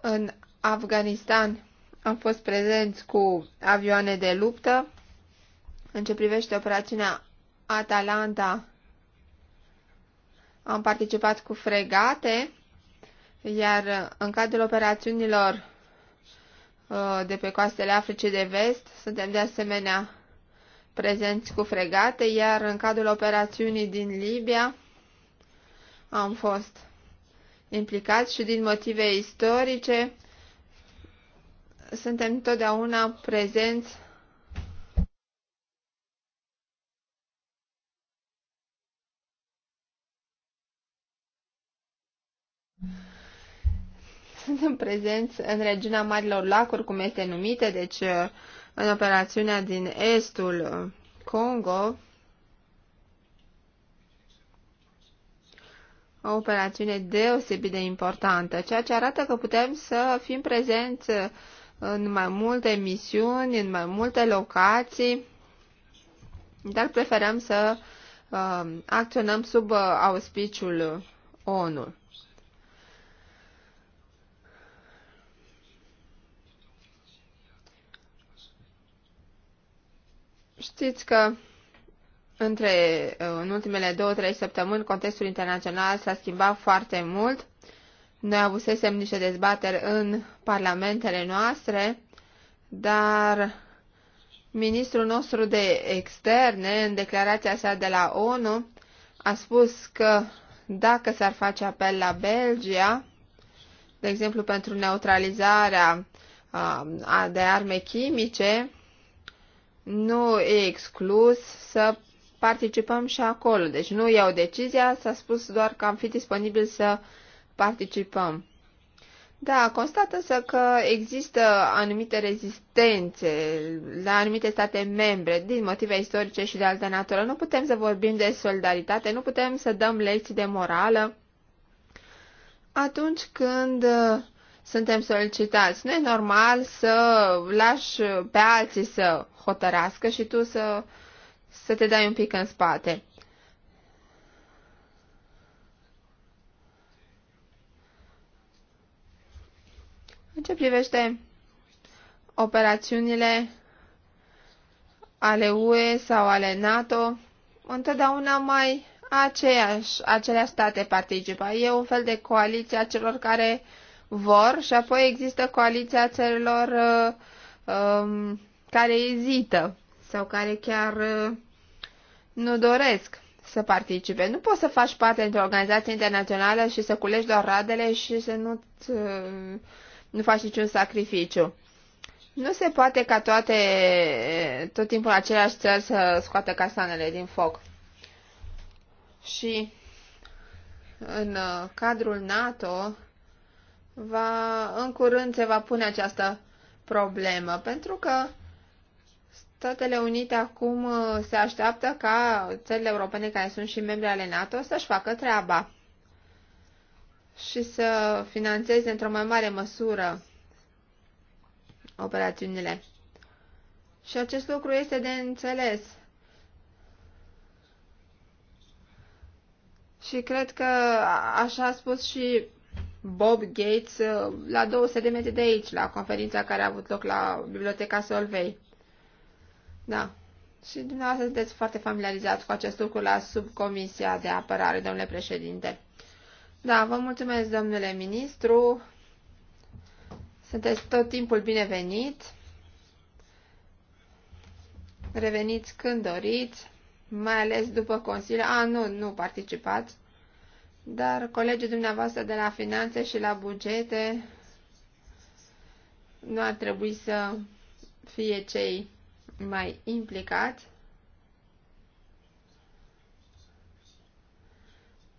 În Afganistan am fost prezenți cu avioane de luptă. În ce privește operațiunea Atalanta, am participat cu fregate iar uh, în cadrul operațiunilor uh, de pe coastele Africii de Vest suntem de asemenea prezenți cu fregate, iar în cadrul operațiunii din Libia am fost implicați și din motive istorice suntem totdeauna prezenți Suntem prezenți în regiunea Marilor Lacuri, cum este numită, deci uh, în operațiunea din estul uh, Congo, o operațiune deosebit de importantă, ceea ce arată că putem să fim prezenți uh, în mai multe misiuni, în mai multe locații, dar preferăm să uh, acționăm sub uh, auspiciul ONU. Știți că între, uh, în ultimele două-trei săptămâni contextul internațional s-a schimbat foarte mult. Noi avusesem niște dezbateri în parlamentele noastre, dar ministrul nostru de externe, în declarația sa de la ONU, a spus că dacă s-ar face apel la Belgia, de exemplu pentru neutralizarea uh, de arme chimice, nu e exclus să participăm și acolo. Deci nu iau decizia, s-a spus doar că am fi disponibil să participăm. Da, constat să că există anumite rezistențe la anumite state membre din motive istorice și de altă natură. Nu putem să vorbim de solidaritate, nu putem să dăm lecții de morală atunci când uh, suntem solicitați. Nu e normal să lași pe alții să hotărască și tu să, să te dai un pic în spate. În ce privește operațiunile ale UE sau ale NATO, întotdeauna mai aceeași, aceleași state participă. E un fel de coaliție a celor care vor și apoi există coaliția țărilor uh, um, care ezită sau care chiar uh, nu doresc să participe. Nu poți să faci parte într o organizație internațională și să culegi doar radele și să nu, uh, nu faci niciun sacrificiu. Nu se poate ca toate, uh, tot timpul aceleași țări să scoată castanele din foc. Și în cadrul NATO va, în curând se va pune această problemă, pentru că Statele Unite acum uh, se așteaptă ca țările europene care sunt și membre ale NATO să-și facă treaba și să financeze într-o mai mare măsură operațiunile. Și acest lucru este de înțeles. Și cred că așa a spus și Bob Gates uh, la 200 de metri de aici, la conferința care a avut loc la Biblioteca Solvei. Da. Și dumneavoastră sunteți foarte familiarizați cu acest lucru la subcomisia de apărare, domnule președinte. Da, vă mulțumesc, domnule ministru. Sunteți tot timpul binevenit. Reveniți când doriți, mai ales după Consiliu. A, nu, nu participați. Dar colegii dumneavoastră de la finanțe și la bugete nu ar trebui să fie cei mai implicat.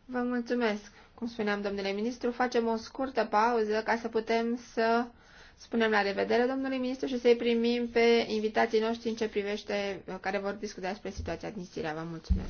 Vă mulțumesc, cum spuneam, domnule ministru. Facem o scurtă pauză ca să putem să spunem la revedere domnului ministru și să-i primim pe invitații noștri în ce privește, care vor discuta despre situația din Siria. Vă mulțumesc!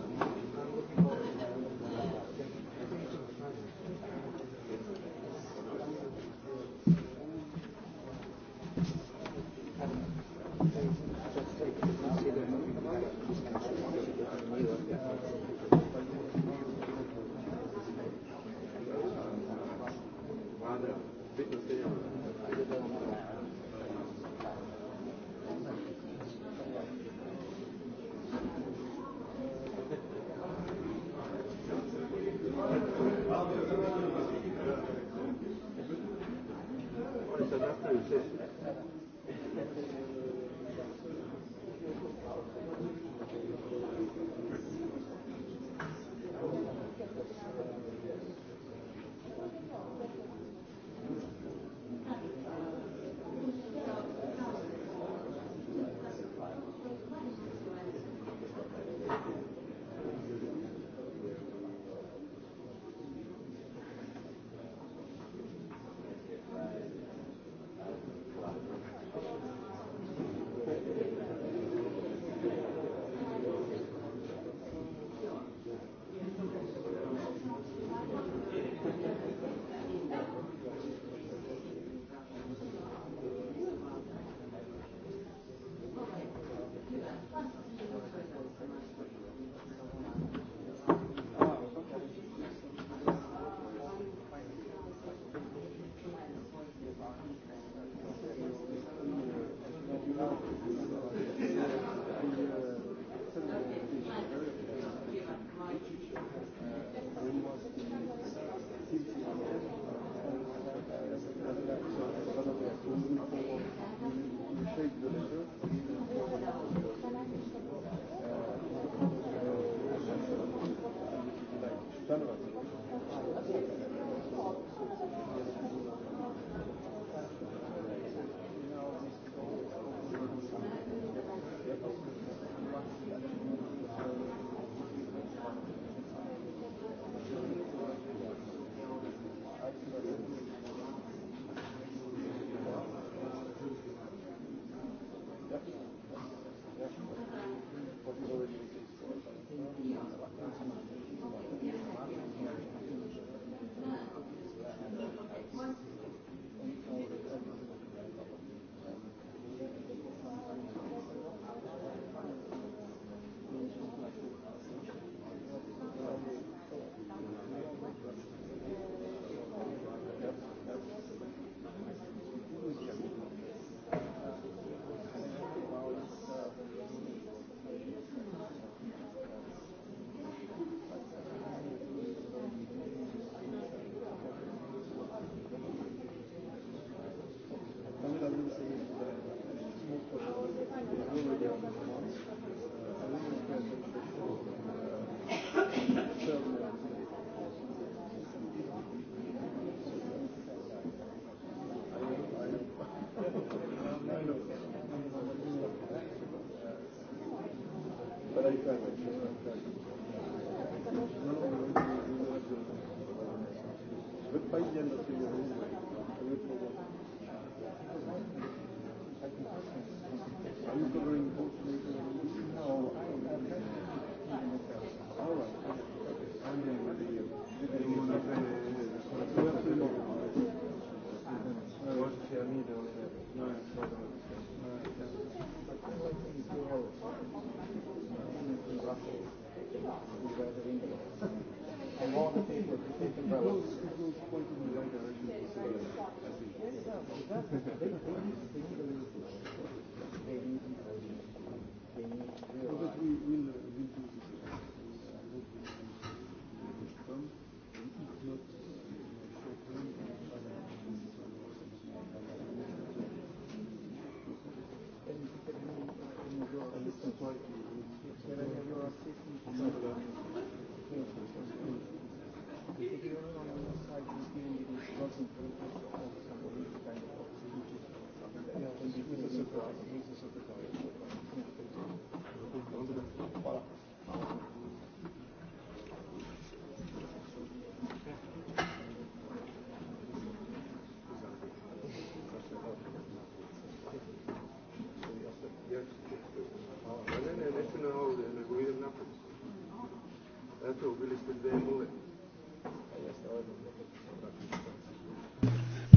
Thank you.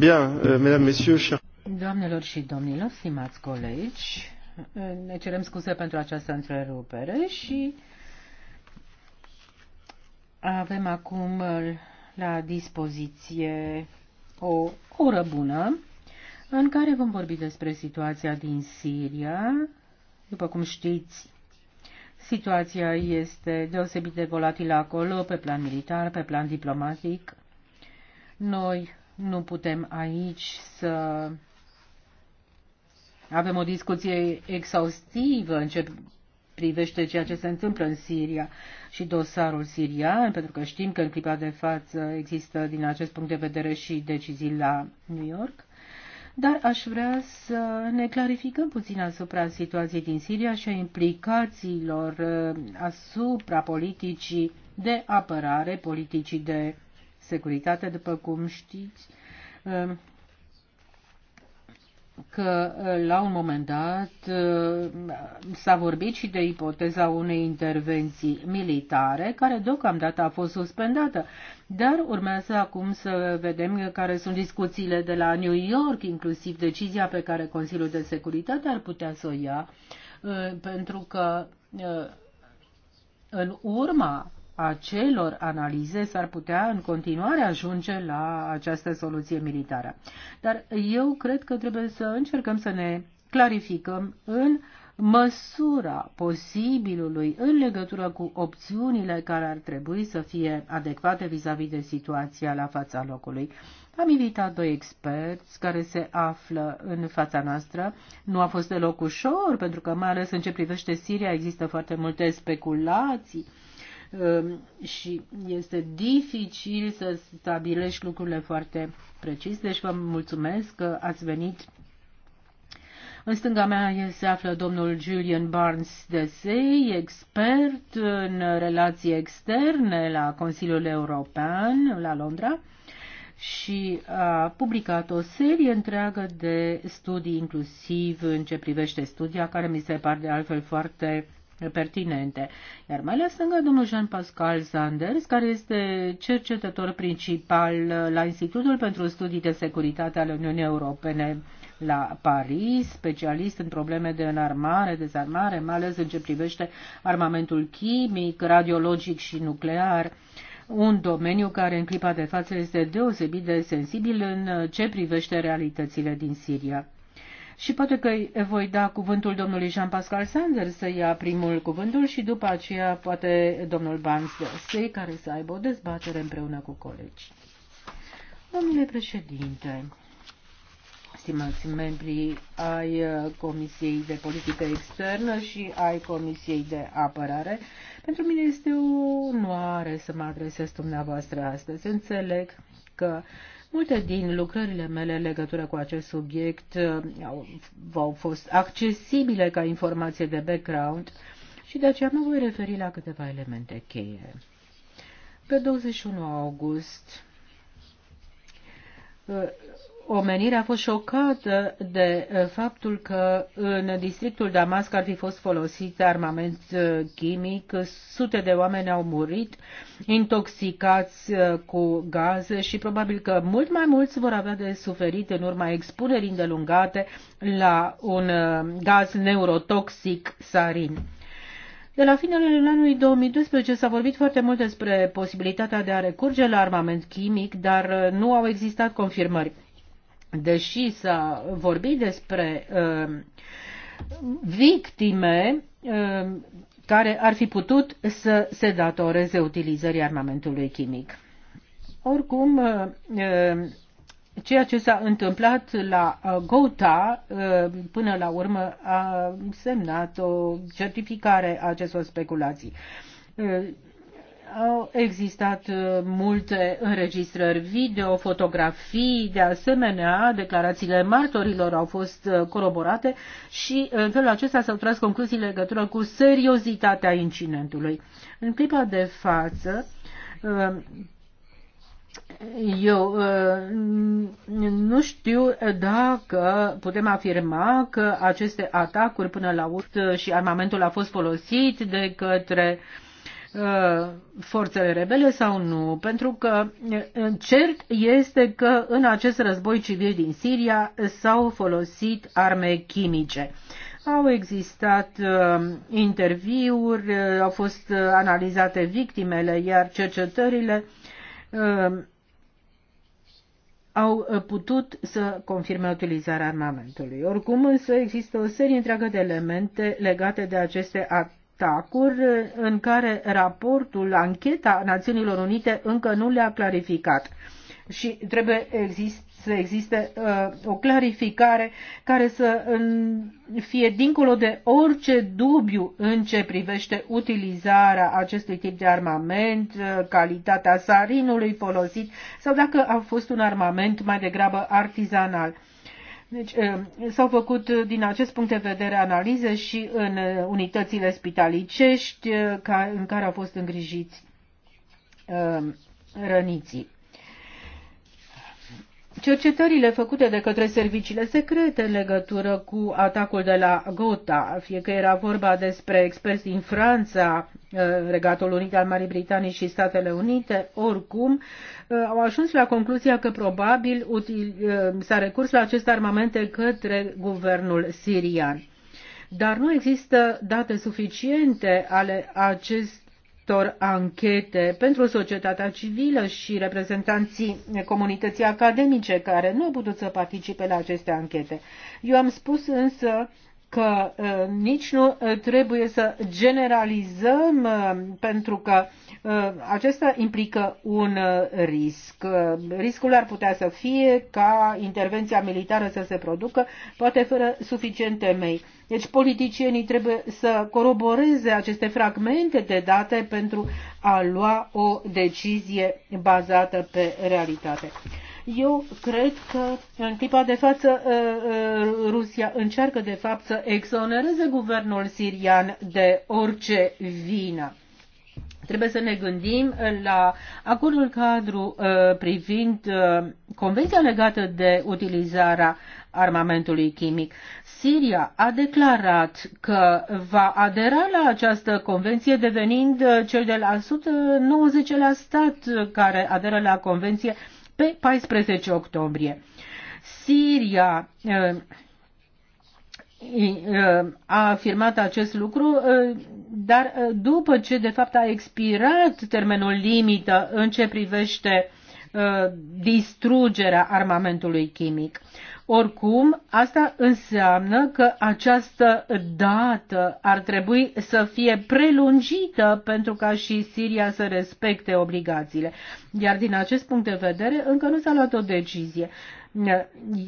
Euh, Doamnelor și domnilor, stimați colegi, ne cerem scuze pentru această întrerupere și avem acum la dispoziție o oră bună în care vom vorbi despre situația din Siria. După cum știți, situația este deosebit de volatilă acolo, pe plan militar, pe plan diplomatic. Noi nu putem aici să avem o discuție exhaustivă în ce privește ceea ce se întâmplă în Siria și dosarul sirian, pentru că știm că în clipa de față există din acest punct de vedere și decizii la New York. Dar aș vrea să ne clarificăm puțin asupra situației din Siria și a implicațiilor uh, asupra politicii de apărare, politicii de securitate, după cum știți, uh, că uh, la un moment dat uh, s-a vorbit și de ipoteza unei intervenții militare, care deocamdată a fost suspendată. Dar urmează acum să vedem care sunt discuțiile de la New York, inclusiv decizia pe care Consiliul de Securitate ar putea să o ia, pentru că în urma acelor analize s-ar putea în continuare ajunge la această soluție militară. Dar eu cred că trebuie să încercăm să ne clarificăm în măsura posibilului în legătură cu opțiunile care ar trebui să fie adecvate vis-a-vis -vis de situația la fața locului. Am invitat doi experți care se află în fața noastră. Nu a fost deloc ușor, pentru că mai ales în ce privește Siria există foarte multe speculații Ehm, și este dificil să stabilești lucrurile foarte precis. Deci vă mulțumesc că ați venit. În stânga mea se află domnul Julian Barnes de Sey, expert în relații externe la Consiliul European la Londra și a publicat o serie întreagă de studii, inclusiv în ce privește studia, care mi se par de altfel foarte pertinente. Iar mai ales lângă domnul Jean-Pascal Sanders, care este cercetător principal la Institutul pentru Studii de Securitate ale Uniunii Europene la Paris, specialist în probleme de înarmare, dezarmare, mai ales în ce privește armamentul chimic, radiologic și nuclear un domeniu care în clipa de față este deosebit de sensibil în ce privește realitățile din Siria. Și poate că voi da cuvântul domnului Jean-Pascal Sanders să ia primul cuvântul și după aceea poate domnul Bans de care să aibă o dezbatere împreună cu colegi. Domnule președinte, stimați membrii ai uh, Comisiei de Politică Externă și ai Comisiei de Apărare, pentru mine este o onoare să mă adresez dumneavoastră astăzi. Înțeleg că uh, Multe din lucrările mele în legătură cu acest subiect uh, au, au fost accesibile ca informație de background și de aceea mă voi referi la câteva elemente cheie. Pe 21 august uh, omenirea a fost șocată de eh, faptul că în districtul Damasc ar fi fost folosit armament eh, chimic, sute de oameni au murit, intoxicați eh, cu gaze și probabil că mult mai mulți vor avea de suferit în urma expunerii îndelungate la un gaz neurotoxic sarin. De la finele anului 2012 s-a vorbit foarte mult despre posibilitatea de a recurge la armament chimic, dar nu au existat confirmări deși s-a vorbit despre uh, victime uh, care ar fi putut să se datoreze utilizării armamentului chimic. Oricum, uh, uh, ceea ce s-a întâmplat la uh, Gota, până la urmă, a semnat o certificare a acestor speculații. Au existat uh, multe înregistrări video, fotografii, de asemenea, declarațiile martorilor au fost uh, coroborate și uh, în felul acesta s-au tras concluzii în legătură cu seriozitatea incidentului. În clipa de față, eu nu știu dacă putem afirma că aceste atacuri până la urmă și armamentul a fost folosit de către uh, Uh, forțele rebele sau nu, pentru că uh, cert este că în acest război civil din Siria s-au folosit arme chimice. Au existat uh, interviuri, uh, au fost uh, analizate victimele, iar cercetările uh, au putut să confirme utilizarea armamentului. Oricum, însă există o serie întreagă de elemente legate de aceste atacuri atacuri în care raportul, ancheta Națiunilor Unite încă nu le-a clarificat. Și trebuie exist, să existe uh, o clarificare care să în, fie dincolo de orice dubiu în ce privește utilizarea acestui tip de armament, uh, calitatea sarinului folosit sau dacă a fost un armament mai degrabă artizanal. Uh, deci eh, s-au făcut eh, din acest punct de vedere analize și în eh, unitățile spitalicești în care au fost îngrijiți răniții cercetările făcute de către serviciile secrete în legătură cu atacul de la Gotha, fie că era vorba despre experți din Franța, uh, Regatul Unit al Marii Britanii și Statele Unite, oricum, uh, au ajuns la concluzia că probabil uh, s-a recurs la acest armament către guvernul sirian. Dar nu există date suficiente ale acest acestor anchete pentru societatea civilă și reprezentanții comunității academice care nu au putut să participe la aceste anchete. Eu am spus însă că uh, nici nu uh, trebuie să generalizăm uh, pentru că acesta implică un risc. Riscul ar putea să fie ca intervenția militară să se producă, poate fără suficient temei. Deci politicienii trebuie să coroboreze aceste fragmente de date pentru a lua o decizie bazată pe realitate. Eu cred că în clipa de față uh, uh, Rusia încearcă de fapt să exonereze guvernul sirian de orice vină. Trebuie să ne gândim la acordul cadru uh, privind convenția legată de utilizarea armamentului chimic. Siria a declarat că va adera la această convenție devenind uh, cel de la 190-lea uh, stat care aderă la convenție pe 14 octombrie. Siria uh, a afirmat acest lucru, dar după ce de fapt a expirat termenul limită în ce privește distrugerea armamentului chimic. Oricum, asta înseamnă că această dată ar trebui să fie prelungită pentru ca și Siria să respecte obligațiile. Iar din acest punct de vedere, încă nu s-a luat o decizie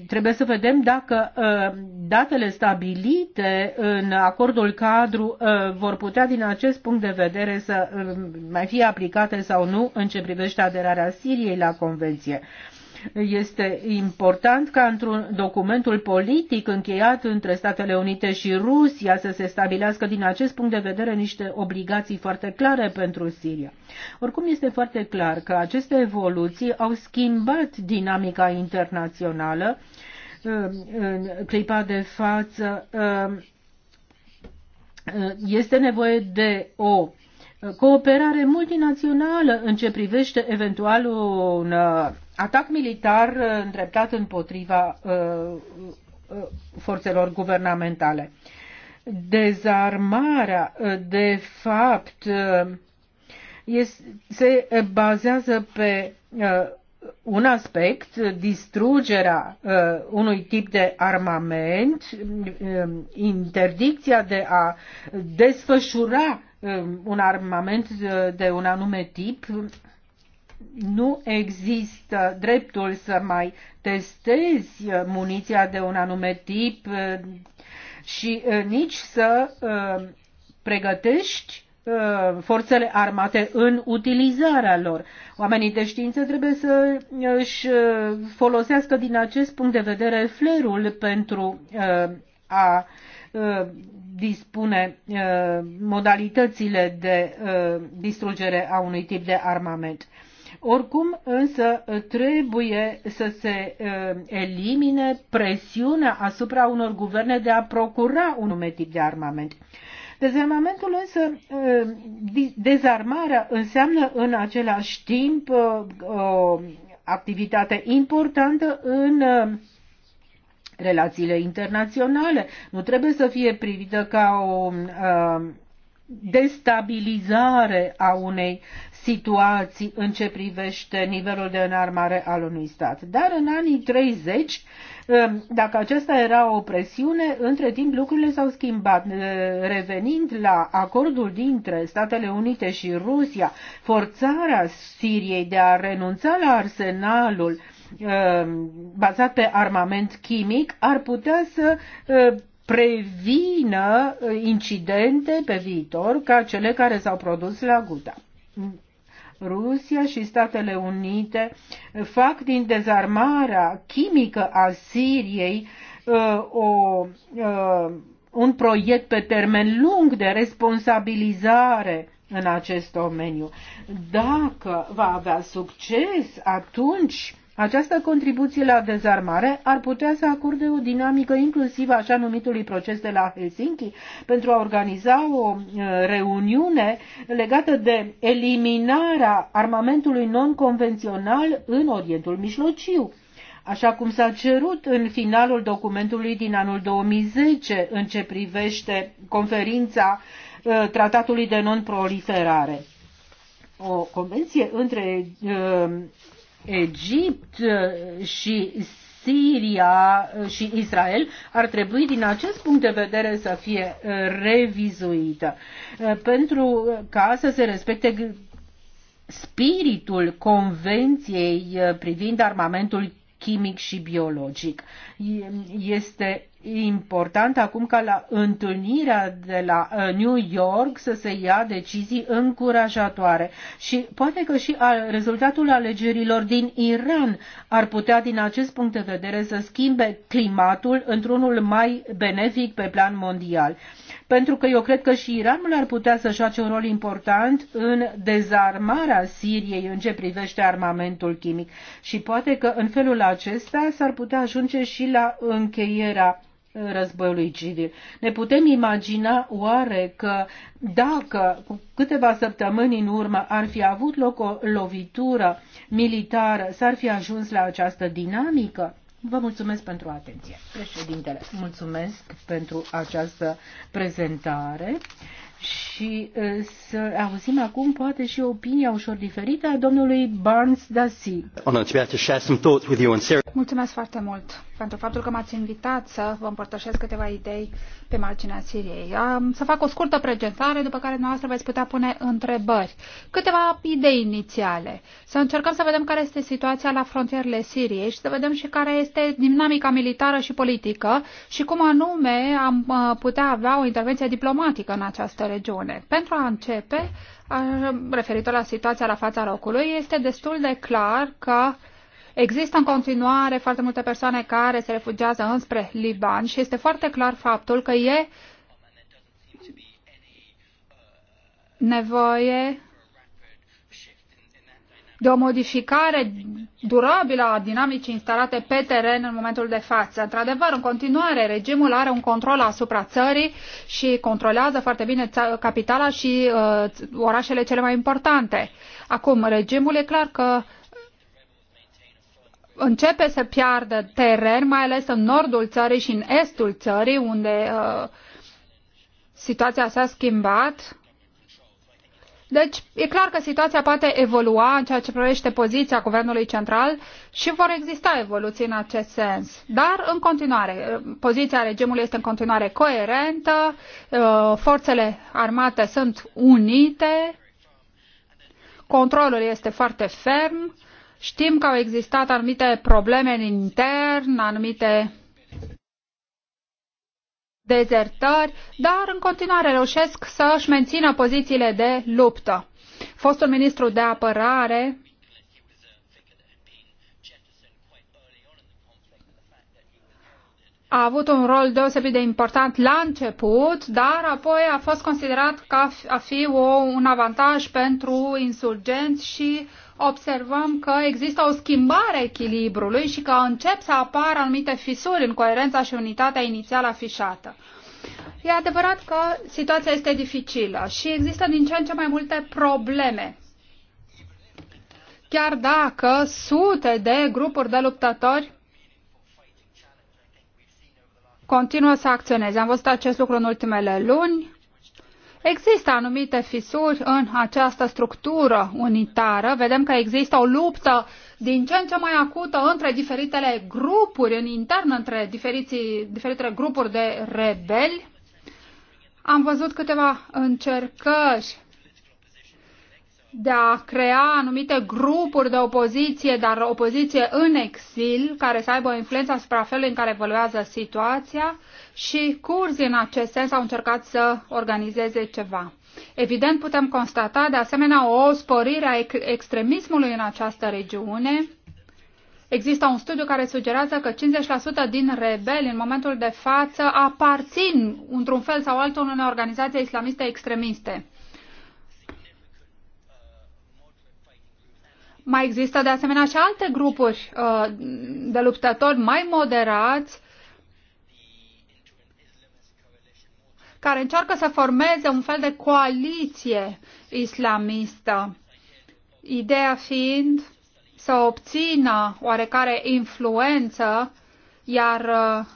trebuie să vedem dacă uh, datele stabilite în acordul cadru uh, vor putea din acest punct de vedere să uh, mai fie aplicate sau nu în ce privește aderarea Siriei la convenție. Este important ca într-un documentul politic încheiat între Statele Unite și Rusia să se stabilească din acest punct de vedere niște obligații foarte clare pentru Siria. Oricum este foarte clar că aceste evoluții au schimbat dinamica internațională uh, în clipa de față uh, uh, este nevoie de o cooperare multinațională în ce privește eventualul atac militar uh, îndreptat împotriva uh, uh, forțelor guvernamentale. Dezarmarea, de fapt, se bazează pe un aspect, distrugerea uh, unui tip de armament, uh, interdicția de a desfășura uh, un armament de, de un anume tip, nu există dreptul să mai testezi uh, muniția de un anume tip uh, și uh, nici să pregătești forțele armate în utilizarea lor. Oamenii de știință trebuie să își folosească din acest punct de vedere flerul pentru a dispune modalitățile de distrugere a unui tip de armament. Oricum, însă, trebuie să se eh, elimine presiunea asupra unor guverne de a procura un nume tip de armament. Dezarmamentul însă, eh, dezarmarea înseamnă în același timp eh, o activitate importantă în relațiile internaționale. Nu trebuie să fie privită ca o destabilizare a unei situații în ce privește nivelul de înarmare al unui stat. Dar în anii 30, um, dacă aceasta era o presiune, între timp lucrurile s-au schimbat. Uh, revenind la acordul dintre Statele Unite și Rusia, forțarea Siriei de a renunța la arsenalul um, bazat pe armament chimic ar putea să uh, prevină uh, incidente pe viitor ca cele care s-au produs la Guta. Rusia și Statele Unite fac din dezarmarea chimică a Siriei uh, o, uh, un proiect pe termen lung de responsabilizare în acest domeniu. Dacă va avea succes, atunci această contribuție la dezarmare ar putea să acorde o dinamică inclusiv așa numitului proces de la Helsinki pentru a organiza o uh, reuniune legată de eliminarea armamentului non-convențional în Orientul Mijlociu așa cum s-a cerut în finalul documentului din anul 2010 în ce privește conferința uh, Tratatului de Non-Proliferare. O convenție între uh, Egipt uh, și Siria uh, și Israel ar trebui din acest punct de vedere să fie uh, revizuită pentru ca să se respecte spiritul convenției privind armamentul chimic și biologic. Este important acum ca la întâlnirea de la uh, New York să se ia decizii încurajatoare și poate că și al, rezultatul alegerilor din Iran ar putea din acest punct de vedere să schimbe climatul într-unul mai benefic pe plan mondial. Pentru că eu cred că și Iranul ar putea să joace un rol important în dezarmarea Siriei în ce privește armamentul chimic și poate că în felul acesta s-ar putea ajunge și la încheierea războiului civil. Ne putem imagina oare că dacă cu câteva săptămâni în urmă ar fi avut loc o lovitură militară, s-ar fi ajuns la această dinamică? Vă mulțumesc pentru atenție. Președintele, mulțumesc pentru această prezentare și să auzim acum poate și opinia ușor diferită a domnului Barnes Dasi. Mulțumesc foarte mult pentru faptul că m-ați invitat să vă împărtășesc câteva idei pe marginea Siriei. Am să fac o scurtă prezentare, după care noastră veți putea pune întrebări. Câteva idei inițiale. Să încercăm să vedem care este situația la frontierele Siriei și să vedem și care este dinamica militară și politică și cum anume am uh, putea avea o intervenție diplomatică în această regiune. Pentru a începe, referitor la situația la fața locului, este destul de clar că uh, Există în continuare foarte multe persoane care se refugiază înspre Liban și este foarte clar faptul că e nevoie de o modificare durabilă a dinamicii instalate pe teren în momentul de față. Într-adevăr, în continuare, regimul are un control asupra țării și controlează foarte bine capitala și uh, orașele cele mai importante. Acum, regimul e clar că începe să piardă teren, mai ales în nordul țării și în estul țării, unde uh, situația s-a schimbat. Deci, e clar că situația poate evolua în ceea ce privește poziția Guvernului Central și vor exista evoluții în acest sens. Dar, în continuare, poziția regimului este în continuare coerentă, uh, forțele armate sunt unite, controlul este foarte ferm Știm că au existat anumite probleme în intern, anumite dezertări, dar în continuare reușesc să-și mențină pozițiile de luptă. Fostul ministru de apărare a avut un rol deosebit de important la început, dar apoi a fost considerat ca a fi o, un avantaj pentru insurgenți și uh, observăm că există o schimbare a echilibrului și că încep să apară anumite fisuri în coerența și unitatea inițială afișată. E adevărat că situația este dificilă și există din ce în ce mai multe probleme. Chiar dacă sute de grupuri de luptători continuă să acționeze. Am văzut acest lucru în ultimele luni. Există anumite fisuri în această structură unitară. Vedem că există o luptă din ce în ce mai acută între diferitele grupuri în intern, între diferitele grupuri de rebeli. Am văzut câteva încercări de a crea anumite grupuri de opoziție, dar opoziție în exil, care să aibă o influență asupra felului în care evoluează situația și curzi în acest sens au încercat să organizeze ceva. Evident, putem constata de asemenea o sporire a extremismului în această regiune. Există un studiu care sugerează că 50% din rebeli în momentul de față aparțin într-un fel sau altul unei organizații islamiste extremiste. Mai există de asemenea și alte grupuri uh, de luptători mai moderați care încearcă să formeze un fel de coaliție islamistă. Ideea fiind să obțină oarecare influență, iar uh,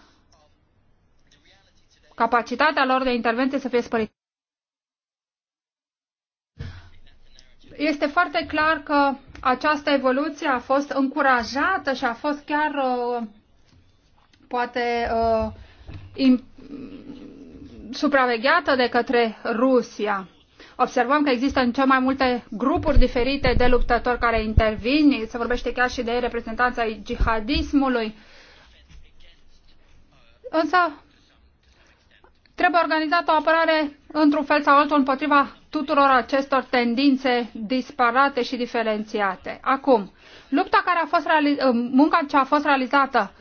capacitatea lor de intervenție să fie spărită. Este foarte clar că această evoluție a fost încurajată și a fost chiar uh, poate uh, supravegheată de către Rusia. Observăm că există în cel mai multe grupuri diferite de luptători care intervin, se vorbește chiar și de reprezentanța jihadismului. Însă trebuie organizată o apărare într-un fel sau altul împotriva tuturor acestor tendințe disparate și diferențiate. Acum, lupta care a fost munca ce a fost realizată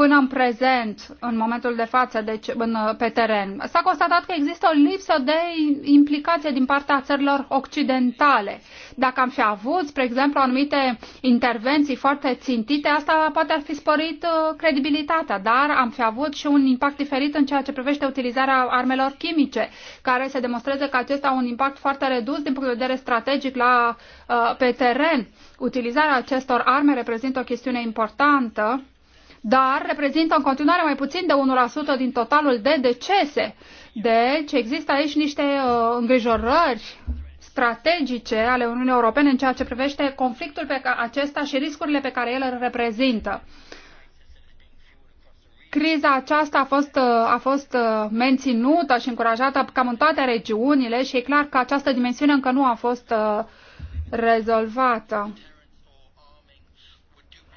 până în prezent, în momentul de față, deci în, pe teren. S-a constatat că există o lipsă de implicație din partea țărilor occidentale. Dacă am fi avut, spre exemplu, anumite intervenții foarte țintite, asta poate ar fi sporit uh, credibilitatea, dar am fi avut și un impact diferit în ceea ce privește utilizarea armelor chimice, care se demonstreze că acesta au un impact foarte redus din punct de vedere strategic la, uh, pe teren. Utilizarea acestor arme reprezintă o chestiune importantă dar reprezintă în continuare mai puțin de 1% din totalul de decese. Deci există aici niște uh, îngrijorări strategice ale Uniunii Europene în ceea ce privește conflictul pe acesta și riscurile pe care el îl reprezintă. Criza aceasta a fost, uh, a fost uh, menținută și încurajată cam în toate regiunile și e clar că această dimensiune încă nu a fost uh, rezolvată.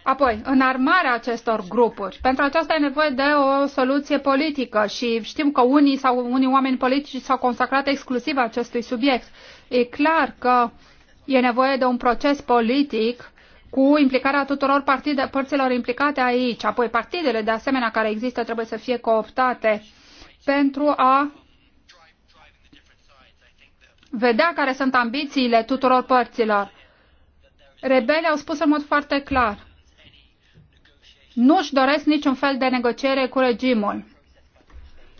Apoi, înarmarea acestor grupuri. Pentru aceasta e nevoie de o soluție politică și știm că unii sau unii oameni politici s-au consacrat exclusiv acestui subiect. E clar că e nevoie de un proces politic cu implicarea tuturor partide, părților implicate aici. Apoi, partidele de asemenea care există trebuie să fie cooptate pentru a vedea care sunt ambițiile tuturor părților. Rebelii au spus în mod foarte clar nu își doresc niciun fel de negociere cu regimul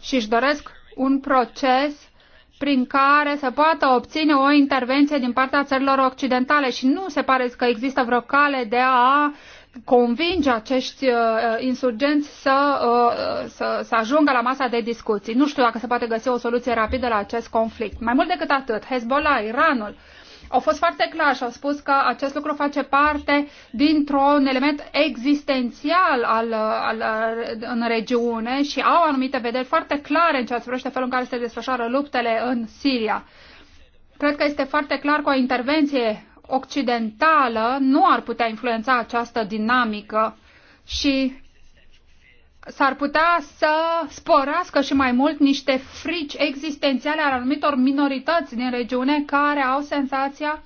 și își doresc un proces prin care se poată obține o intervenție din partea țărilor occidentale și nu se pare că există vreo cale de a convinge acești uh, insurgenți să, uh, să, să ajungă la masa de discuții. Nu știu dacă se poate găsi o soluție rapidă la acest conflict. Mai mult decât atât, Hezbollah, Iranul, uh, au fost foarte clar și au spus că acest lucru face parte dintr-un element existențial al, al, în regiune și au anumite vederi foarte clare în ceea ce privește felul în care se desfășoară luptele în Siria. Cred că este foarte clar că o intervenție occidentală nu ar putea influența această dinamică și s-ar putea să sporească și mai mult niște frici existențiale al anumitor minorități din regiune care au senzația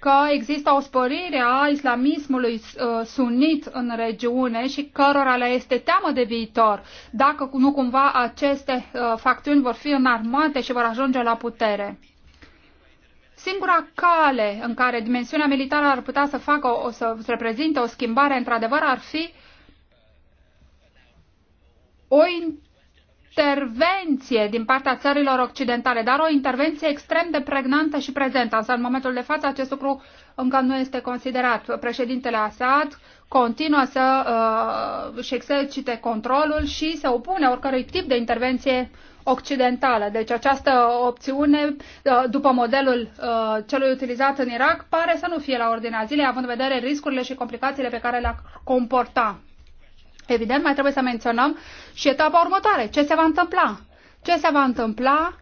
că există o sporire a islamismului uh, sunit în regiune și cărora le este teamă de viitor, dacă nu cumva aceste uh, facțiuni vor fi înarmate și vor ajunge la putere. Singura cale în care dimensiunea militară ar putea să facă, o, să reprezinte o schimbare, într-adevăr, ar fi uh, o intervenție din partea țărilor occidentale, dar o intervenție extrem de pregnantă și prezentă. Însă, în momentul de față, acest lucru încă nu este considerat. Președintele Assad continuă să uh, își exercite controlul și se opune oricărui tip de intervenție occidentală. Deci această opțiune, uh, după modelul uh, celui utilizat în Irak, pare să nu fie la ordinea zilei, având în vedere riscurile și complicațiile pe care le-a comporta. Evident, mai trebuie să menționăm și etapa următoare. Ce se va întâmpla? Ce se va întâmpla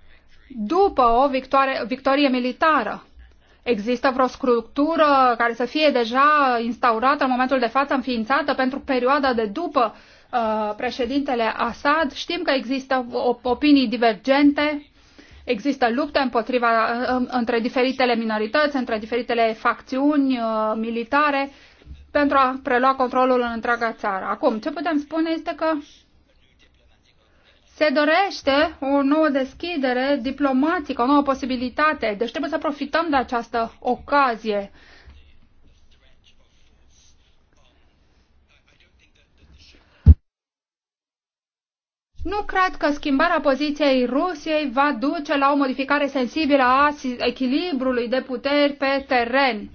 după o victoare, victorie militară? Există vreo structură care să fie deja instaurată în momentul de față, înființată pentru perioada de după uh, președintele Assad? Știm că există opinii divergente, există lupte împotriva, între diferitele minorități, între diferitele facțiuni uh, militare. Uh, pentru a prelua controlul în întreaga țară. Acum, ce putem spune este că se dorește o nouă deschidere diplomatică, o nouă posibilitate. Deci trebuie să profităm de această ocazie. Nu cred că schimbarea poziției Rusiei va duce la o modificare sensibilă a echilibrului de puteri pe teren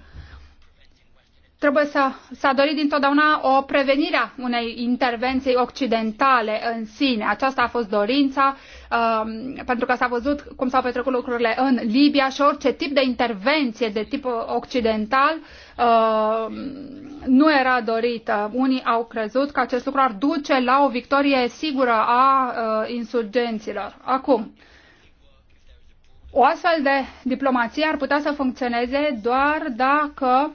trebuie să s-a dorit dintotdeauna o prevenire a unei intervenții occidentale în sine. Aceasta a fost dorința, um, pentru că s-a văzut cum s-au petrecut lucrurile în Libia și orice tip de intervenție de tip occidental uh, nu era dorită. Unii au crezut că acest lucru ar duce la o victorie sigură a uh, insurgenților. Acum, o astfel de diplomație ar putea să funcționeze doar dacă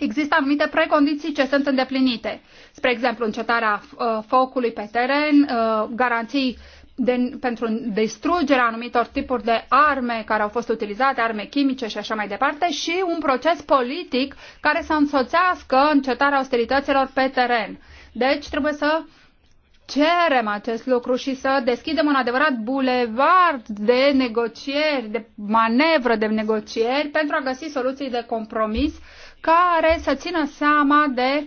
există anumite precondiții ce sunt îndeplinite. Spre exemplu, încetarea uh, focului pe teren, uh, garanții de, pentru distrugerea anumitor tipuri de arme care au fost utilizate, arme chimice și așa mai departe, și un proces politic care să însoțească încetarea austerităților pe teren. Deci trebuie să cerem acest lucru și să deschidem un adevărat bulevard de negocieri, de manevră de negocieri pentru a găsi soluții de compromis uh, care să țină seama de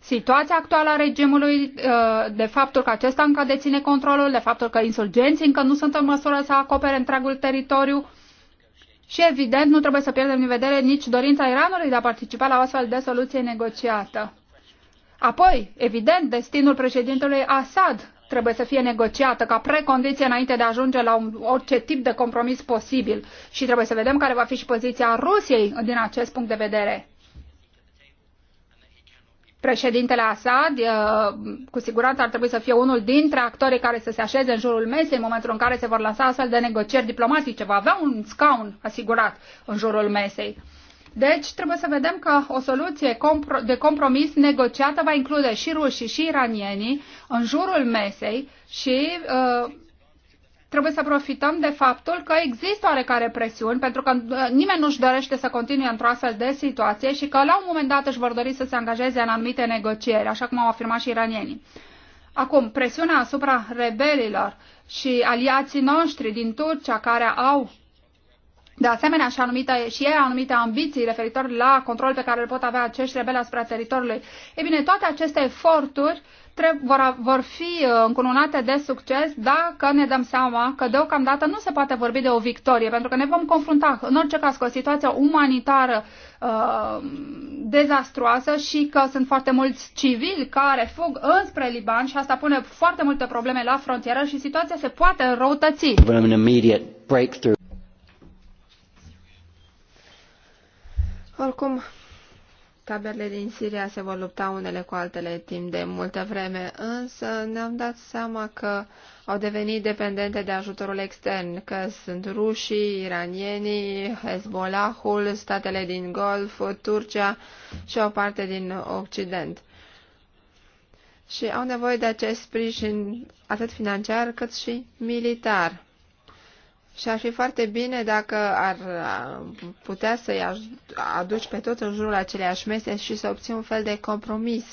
situația actuală a regimului, uh, de faptul că acesta încă deține controlul, de faptul că insurgenții încă nu sunt în măsură să acopere întregul teritoriu și, evident, nu trebuie să pierdem din vedere nici dorința Iranului de a participa la o astfel de soluție negociată. Apoi, evident, destinul președintelui Assad trebuie să fie negociată ca precondiție înainte de a ajunge la un, orice tip de compromis posibil și trebuie să vedem care va fi și poziția Rusiei din acest punct de vedere. Președintele Assad cu siguranță ar trebui să fie unul dintre actorii care să se așeze în jurul mesei în momentul în care se vor lansa astfel de negocieri diplomatice. Va avea un scaun asigurat în jurul mesei. Deci trebuie să vedem că o soluție de compromis negociată va include și rușii și iranienii în jurul mesei și uh, trebuie să profităm de faptul că există oarecare presiuni, pentru că uh, nimeni nu-și dorește să continue într-o astfel de situație și că la un moment dat își vor dori să se angajeze în anumite negocieri, așa cum au afirmat și iranienii. Acum, presiunea asupra rebelilor și aliații noștri din Turcia care au de asemenea, și, anumite, și ei anumite ambiții referitor la control pe care îl pot avea acești rebeli asupra teritoriului. E bine, toate aceste eforturi uh, vor, vor fi uh, încununate de succes dacă ne dăm seama că deocamdată nu se poate vorbi de o victorie, pentru că ne vom confrunta în orice caz cu o situație umanitară uh, dezastruoasă și că sunt foarte mulți civili care fug înspre Liban și asta pune foarte multe probleme la frontieră și situația se poate răutăți. Oricum, Taberele din Siria se vor lupta unele cu altele timp de multă vreme, însă ne-am dat seama că au devenit dependente de ajutorul extern, că sunt rușii, iranienii, Hezbollahul, statele din Golf, Turcia și o parte din Occident. Și au nevoie de acest sprijin atât financiar cât și militar. Și ar fi foarte bine dacă ar putea să-i aduci pe tot în jurul aceleași mese și să obții un fel de compromis.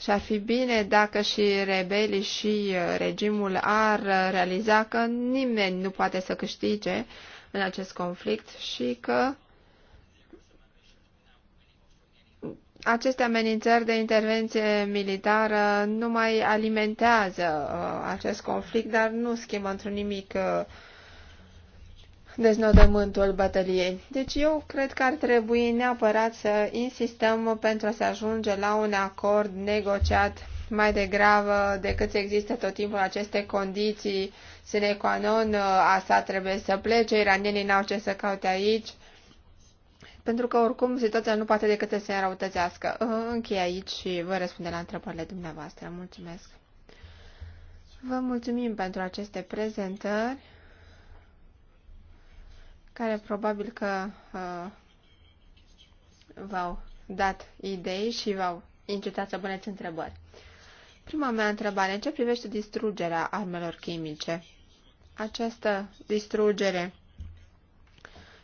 Și ar fi bine dacă și rebelii și uh, regimul ar uh, realiza că nimeni nu poate să câștige în acest conflict și că aceste amenințări de intervenție militară nu mai alimentează uh, acest conflict, dar nu schimbă într-un nimic deznodământul bătăliei. Deci eu cred că ar trebui neapărat să insistăm pentru a se ajunge la un acord negociat mai degrabă decât să există tot timpul aceste condiții sine qua non, asta trebuie să plece, iranienii n-au ce să caute aici, pentru că oricum situația nu poate decât să se înrăutățească. Închei aici și vă răspunde la întrebările dumneavoastră. Mulțumesc! Vă mulțumim pentru aceste prezentări care probabil că uh, v-au dat idei și v-au incitat să puneți întrebări. Prima mea întrebare, în ce privește distrugerea armelor chimice? Această distrugere,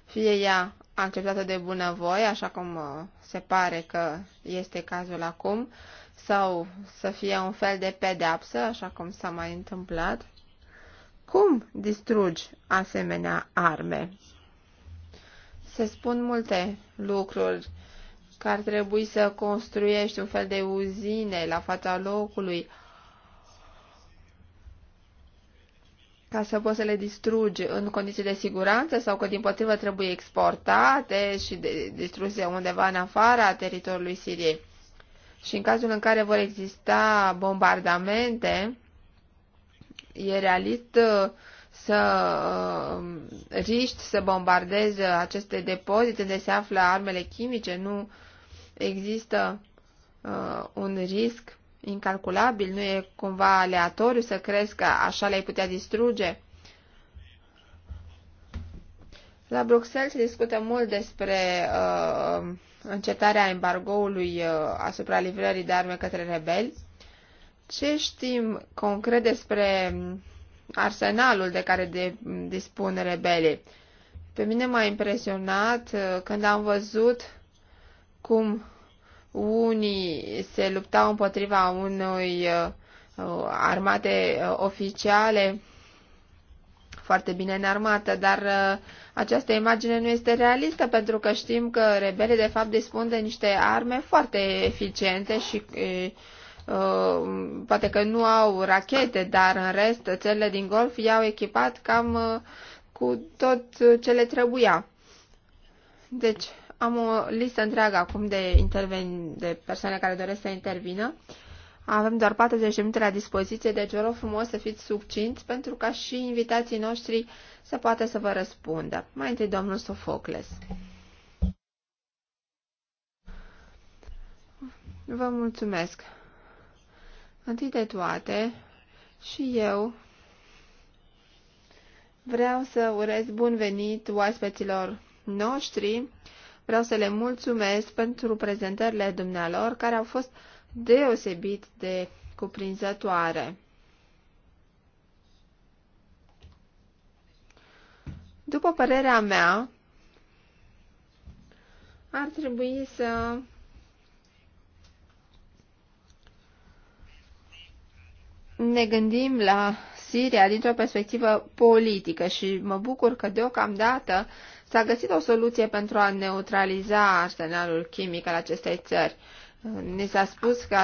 fie ea acceptată de bunăvoie, așa cum uh, se pare că este cazul acum, sau să fie un fel de pedeapsă, așa cum s-a mai întâmplat, cum distrugi asemenea arme? se spun multe lucruri că ar trebui să construiești un fel de uzine la fața locului ca să poți să le distrugi în condiții de siguranță sau că din potrivă trebuie exportate și distruse undeva în afara teritoriului Siriei. Și în cazul în care vor exista bombardamente, e realist să uh, riști să bombardezi aceste depozite unde se află armele chimice, nu există uh, un risc incalculabil, nu e cumva aleatoriu să crezi că așa le-ai putea distruge. La Bruxelles se discută mult despre uh, încetarea embargoului uh, asupra livrării de arme către rebeli. Ce știm concret despre arsenalul de care de, dispun rebelii. Pe mine m-a impresionat uh, când am văzut cum unii se luptau împotriva unui uh, uh, armate oficiale foarte bine înarmată, dar această imagine nu este realistă pentru că știm că rebelii de fapt dispun de niște arme foarte eficiente și Uh, poate că nu au rachete, dar în rest țările din Golf i-au echipat cam uh, cu tot ce le trebuia. Deci am o listă întreagă acum de, interveni, de persoane care doresc să intervină. Avem doar 40 minute la dispoziție, deci vă rog frumos să fiți succinți pentru ca și invitații noștri să poată să vă răspundă. Mai întâi domnul Sofocles. Vă mulțumesc. Întâi de toate, și eu vreau să urez bun venit oaspeților noștri, vreau să le mulțumesc pentru prezentările dumnealor care au fost deosebit de cuprinzătoare. După părerea mea, ar trebui să ne gândim la Siria dintr-o perspectivă politică și mă bucur că deocamdată s-a găsit o soluție pentru a neutraliza arsenalul chimic al acestei țări. Ne s-a spus că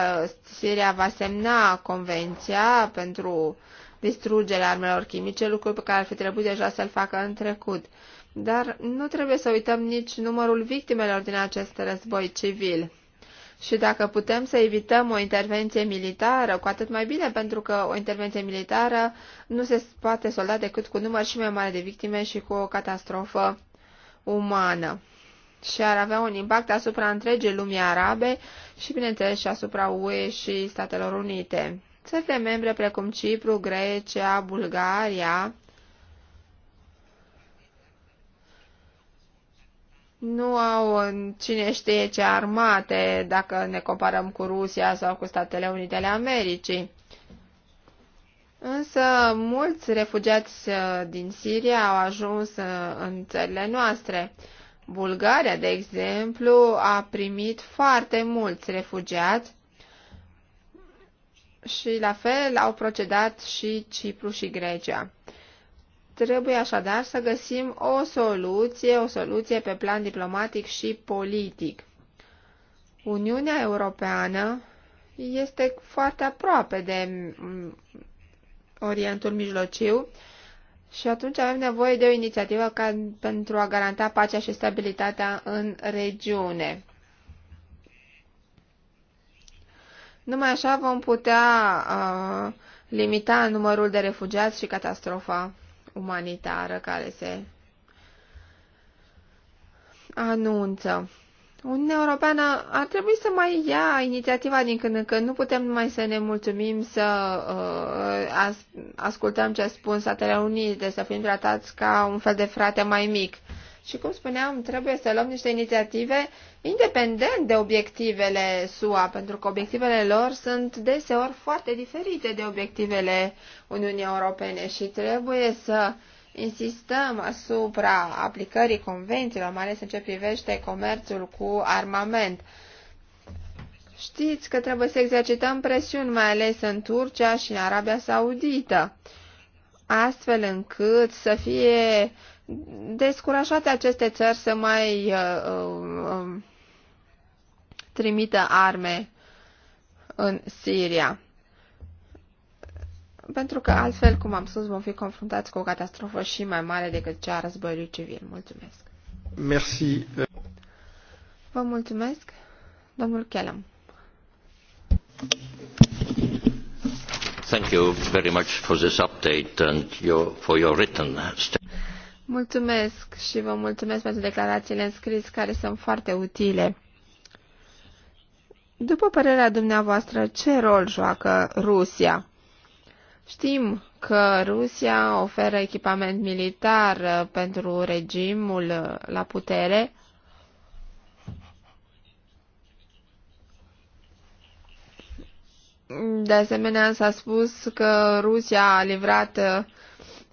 Siria va semna convenția pentru distrugerea armelor chimice, lucru pe care ar fi trebuit deja să-l facă în trecut. Dar nu trebuie să uităm nici numărul victimelor din acest război civil. Și dacă putem să evităm o intervenție militară, cu atât mai bine, pentru că o intervenție militară nu se poate solda decât cu număr și mai mare de victime și cu o catastrofă umană. Și ar avea un impact asupra întregii lumii arabe și, bineînțeles, și asupra UE și Statelor Unite. Țările membre precum Cipru, Grecia, Bulgaria nu au cine știe ce armate dacă ne comparăm cu Rusia sau cu Statele Unite ale Americii. Însă mulți refugiați uh, din Siria au ajuns uh, în țările noastre. Bulgaria, de exemplu, a primit foarte mulți refugiați și la fel au procedat și Cipru și Grecia. Trebuie așadar să găsim o soluție, o soluție pe plan diplomatic și politic. Uniunea Europeană este foarte aproape de mm, Orientul Mijlociu și atunci avem nevoie de o inițiativă ca pentru a garanta pacea și stabilitatea în regiune. Numai așa vom putea uh, limita numărul de refugiați și catastrofa umanitară care se anunță. Uniunea Europeană ar trebui să mai ia inițiativa din când în când. Nu putem mai să ne mulțumim să uh, as, ascultăm ce spun Statele Unite, să fim tratați ca un fel de frate mai mic și, cum spuneam, trebuie să luăm niște inițiative independent de obiectivele SUA, pentru că obiectivele lor sunt deseori foarte diferite de obiectivele Uniunii Europene și trebuie să insistăm asupra aplicării convențiilor, mai ales în ce privește comerțul cu armament. Știți că trebuie să exercităm presiuni, mai ales în Turcia și în Arabia Saudită, astfel încât să fie descurajate aceste țări să mai uh, uh, trimită arme în Siria. Pentru că altfel, cum am spus, vom fi confruntați cu o catastrofă și mai mare decât cea a războiului civil. Mulțumesc. Merci. Vă mulțumesc, domnul Kellam. Thank you very much for this update and your, for your written statement. Mulțumesc și vă mulțumesc pentru declarațiile în scris care sunt foarte utile. După părerea dumneavoastră, ce rol joacă Rusia? Știm că Rusia oferă echipament militar uh, pentru regimul uh, la putere. De asemenea, s-a spus că Rusia a livrat uh,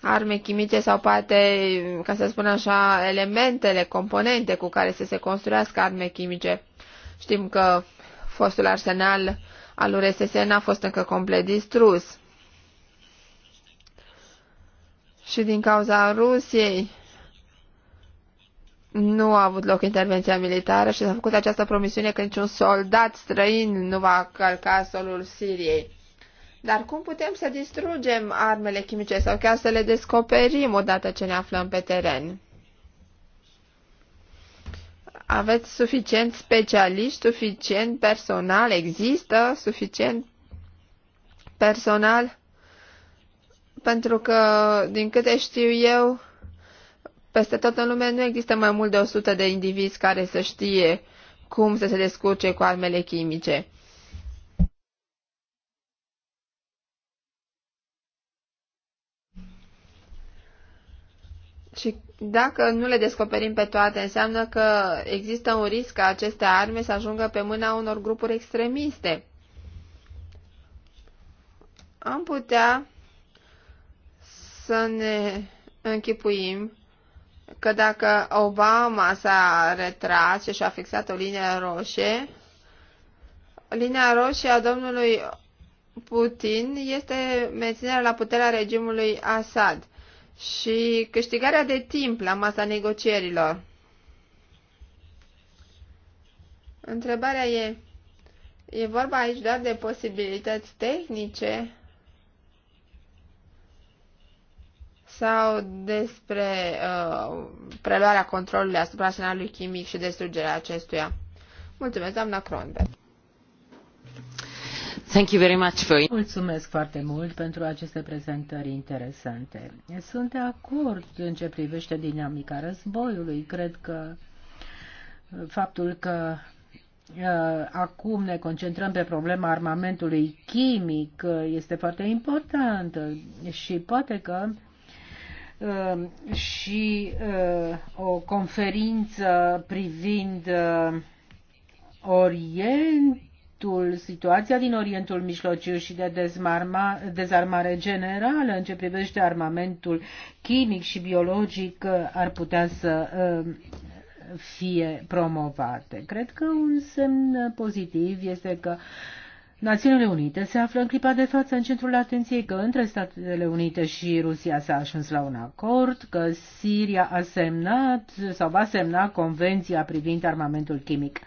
arme chimice sau poate, ca să spun așa, elementele, componente cu care să se construiască arme chimice. Știm că fostul arsenal al URSS n-a fost încă complet distrus. Și din cauza Rusiei nu a avut loc intervenția militară și s-a făcut această promisiune că niciun soldat străin nu va călca solul Siriei. Dar cum putem să distrugem armele chimice sau chiar să le descoperim odată ce ne aflăm pe teren? Aveți suficient specialiști, suficient personal? Există suficient personal? Pentru că, din câte știu eu, peste tot în lume nu există mai mult de 100 de indivizi care să știe cum să se descurce cu armele chimice. Și dacă nu le descoperim pe toate, înseamnă că există un risc ca aceste arme să ajungă pe mâna unor grupuri extremiste. Am putea să ne închipuim că dacă Obama s-a retras și și-a fixat o linie roșie, linia roșie a domnului Putin este menținerea la puterea regimului Assad și câștigarea de timp la masa negocierilor. Întrebarea e, e vorba aici doar de posibilități tehnice sau despre uh, preluarea controlului asupra arsenalului chimic și destrugerea acestuia? Mulțumesc, doamna Cronberg. Mulțumesc foarte mult pentru aceste prezentări interesante. Sunt de acord în ce privește dinamica războiului. Cred că uh, faptul că uh, acum ne concentrăm pe problema armamentului chimic uh, este foarte important și poate că și o conferință privind Orient conflictul, situația din Orientul Mijlociu și de dezmarma, dezarmare generală în ce privește armamentul chimic și biologic uh, ar putea să uh, fie promovate. Cred că un semn pozitiv este că uh, Națiunile Unite se află în clipa de față în centrul atenției că între Statele Unite și Rusia s-a ajuns la un acord, că Siria a semnat sau va semna convenția privind armamentul chimic.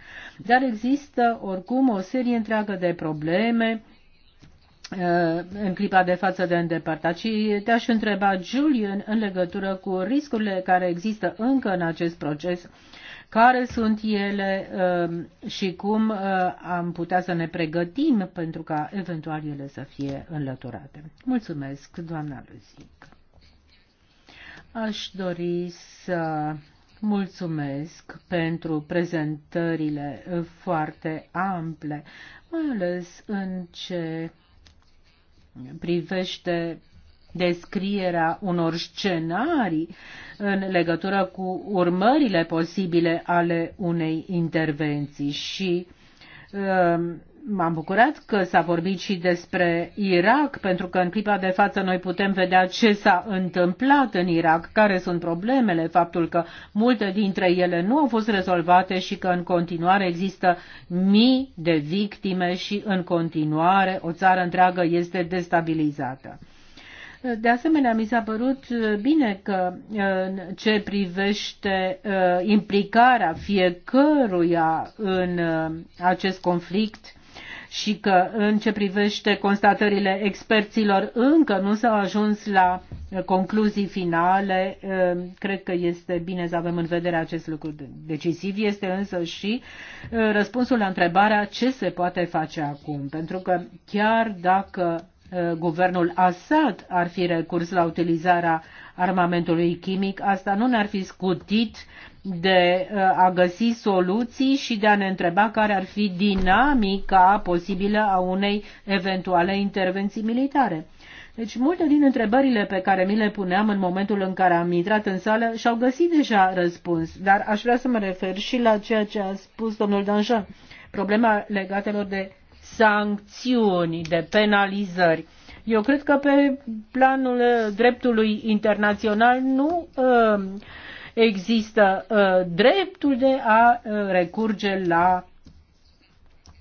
Dar există oricum o serie întreagă de probleme uh, în clipa de față de îndepărtat. Și te-aș întreba, Julian, în legătură cu riscurile care există încă în acest proces care sunt ele um, și cum uh, am putea să ne pregătim pentru ca eventual ele să fie înlăturate. Mulțumesc, doamna Luzic. Aș dori să mulțumesc pentru prezentările foarte ample, mai ales în ce privește descrierea unor scenarii în legătură cu urmările posibile ale unei intervenții și um, m-am bucurat că s-a vorbit și despre Irak, pentru că în clipa de față noi putem vedea ce s-a întâmplat în Irak, care sunt problemele, faptul că multe dintre ele nu au fost rezolvate și că în continuare există mii de victime și în continuare o țară întreagă este destabilizată. De asemenea, mi s-a părut uh, bine că în uh, ce privește uh, implicarea fiecăruia în acest conflict și că în ce privește constatările experților încă nu s-au ajuns la concluzii finale, cred că este bine să avem în vedere acest lucru. Decisiv este însă și răspunsul la întrebarea ce se poate face acum, pentru că chiar dacă Uh, guvernul Assad ar fi recurs la utilizarea armamentului chimic, asta nu ne-ar fi scutit de uh, a găsi soluții și de a ne întreba care ar fi dinamica posibilă a unei eventuale intervenții militare. Deci multe din întrebările pe care mi le puneam în momentul în care am intrat în sală și-au găsit deja răspuns, dar aș vrea să mă refer și la ceea ce a spus domnul Danjean, problema legatelor de sancțiuni, de penalizări. Eu cred că pe planul uh, dreptului internațional nu uh, există uh, dreptul de a recurge la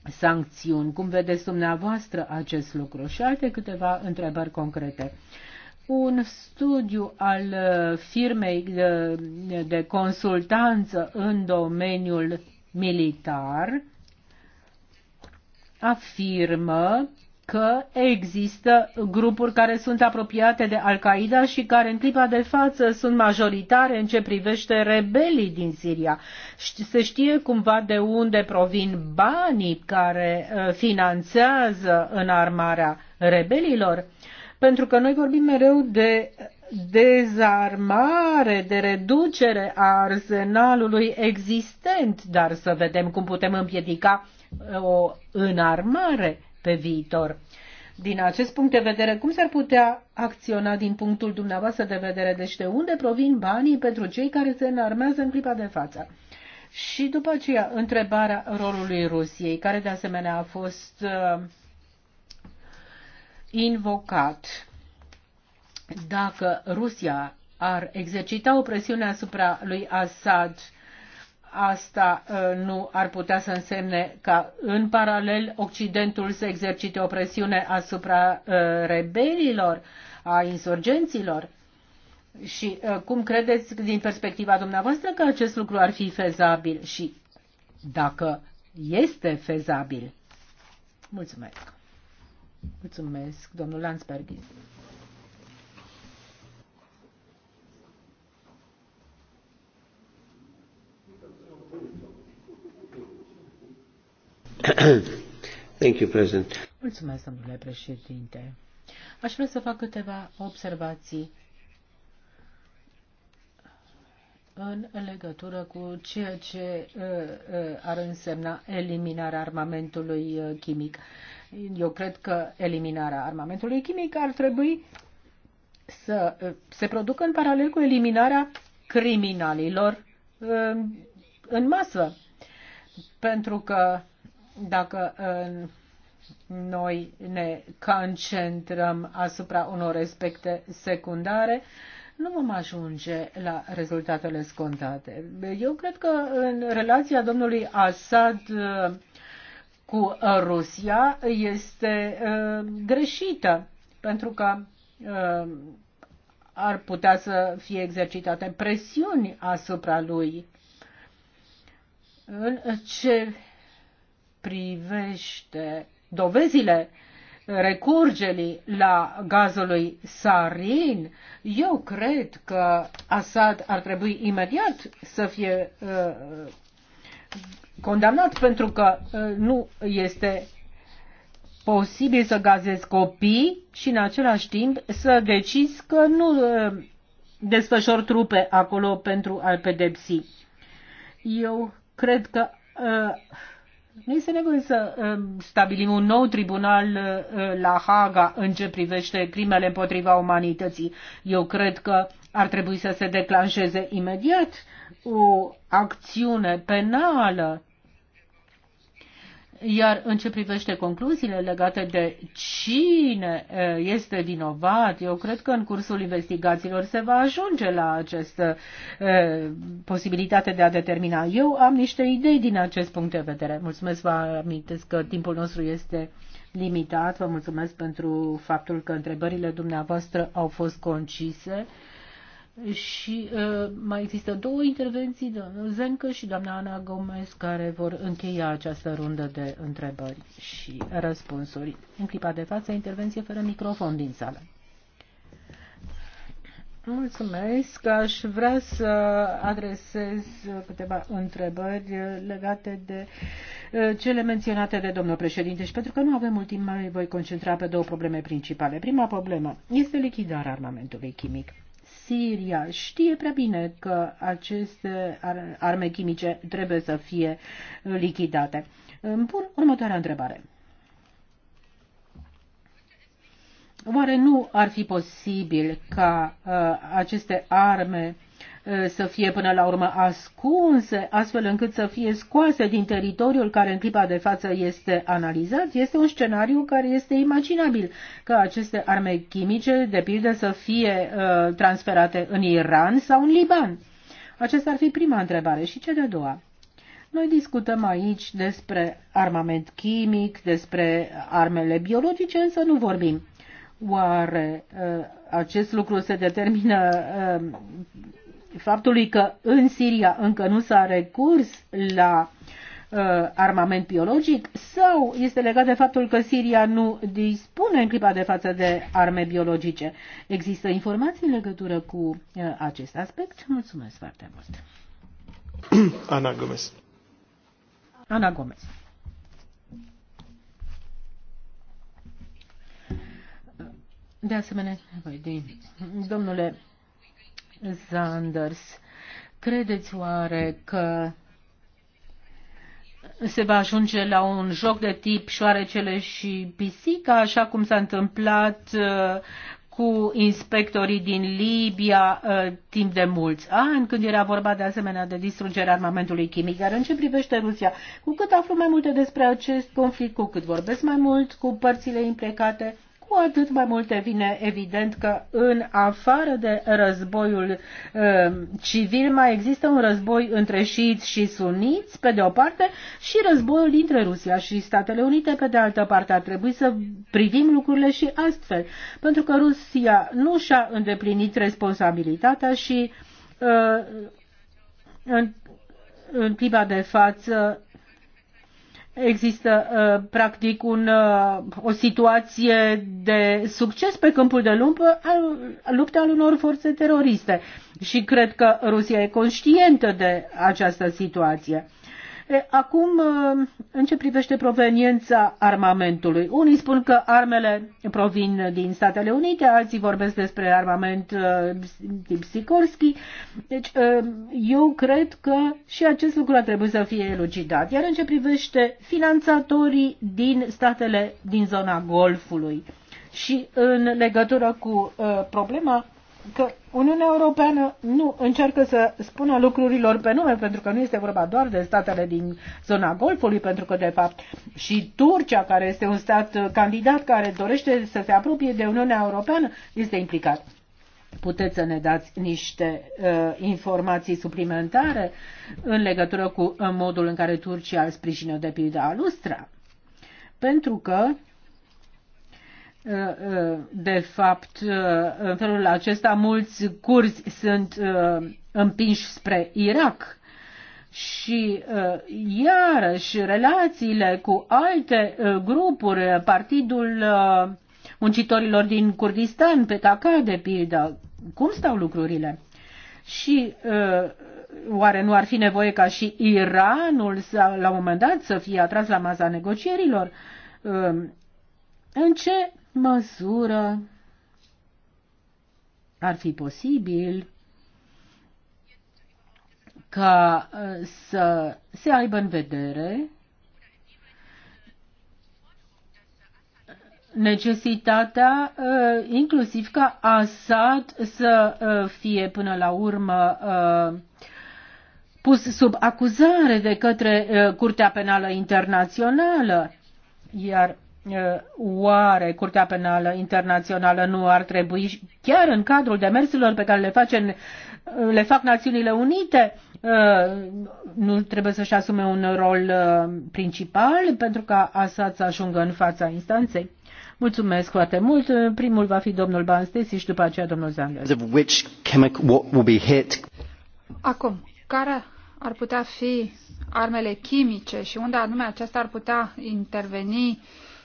sancțiuni. Cum vedeți dumneavoastră acest lucru? Și alte câteva întrebări concrete. Un studiu al firmei de, de consultanță în domeniul militar afirmă că există grupuri care sunt apropiate de Al-Qaeda și care în clipa de față sunt majoritare în ce privește rebelii din Siria. Se știe cumva de unde provin banii care uh, finanțează înarmarea rebelilor, pentru că noi vorbim mereu de dezarmare, de reducere a arsenalului existent, dar să vedem cum putem împiedica o înarmare pe viitor. Din acest punct de vedere, cum s-ar putea acționa din punctul dumneavoastră de vedere? Deci de unde provin banii pentru cei care se înarmează în clipa de față? Și după aceea, întrebarea rolului Rusiei, care de asemenea a fost uh, invocat. Dacă Rusia ar exercita o presiune asupra lui Assad asta uh, nu ar putea să însemne ca în paralel Occidentul să exercite o presiune asupra uh, rebelilor, a insurgenților? Și uh, cum credeți din perspectiva dumneavoastră că acest lucru ar fi fezabil și dacă este fezabil? Mulțumesc. Mulțumesc, domnul Lansbergis. Thank you, President. Mulțumesc, domnule președinte. Aș vrea să fac câteva observații în legătură cu ceea ce uh, uh, ar însemna eliminarea armamentului uh, chimic. Eu cred că eliminarea armamentului chimic ar trebui să se producă în paralel cu eliminarea criminalilor în masă. Pentru că dacă uh, noi ne concentrăm asupra unor aspecte secundare, nu vom ajunge la rezultatele scontate. Eu cred că în relația domnului Assad uh, cu Rusia este uh, greșită, pentru că ar putea să fie exercitate presiuni asupra lui. În ce privește dovezile recurgerii la gazului sarin, eu cred că Assad ar trebui imediat să fie uh, condamnat pentru că uh, nu este posibil să gazezi copii și în același timp să decizi că nu uh, desfășor trupe acolo pentru a-l pedepsi. Eu cred că uh, nu este nevoie să um, stabilim un nou tribunal uh, la Haga în ce privește crimele împotriva umanității. Eu cred că ar trebui să se declanșeze imediat o acțiune penală iar în ce privește concluziile legate de cine este vinovat, eu cred că în cursul investigațiilor se va ajunge la această posibilitate de a determina. Eu am niște idei din acest punct de vedere. Mulțumesc, vă amintesc că timpul nostru este limitat. Vă mulțumesc pentru faptul că întrebările dumneavoastră au fost concise și uh, mai există două intervenții, domnul Zencă și doamna Ana Gomez, care vor încheia această rundă de întrebări și răspunsuri. În clipa de față, intervenție fără microfon din sală. Mulțumesc. Aș vrea să adresez câteva întrebări legate de uh, cele menționate de domnul președinte și pentru că nu avem mult timp mai voi concentra pe două probleme principale. Prima problemă este lichidarea armamentului chimic Siria știe prea bine că aceste arme chimice trebuie să fie uh, lichidate. Îmi pun următoarea întrebare. Oare nu ar fi posibil ca uh, aceste arme Eh, să fie până la urmă ascunse, astfel încât să fie scoase din teritoriul care în clipa de față este analizat, este un scenariu care este imaginabil că aceste arme chimice, de pildă, să fie uh, transferate în Iran sau în Liban. Aceasta ar fi prima întrebare. Și cea de-a doua? Noi discutăm aici despre armament chimic, despre armele biologice, însă nu vorbim. Oare eh, acest lucru se determină faptului că în Siria încă nu s-a recurs la uh, armament biologic sau este legat de faptul că Siria nu dispune în clipa de față de arme biologice? Există informații în legătură cu uh, acest aspect? Mulțumesc foarte mult! Ana Gomez. Ana Gomez. De asemenea, Domnule Sanders, credeți oare că se va ajunge la un joc de tip șoarecele și pisica, așa cum s-a întâmplat uh, cu inspectorii din Libia uh, timp de mulți ani, când era vorba de asemenea de distrugerea armamentului chimic. Dar în ce privește Rusia, cu cât aflu mai multe despre acest conflict, cu cât vorbesc mai mult cu părțile implicate, cu atât mai mult vine evident că în afară de războiul uh, civil mai există un război între șiiți și suniți, pe de o parte, și războiul dintre Rusia și Statele Unite, pe de altă parte. Ar trebui să privim lucrurile și astfel, pentru că Rusia nu și-a îndeplinit responsabilitatea și uh, în, în clipa de față există ă, practic un, ă, o situație de succes pe câmpul de luptă al, lupte al unor forțe teroriste. Și cred că Rusia e conștientă de această situație acum, în ce privește proveniența armamentului, unii spun că armele provin din Statele Unite, alții vorbesc despre armament tip Sikorski. Deci, eu cred că și acest lucru ar trebui să fie elucidat. Iar în ce privește finanțatorii din statele din zona Golfului și în legătură cu problema că Uniunea Europeană nu încearcă să spună lucrurilor pe nume, pentru că nu este vorba doar de statele din zona Golfului, pentru că, de fapt, și Turcia, care este un stat candidat care dorește să se apropie de Uniunea Europeană, este implicat. Puteți să ne dați niște uh, informații suplimentare în legătură cu în modul în care Turcia îl sprijină de pildă Alustra? Pentru că de fapt, în felul acesta, mulți curzi sunt uh, împinși spre Irak. Și uh, iarăși relațiile cu alte uh, grupuri, Partidul Muncitorilor din Kurdistan, PKK de pildă, cum stau lucrurile? Și oare nu ar fi nevoie ca și Iranul să, la un moment dat să fie atras la maza negocierilor? În ce măsură ar fi posibil ca uh, să se aibă în vedere necesitatea uh, inclusiv ca Assad să uh, fie până la urmă pus sub acuzare de către Curtea Penală Internațională. Iar Uh, oare Curtea Penală Internațională nu ar trebui, chiar în cadrul demersurilor pe care le, face, le fac Națiunile Unite, uh, nu trebuie să-și asume un rol uh, principal pentru ca Assad să ajungă în fața instanței? Mulțumesc foarte mult. Primul va fi domnul Banstesi și după aceea domnul Zander. Acum, care ar putea fi armele chimice și unde anume aceasta ar putea interveni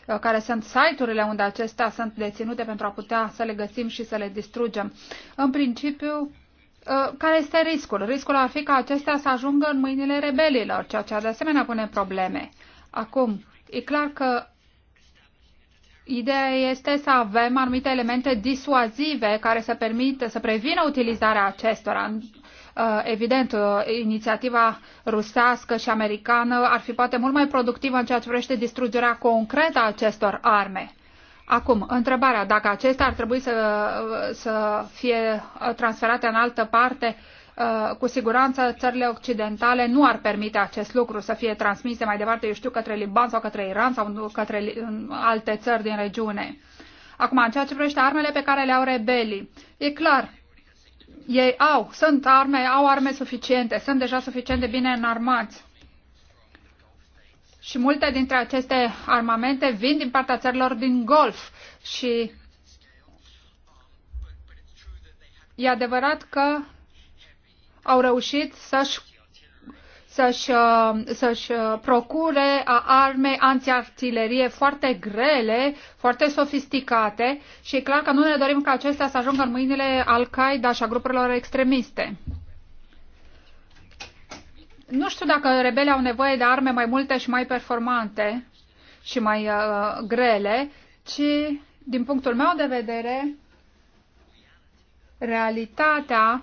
Uh, care sunt site-urile unde acestea sunt deținute pentru a putea să le găsim și să le distrugem. În principiu, uh, care este riscul? Riscul ar fi ca acestea să ajungă în mâinile rebelilor, ceea ce de asemenea pune probleme. Acum, e clar că Ideea este să avem anumite elemente disuazive care să permită să prevină utilizarea acestora. Uh, evident, uh, inițiativa rusească și americană ar fi poate mult mai productivă în ceea ce privește distrugerea concretă a acestor arme. Acum, întrebarea dacă acestea ar trebui să, să fie uh, transferate în altă parte, cu siguranță țările occidentale nu ar permite acest lucru să fie transmise mai departe, eu știu, către Liban sau către Iran sau către alte țări din regiune. Acum, în ceea ce privește armele pe care le au rebelii, e clar, ei au, sunt arme, au arme suficiente, sunt deja suficient de bine înarmați. Și multe dintre aceste armamente vin din partea țărilor din Golf și e adevărat că au reușit să-și să-și, uh, să-și uh, procure arme antiartilerie foarte grele, foarte sofisticate și e clar că nu ne dorim ca acestea să ajungă în mâinile Al-Qaeda și a grupurilor extremiste. Nu știu dacă rebelii au nevoie de arme mai multe și mai performante și mai uh, grele, ci, din punctul meu de vedere, realitatea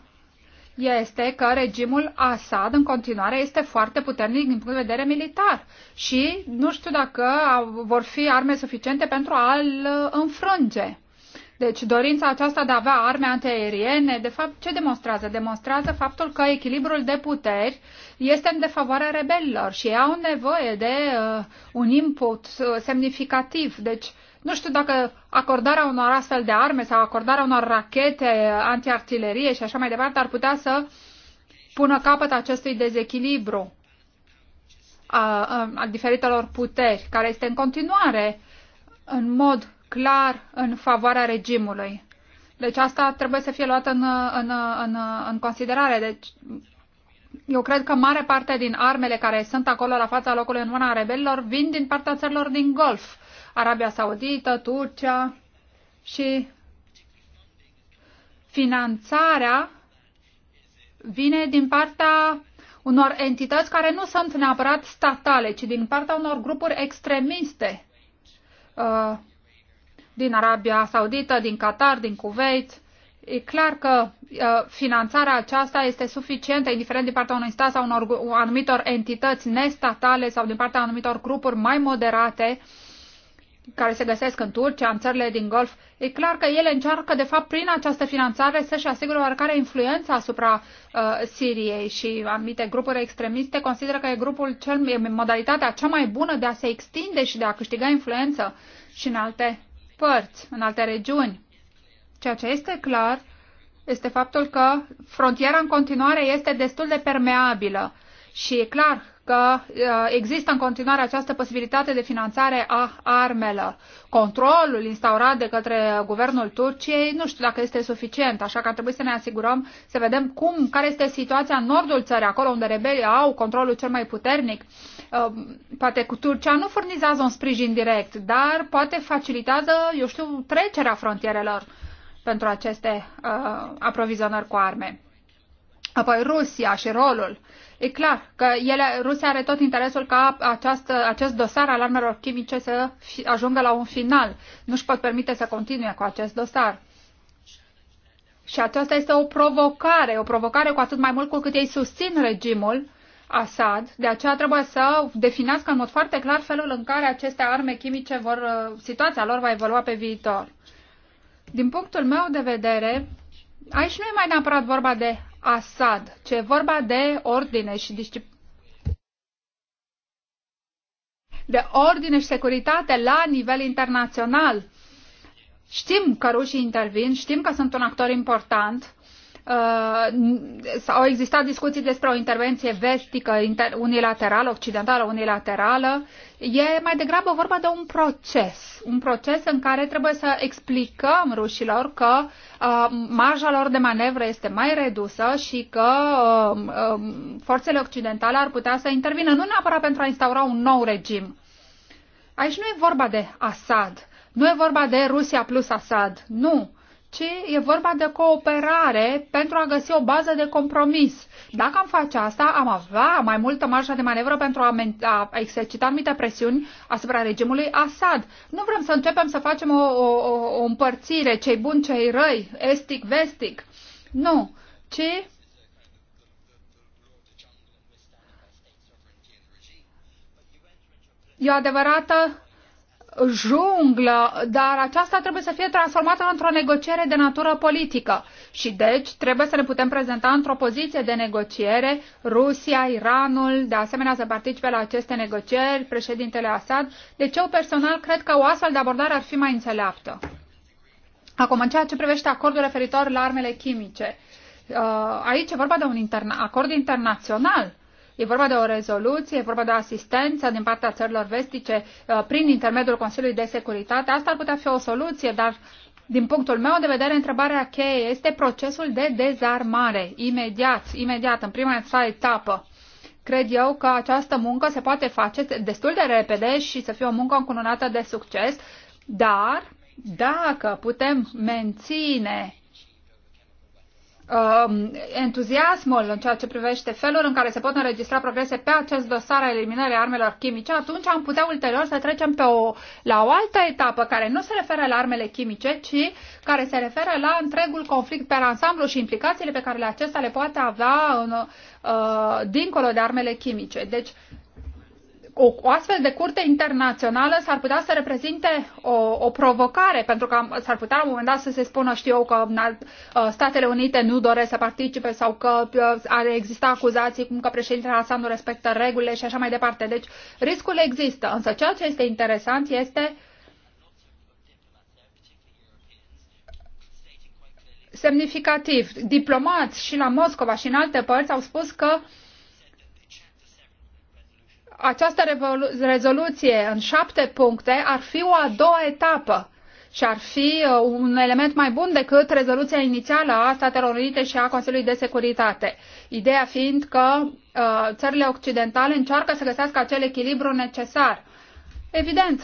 este că regimul Assad în continuare este foarte puternic din punct de vedere militar și nu știu dacă vor fi arme suficiente pentru a-l uh, înfrânge. Deci dorința aceasta de a avea arme antiaeriene, de fapt, ce demonstrează? Demonstrează faptul că echilibrul de puteri este în defavoarea rebelilor și ei au nevoie de uh, un input uh, semnificativ. Deci uh, nu știu dacă acordarea unor astfel de arme sau acordarea unor rachete antiartilerie și așa mai departe ar putea să pună capăt acestui dezechilibru a, a, a diferitelor puteri, care este în continuare în mod clar în favoarea regimului. Deci asta trebuie să fie luată în, în, în, în considerare. Deci eu cred că mare parte din armele care sunt acolo la fața locului în mâna rebelilor vin din partea țărilor din Golf, Arabia Saudită, Turcia și finanțarea vine din partea unor entități care nu sunt neapărat statale, ci din partea unor grupuri extremiste uh, din Arabia Saudită, din Qatar, din Kuwait E clar că uh, finanțarea aceasta este suficientă, indiferent din partea unui stat sau unor anumitor entități nestatale sau din partea anumitor grupuri mai moderate care se găsesc în Turcia, în țările din Golf, e clar că ele încearcă, de fapt, prin această finanțare să-și asigure oarecare influență asupra uh, Siriei și anumite grupuri extremiste consideră că e grupul cel, e modalitatea cea mai bună de a se extinde și de a câștiga influență și în alte părți, în alte regiuni. Ceea ce este clar este faptul că frontiera în continuare este destul de permeabilă și e clar că uh, există în continuare această posibilitate de finanțare a armelor. Controlul instaurat de către guvernul Turciei nu știu dacă este suficient, așa că ar trebui să ne asigurăm, să vedem cum, care este situația în nordul țării, acolo unde rebelii au controlul cel mai puternic. Uh, poate cu Turcia nu furnizează un sprijin direct, dar poate facilitează, eu știu, trecerea frontierelor pentru aceste uh, aprovizionări cu arme. Apoi Rusia și rolul. E clar că ele, Rusia are tot interesul ca această, acest dosar al armelor chimice să fi, ajungă la un final. nu își pot permite să continue cu acest dosar. Și aceasta este o provocare, o provocare cu atât mai mult cu cât ei susțin regimul Assad, de aceea trebuie să definească în mod foarte clar felul în care aceste arme chimice vor, uh, situația lor va evolua pe viitor. Din punctul meu de vedere, aici nu e mai neapărat vorba de Assad, ci e vorba de ordine și disciplină de ordine și securitate la nivel internațional. Știm că rușii intervin, știm că sunt un actor important uh, au existat discuții despre o intervenție vestică, inter, unilaterală, occidentală, unilaterală. E mai degrabă vorba de un proces, un proces în care trebuie să explicăm rușilor că uh, marja lor de manevră este mai redusă și că uh, uh, forțele occidentale ar putea să intervină, nu neapărat pentru a instaura un nou regim. Aici nu e vorba de Assad, nu e vorba de Rusia plus Assad, nu ci e vorba de cooperare pentru a găsi o bază de compromis. Dacă am face asta, am avea mai multă marșă de manevră pentru a, a exercita anumite presiuni asupra regimului Assad. Nu vrem să începem să facem o, o, o împărțire, cei buni, cei răi, estic, vestic. Nu, ci e o adevărată junglă, dar aceasta trebuie să fie transformată într-o negociere de natură politică. Și deci trebuie să ne putem prezenta într-o poziție de negociere. Rusia, Iranul, de asemenea să participe la aceste negocieri, președintele Assad. Deci eu personal cred că o astfel de abordare ar fi mai înțeleaptă. Acum, în ceea ce privește acordul referitor la armele chimice, uh, aici e vorba de un interna- acord internațional E vorba de o rezoluție, e vorba de o asistență din partea țărilor vestice uh, prin intermediul Consiliului de Securitate. Asta ar putea fi o soluție, dar din punctul meu de vedere, întrebarea cheie este procesul de dezarmare, imediat, imediat, în prima sa etapă. Cred eu că această muncă se poate face destul de repede și să fie o muncă încununată de succes, dar dacă putem menține Um, entuziasmul în ceea ce privește felul în care se pot înregistra progrese pe acest dosar a eliminării armelor chimice, atunci am putea ulterior să trecem pe o, la o altă etapă care nu se referă la armele chimice, ci care se referă la întregul conflict pe ansamblu și implicațiile pe care le acesta le poate avea în, uh, dincolo de armele chimice. Deci o, o astfel de curte internațională s-ar putea să reprezinte o, o provocare, pentru că s-ar putea la un moment dat să se spună, știu eu, că ă, Statele Unite nu doresc să participe sau că ă, ar exista acuzații cum că președintele Hassan nu respectă regulile și așa mai departe. Deci riscul există, însă ceea ce este interesant este semnificativ. Diplomați și la Moscova și în alte părți au spus că uh, această rezoluție în șapte puncte ar fi o a doua etapă și ar fi uh, un element mai bun decât rezoluția inițială a Statelor Unite și a Consiliului de Securitate. Ideea fiind că uh, țările occidentale încearcă să găsească acel echilibru necesar. Evident,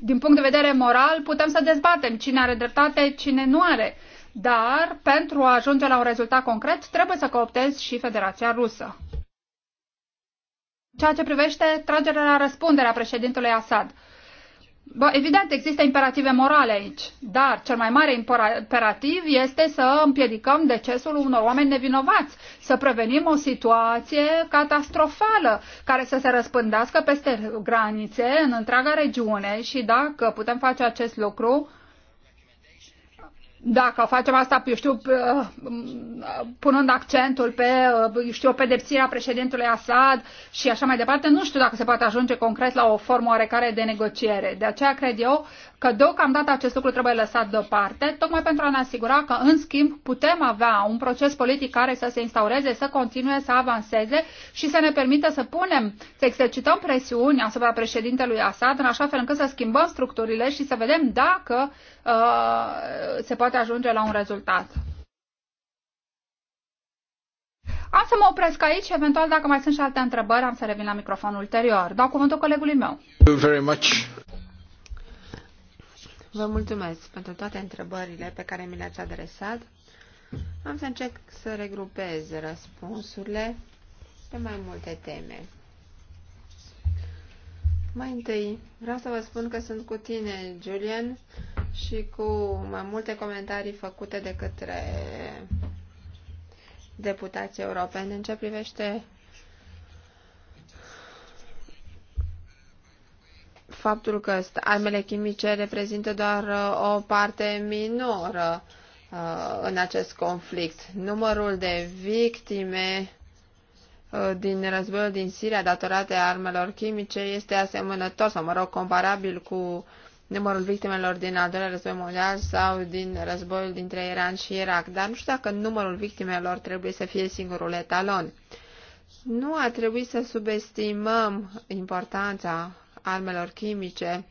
din punct de vedere moral, putem să dezbatem cine are dreptate, cine nu are. Dar, pentru a ajunge la un rezultat concret, trebuie să cooptezi și Federația Rusă ceea ce privește tragerea la răspundere a președintelui Assad. Bă, evident, există imperative morale aici, dar cel mai mare imperativ este să împiedicăm decesul unor oameni nevinovați, să prevenim o situație catastrofală care să se răspândească peste granițe în întreaga regiune și dacă putem face acest lucru, dacă facem asta, eu știu, punând accentul pe, eu știu, pedepsirea președintelui Assad și așa mai departe, nu știu dacă se poate ajunge concret la o formă oarecare de negociere. De aceea cred eu că deocamdată acest lucru trebuie lăsat deoparte, tocmai pentru a ne asigura că, în schimb, putem avea un proces politic care să se instaureze, să continue, să avanseze și să ne permită să punem, să exercităm presiuni asupra președintelui Assad, în așa fel încât să schimbăm structurile și să vedem dacă uh, se poate ajunge la un rezultat. Am să mă opresc aici eventual dacă mai sunt și alte întrebări am să revin la microfonul ulterior. Dau cuvântul colegului meu. Vă mulțumesc pentru toate întrebările pe care mi le-ați adresat. Am să încerc să regrupez răspunsurile pe mai multe teme. Mai întâi, vreau să vă spun că sunt cu tine, Julian, și cu mai multe comentarii făcute de către deputații europeni în ce privește faptul că armele chimice reprezintă doar uh, o parte minoră uh, în acest conflict. Numărul de victime uh, din războiul din Siria datorate armelor chimice este asemănător sau, mă rog, comparabil cu numărul victimelor din al doilea război mondial sau din războiul dintre Iran și Irak, dar nu știu dacă numărul victimelor trebuie să fie singurul etalon. Nu ar trebui să subestimăm importanța armelor chimice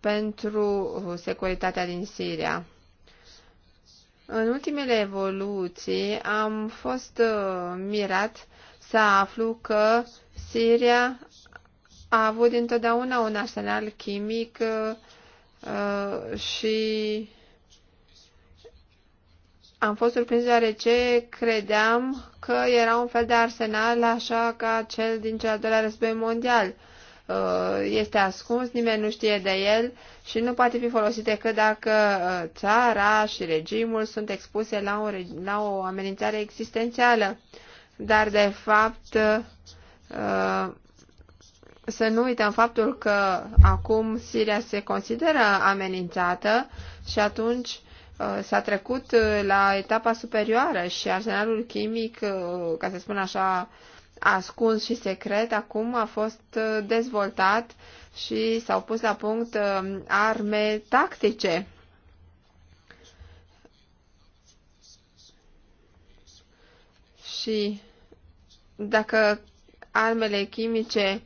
pentru uh, securitatea din Siria. În ultimele evoluții am fost uh, mirat să aflu că Siria a avut întotdeauna un arsenal chimic uh, și am fost surprins deoarece credeam că era un fel de arsenal așa ca cel din cel doilea război mondial. Uh, este ascuns, nimeni nu știe de el și nu poate fi folosit decât dacă uh, țara și regimul sunt expuse la o, la o amenințare existențială. Dar, de fapt, uh, să nu uităm faptul că acum Siria se consideră amenințată și atunci s-a trecut la etapa superioară și arsenalul chimic, ca să spun așa, ascuns și secret, acum a fost uh, dezvoltat și s-au pus la punct uh, arme tactice. Și dacă armele chimice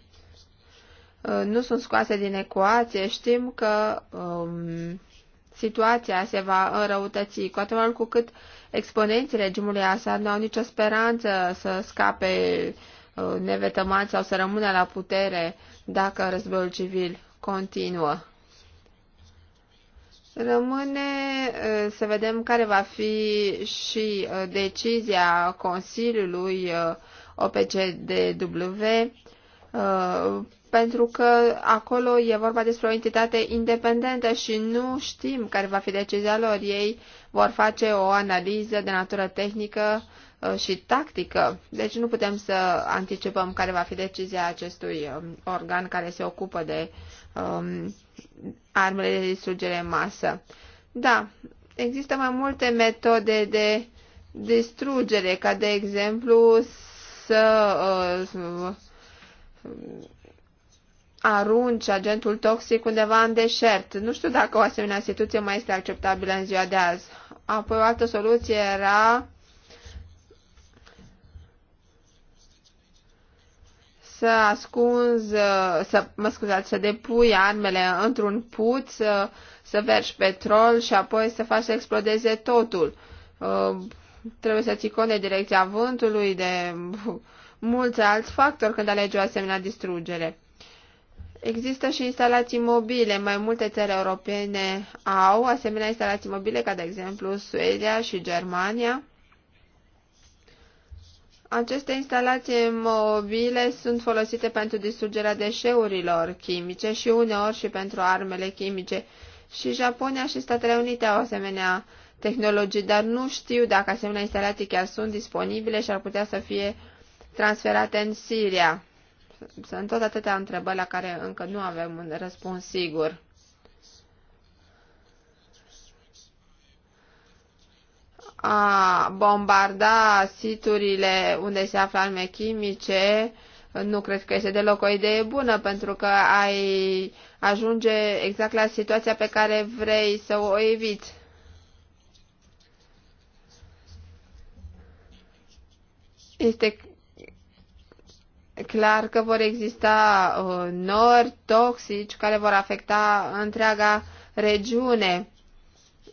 uh, nu sunt scoase din ecuație, știm că um, situația se va înrăutăți, cu atât mai mult cu cât exponenții regimului Assad nu au nicio speranță să scape uh, nevetămați sau să rămână la putere dacă războiul civil continuă. Rămâne uh, să vedem care va fi și uh, decizia Consiliului OPCDW, pentru că acolo e vorba despre o entitate independentă și nu știm care va fi decizia lor. Ei vor face o analiză de natură tehnică uh, și tactică. Deci nu putem să anticipăm care va fi decizia acestui um, organ care se ocupă de um, armele de distrugere în masă. Da, există mai multe metode de distrugere, ca de exemplu să uh, arunci agentul toxic undeva în deșert. Nu știu dacă o asemenea situație mai este acceptabilă în ziua de azi. Apoi o altă soluție era să ascunzi, să, mă scuzați, să depui armele într-un puț, să, să vergi petrol și apoi să faci să explodeze totul. Uh, trebuie să ții cont de direcția vântului, de mulți alți factori când alegi o asemenea distrugere. Există și instalații mobile. Mai multe țări europene au asemenea instalații mobile, ca de exemplu Suedia și Germania. Aceste instalații mobile sunt folosite pentru distrugerea deșeurilor chimice și uneori și pentru armele chimice. Și Japonia și Statele Unite au asemenea tehnologii, dar nu știu dacă asemenea instalații chiar sunt disponibile și ar putea să fie transferate în Siria sunt tot atâtea întrebări la care încă nu avem un răspuns sigur. A bombarda siturile unde se află arme chimice nu cred că este deloc o idee bună, pentru că ai ajunge exact la situația pe care vrei să o eviți. Este clar că vor exista uh, nori toxici care vor afecta întreaga regiune.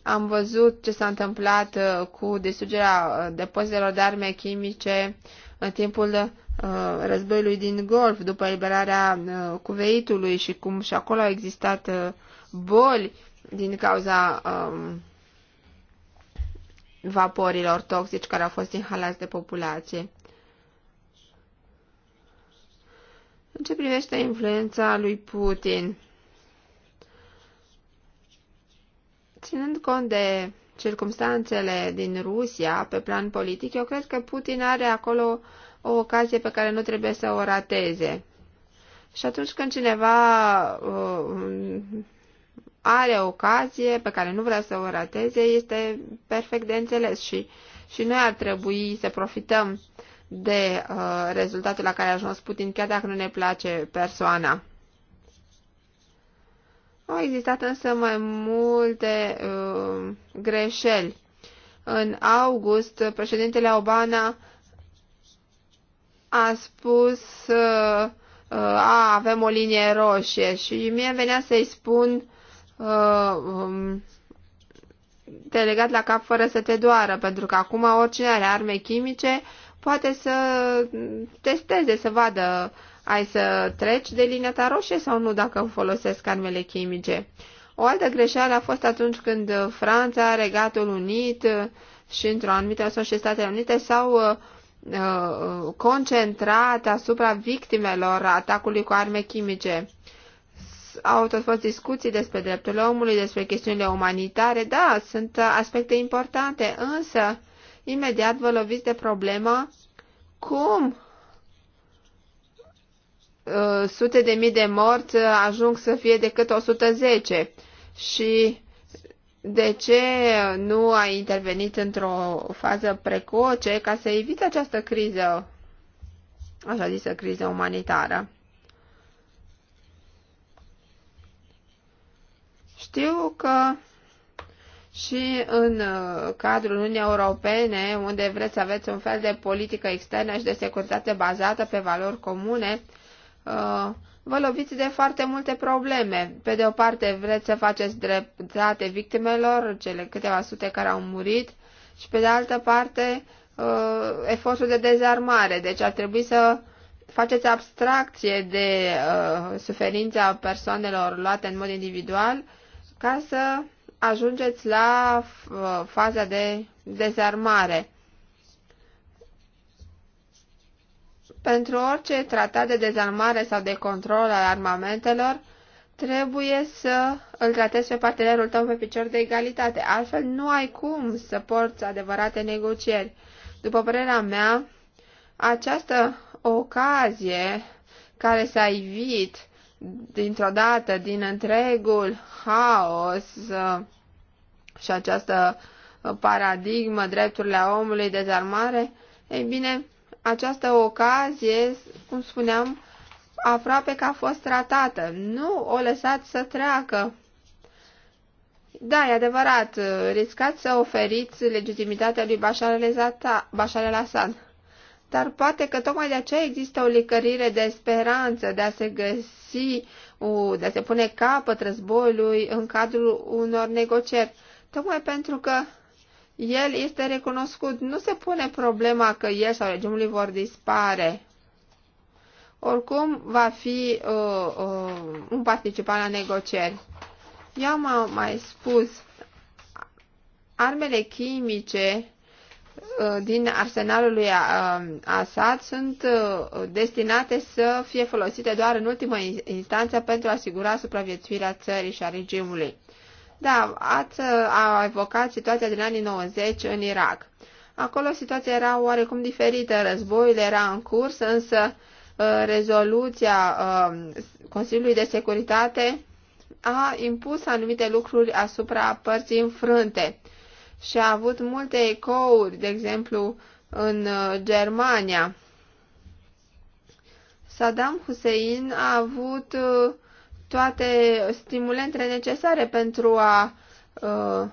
Am văzut ce s-a întâmplat uh, cu distrugerea uh, depozitelor de arme chimice în timpul războiului din Golf, după eliberarea cuveitului și cum și acolo au existat boli din cauza um, vaporilor toxici care au fost inhalați de populație. În ce privește influența lui Putin, ținând cont de circumstanțele din Rusia pe plan politic, eu cred că Putin are acolo o ocazie pe care nu trebuie să o rateze. Și atunci când cineva uh, are ocazie pe care nu vrea să o rateze, este perfect de înțeles și, și noi ar trebui să profităm de uh, rezultatul la care a ajuns Putin, chiar dacă nu ne place persoana. Au existat însă mai multe uh, greșeli. În august, președintele Obama a spus uh, uh, a, avem o linie roșie și mie venea să-i spun uh, um, te legat la cap fără să te doară, pentru că acum oricine are arme chimice poate să testeze, să vadă ai să treci de linia ta roșie sau nu dacă folosesc armele chimice. O altă greșeală a fost atunci când Franța, Regatul Unit și într-o anumită sau și Statele Unite s-au uh, uh, concentrat asupra victimelor atacului cu arme chimice. Au tot fost discuții despre drepturile omului, despre chestiunile umanitare, da, sunt aspecte importante, însă imediat vă loviți de problema cum uh, sute de mii de morți ajung să fie decât 110 și de ce nu a intervenit într-o fază precoce ca să evite această criză, așa zisă criză umanitară? Știu că și în uh, cadrul Uniunii Europene, unde vreți să aveți un fel de politică externă și de securitate bazată pe valori comune, uh, vă loviți de foarte multe probleme. Pe de o parte vreți să faceți dreptate victimelor, cele câteva sute care au murit, și pe de altă parte uh, efortul de dezarmare. Deci ar trebui să faceți abstracție de suferința persoanelor luate în mod individual ca să ajungeți la uh, faza de dezarmare. Pentru orice tratat de dezarmare sau de control al armamentelor, trebuie să îl tratezi pe partenerul tău pe picior de egalitate. Altfel nu ai cum să porți adevărate negocieri. După părerea mea, această ocazie care s-a ivit dintr-o dată din întregul haos uh, și această uh, paradigmă drepturile omului, dezarmare, ei bine, această ocazie, cum spuneam, aproape că a fost tratată. Nu o lăsați să treacă. Da, e adevărat, uh, riscați să oferiți legitimitatea lui Bashar al-Assad dar poate că tocmai de aceea există o licărire de speranță de a se găsi, de a se pune capăt războiului în cadrul unor negocieri. Tocmai pentru că el este recunoscut, nu se pune problema că el sau regimul vor dispare. Oricum va fi uh, uh, un participant la negocieri. Eu am mai spus, armele chimice Uh, din arsenalul lui uh, Assad sunt uh, destinate să fie folosite doar în ultimă instanță pentru a asigura supraviețuirea țării și a regimului. Da, ați a evocat situația din anii 90 în Irak. Acolo situația era oarecum diferită, războiul era în curs, însă rezoluția Consiliului de Securitate a impus anumite lucruri asupra părții înfrânte și a avut multe ecouri, de exemplu, în uh, Germania. Saddam Hussein a avut uh, toate stimulentele necesare pentru a uh,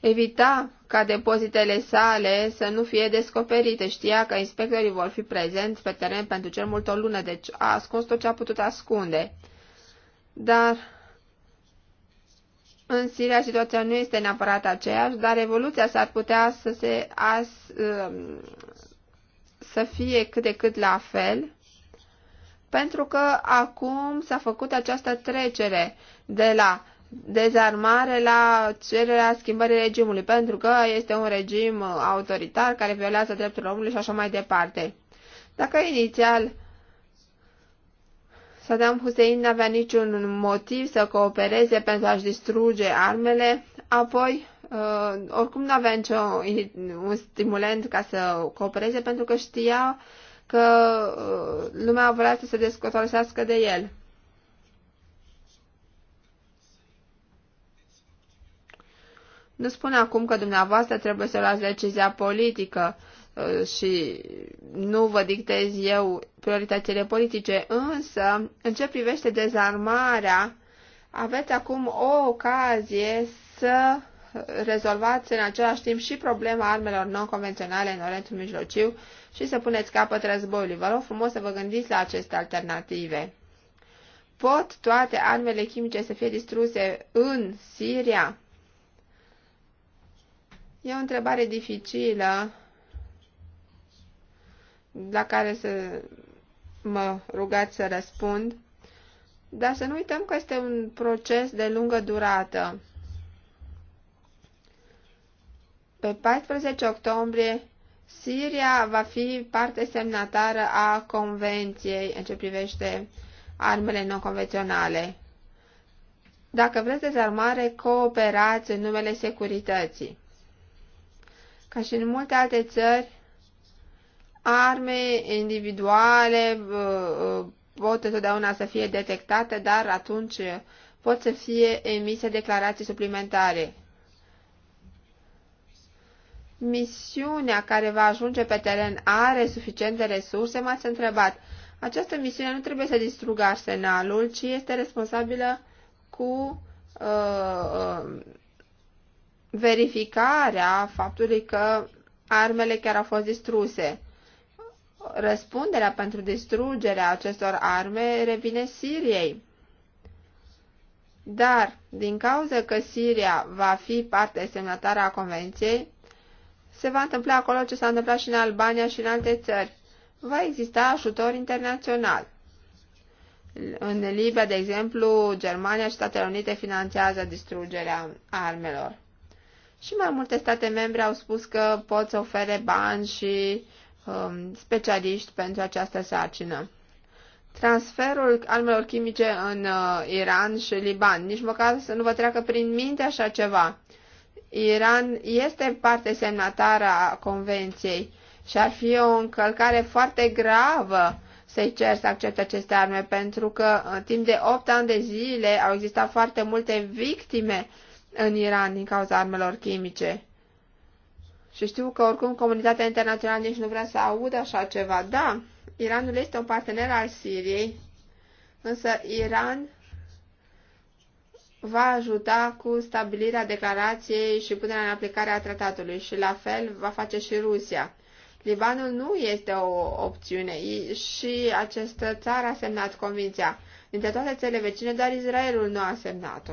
evita ca depozitele sale să nu fie descoperite. Știa că inspectorii vor fi prezenți pe teren pentru cel mult o lună, deci a ascuns tot ce a putut ascunde. Dar în Siria situația nu este neapărat aceeași, dar revoluția s-ar putea să se as, um, să fie cât de cât la fel, pentru că acum s-a făcut această trecere de la dezarmare la cererea schimbării regimului, pentru că este un regim autoritar care violează drepturile omului și așa mai departe. Dacă inițial Saddam Hussein n-avea niciun motiv să coopereze pentru a-și distruge armele, apoi uh, oricum nu avea niciun un stimulant ca să coopereze pentru că știa că uh, lumea vrea să se descotorosească de el. Nu spun acum că dumneavoastră trebuie să luați decizia politică, Uh, și nu vă dictez eu prioritățile politice, însă în ce privește dezarmarea, aveți acum o ocazie să rezolvați în același timp și problema armelor non-convenționale în Orientul Mijlociu și să puneți capăt războiului. Vă rog frumos să vă gândiți la aceste alternative. Pot toate armele chimice să fie distruse în Siria? E o întrebare dificilă la care să mă rugați să răspund, dar să nu uităm că este un proces de lungă durată. Pe 14 octombrie, Siria va fi parte semnatară a Convenției în ce privește armele non-convenționale. Dacă vreți dezarmare, cooperați în numele securității. Ca și în multe alte țări, Arme individuale uh, uh, pot întotdeauna să fie detectate, dar atunci pot să fie emise declarații suplimentare. Misiunea care va ajunge pe teren are suficiente resurse? M-ați întrebat. Această misiune nu trebuie să distrugă arsenalul, ci este responsabilă cu uh, um, verificarea faptului că armele chiar au fost distruse răspunderea pentru distrugerea acestor arme revine Siriei. Dar, din cauza că Siria va fi parte semnatară a convenției, se va întâmpla acolo ce s-a întâmplat și în Albania și în alte țări. Va exista ajutor internațional. În Libia, de exemplu, Germania și Statele Unite finanțează distrugerea armelor. Și mai multe state membre au spus că pot să ofere bani și uh, Um, specialiști pentru această sarcină. Transferul armelor chimice în uh, Iran și Liban. Nici măcar să nu vă treacă prin minte așa ceva. Iran este parte semnatară a convenției și ar fi o încălcare foarte gravă să-i cer să accepte aceste arme, pentru că în uh, timp de 8 ani de zile au existat foarte multe victime în Iran din cauza armelor chimice. Și știu că oricum comunitatea internațională nici nu vrea să audă așa ceva. Da, Iranul este un partener al Siriei, însă Iran va ajuta cu stabilirea declarației și punerea în aplicare a tratatului și la fel va face și Rusia. Libanul nu este o opțiune și această țară a semnat convinția. Dintre toate țările vecine, dar Israelul nu a semnat-o.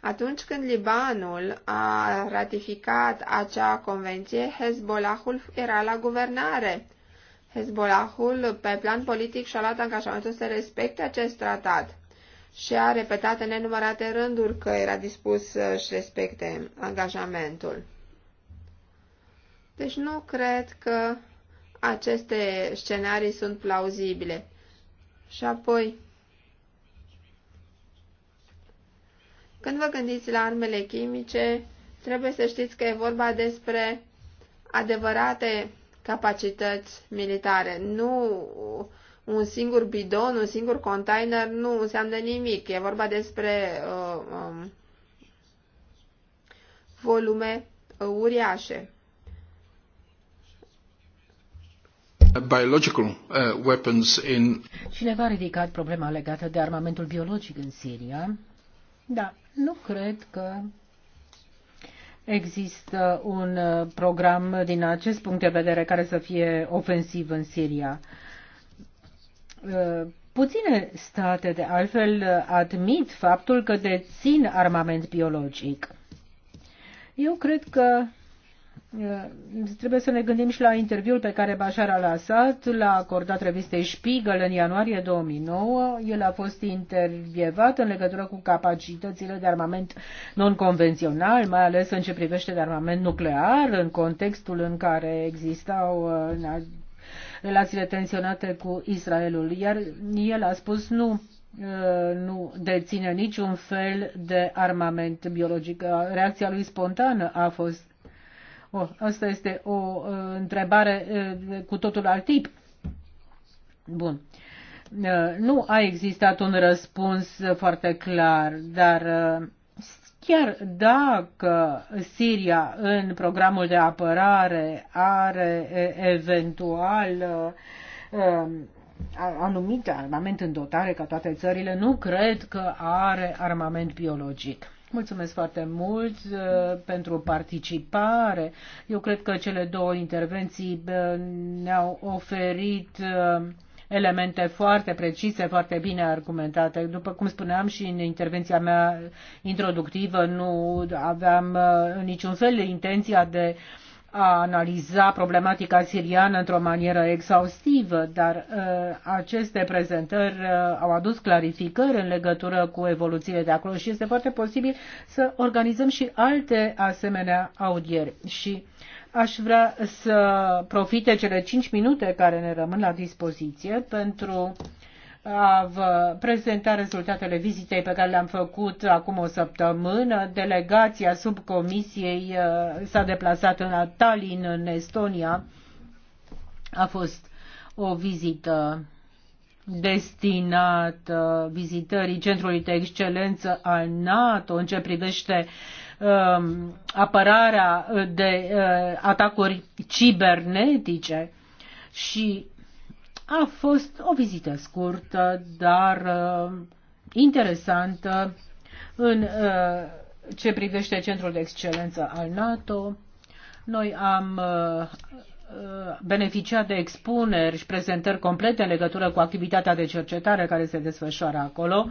Atunci când Libanul a ratificat acea convenție, Hezbollahul era la guvernare. Hezbollahul, pe plan politic, și-a luat angajamentul să respecte acest tratat și a repetat în nenumărate rânduri că era dispus să-și respecte angajamentul. Deci nu cred că aceste scenarii sunt plauzibile. Și apoi, Când vă gândiți la armele chimice, trebuie să știți că e vorba despre adevărate capacități militare. Nu un singur bidon, un singur container nu înseamnă nimic. E vorba despre uh, um, volume uriașe. Biological, uh, weapons in... Cineva a ridicat problema legată de armamentul biologic în Siria. Da. Nu cred că există un uh, program din acest punct de vedere care să fie ofensiv în Siria. Uh, puține state, de altfel, uh, admit faptul că dețin armament biologic. Eu cred că Uh, trebuie să ne gândim și la interviul pe care Bashar al-Assad l-a acordat revistei Spiegel în ianuarie 2009. El a fost intervievat în legătură cu capacitățile de armament non-convențional, mai ales în ce privește de armament nuclear, în contextul în care existau uh, relațiile tensionate cu Israelul. Iar el a spus nu uh, nu deține niciun fel de armament biologic. Reacția lui spontană a fost Oh, asta este o uh, întrebare uh, cu totul alt tip. Bun. Uh, nu a existat un răspuns foarte clar, dar uh, chiar dacă Siria în programul de apărare are uh, eventual uh, um, armament în dotare ca toate țările, nu cred că are armament biologic. Mulțumesc foarte mult uh, pentru participare. Eu cred că cele două intervenții uh, ne-au oferit uh, elemente foarte precise, foarte bine argumentate. După cum spuneam și în intervenția mea introductivă, nu aveam niciun fel de intenția de uh, a analiza problematica siriană într-o manieră exhaustivă, dar uh, aceste prezentări uh, au adus clarificări în legătură cu evoluțiile de acolo și este foarte posibil să organizăm și alte asemenea audieri. Și aș vrea să profite cele 5 minute care ne rămân la dispoziție pentru uh, a vă prezenta rezultatele vizitei pe care le-am făcut acum o săptămână. Delegația subcomisiei s-a deplasat în Tallinn, în Estonia. A fost o vizită destinată vizitării Centrului de Excelență al NATO în ce privește um, apărarea de uh, atacuri cibernetice și a fost o vizită scurtă, dar uh, interesantă în uh, ce privește Centrul de Excelență al NATO. Noi am uh, uh, beneficiat de expuneri și prezentări complete în legătură cu activitatea de cercetare care se desfășoară acolo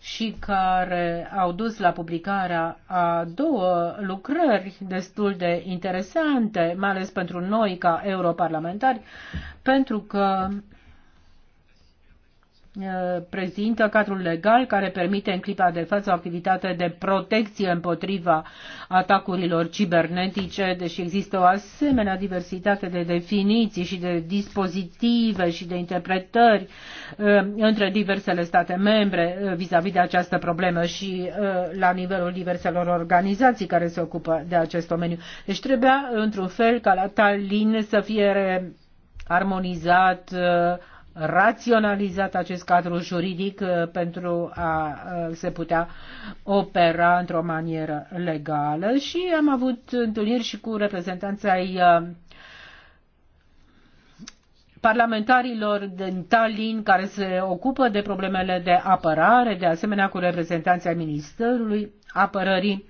și care au dus la publicarea a două lucrări destul de interesante, mai ales pentru noi ca europarlamentari, pentru că Uh, prezintă cadrul legal care permite în clipa de față o activitate de protecție împotriva atacurilor cibernetice, deși există o asemenea diversitate de definiții și de dispozitive și de interpretări uh, între diversele state membre uh, vis-a-vis -vis de această problemă și la nivelul diverselor organizații care se ocupă de acest domeniu. Deci trebuia, într-un fel, ca la Tallinn să fie armonizat raționalizat acest cadru juridic uh, pentru a uh, se putea opera într-o manieră legală și am avut întâlniri și cu reprezentanța ai uh, parlamentarilor din Tallinn care se ocupă de problemele de apărare, de asemenea cu reprezentanța Ministerului Apărării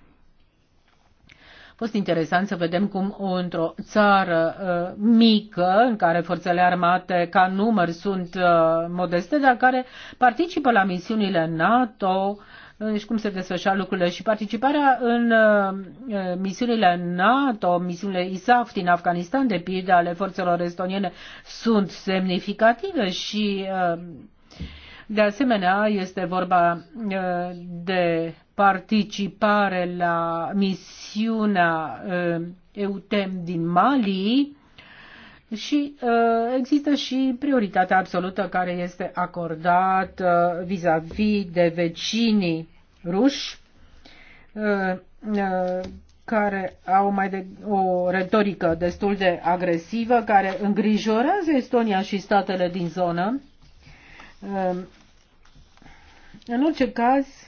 fost interesant să vedem cum într-o țară uh, mică, în care forțele armate ca număr sunt uh, modeste, dar care participă la misiunile NATO, uh, și cum se desfășoară lucrurile și participarea în misiunile NATO, misiunile ISAF din Afganistan, de pildă, ale forțelor estoniene, sunt semnificative și de asemenea este vorba de participare la misiunea uh, EUTEM din Mali și uh, există și prioritatea absolută care este acordată uh, vis-a-vis -vis de vecinii ruși care au mai de, o retorică destul de agresivă, care îngrijorează Estonia și statele din zonă. În orice caz,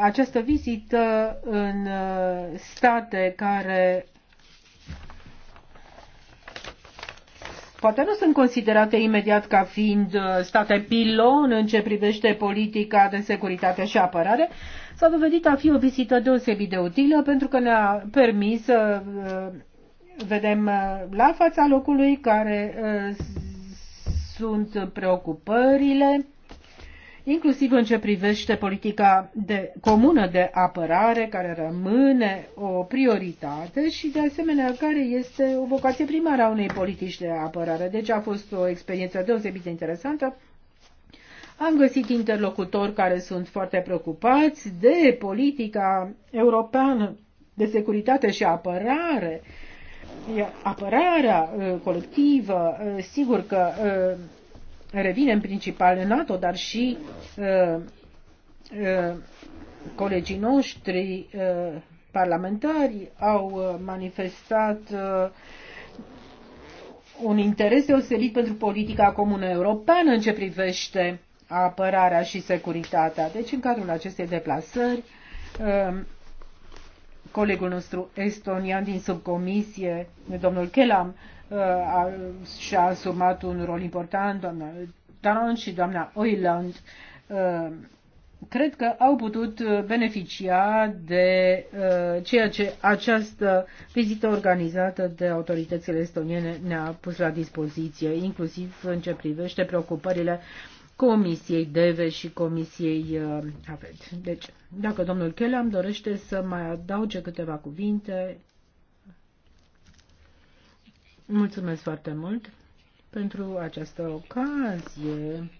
această vizită în uh, state care poate nu sunt considerate imediat ca fiind uh, state pilon în ce privește politica de securitate și apărare, s-a dovedit a fi o vizită deosebit de utilă pentru că ne-a permis să uh, vedem la fața locului care sunt preocupările inclusiv în ce privește politica de, comună de apărare, care rămâne o prioritate și, de asemenea, care este o vocație primară a unei politici de apărare. Deci a fost o experiență deosebit de interesantă. Am găsit interlocutori care sunt foarte preocupați de politica europeană de securitate și apărare, apărarea uh, colectivă, uh, sigur că uh, revine în principal în NATO, dar și uh, uh, colegii noștri uh, parlamentari au uh, manifestat uh, un interes deosebit pentru politica comună europeană în ce privește apărarea și securitatea. Deci, în cadrul acestei deplasări, uh, colegul nostru estonian din subcomisie, domnul Kelam, uh, și-a asumat un rol important, doamna Taron și doamna Oiland, uh, cred că au putut uh, beneficia de ceea ce această vizită organizată de autoritățile estoniene ne-a pus la dispoziție, inclusiv în ce privește preocupările uh, Comisiei DEVE și Comisiei uh, AFET. Deci, dacă domnul Chelam dorește să mai adauge câteva cuvinte, mulțumesc foarte mult pentru această ocazie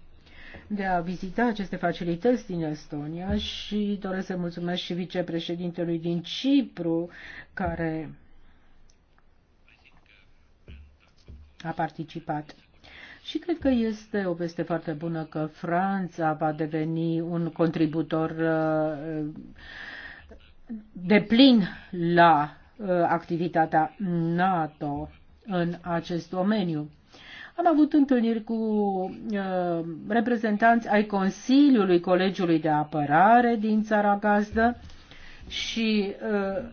de a vizita aceste facilități din Estonia și doresc să mulțumesc și vicepreședintelui din Cipru care a participat. Și cred că este o veste foarte bună că Franța va deveni un contributor uh, de plin la uh, activitatea NATO în acest domeniu. Am avut întâlniri cu uh, reprezentanți ai Consiliului Colegiului de Apărare din țara gazdă și uh,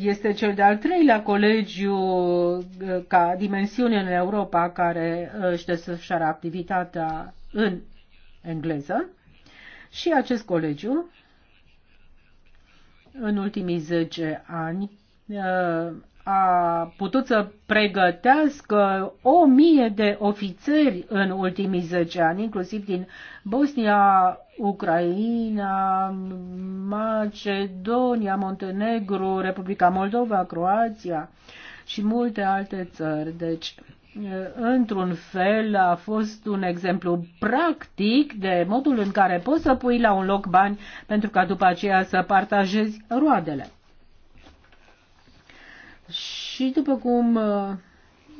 este cel de-al treilea colegiu uh, ca dimensiune în Europa care uh, își desfășoară activitatea în engleză și acest colegiu în ultimii 10 ani uh, a putut să pregătească o mie de ofițeri în ultimii 10 ani, inclusiv din Bosnia, Ucraina, Macedonia, Montenegru, Republica Moldova, Croația și multe alte țări. Deci, într-un fel, a fost un exemplu practic de modul în care poți să pui la un loc bani pentru ca după aceea să partajezi roadele. Și după cum uh,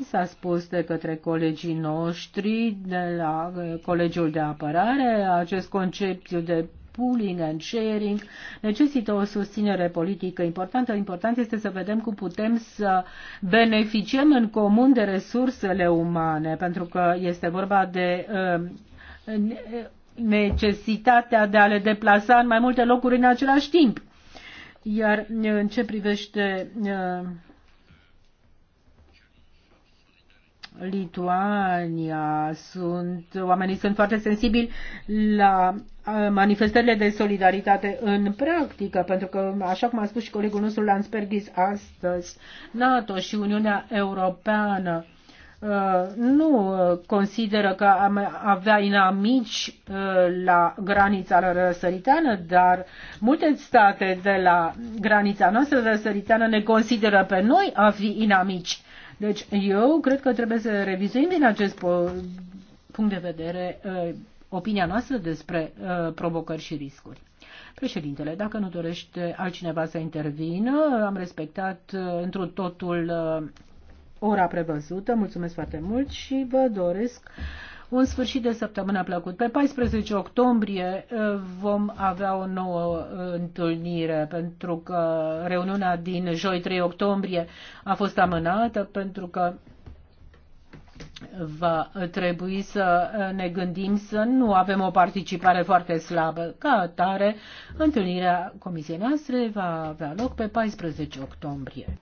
s-a spus de către colegii noștri de la uh, Colegiul de Apărare, acest concept de pooling and sharing necesită o susținere politică importantă. Important este să vedem cum putem să beneficiem în comun de resursele umane, pentru că este vorba de uh, necesitatea de a le deplasa în mai multe locuri în același timp. Iar în ce privește Lituania sunt, oamenii sunt foarte sensibili la manifestările de solidaritate în practică, pentru că, așa cum a spus și colegul nostru Lansbergis astăzi, NATO și Uniunea Europeană nu consideră că am avea inamici la granița răsăritană, dar multe state de la granița noastră răsăritană ne consideră pe noi a fi inamici. Deci eu cred că trebuie să revizuim din acest punct de vedere uh, opinia noastră despre uh, provocări și riscuri. Președintele, dacă nu dorește altcineva să intervină, am respectat uh, într-un totul ora prevăzută. Mulțumesc foarte mult și vă doresc un sfârșit de săptămână plăcut. Pe 14 octombrie uh, vom avea o nouă uh, întâlnire pentru că reuniunea din joi 3 octombrie a fost amânată pentru că va trebui să ne gândim să nu avem o participare foarte slabă. Ca atare, întâlnirea comisiei noastre va avea loc pe 14 octombrie.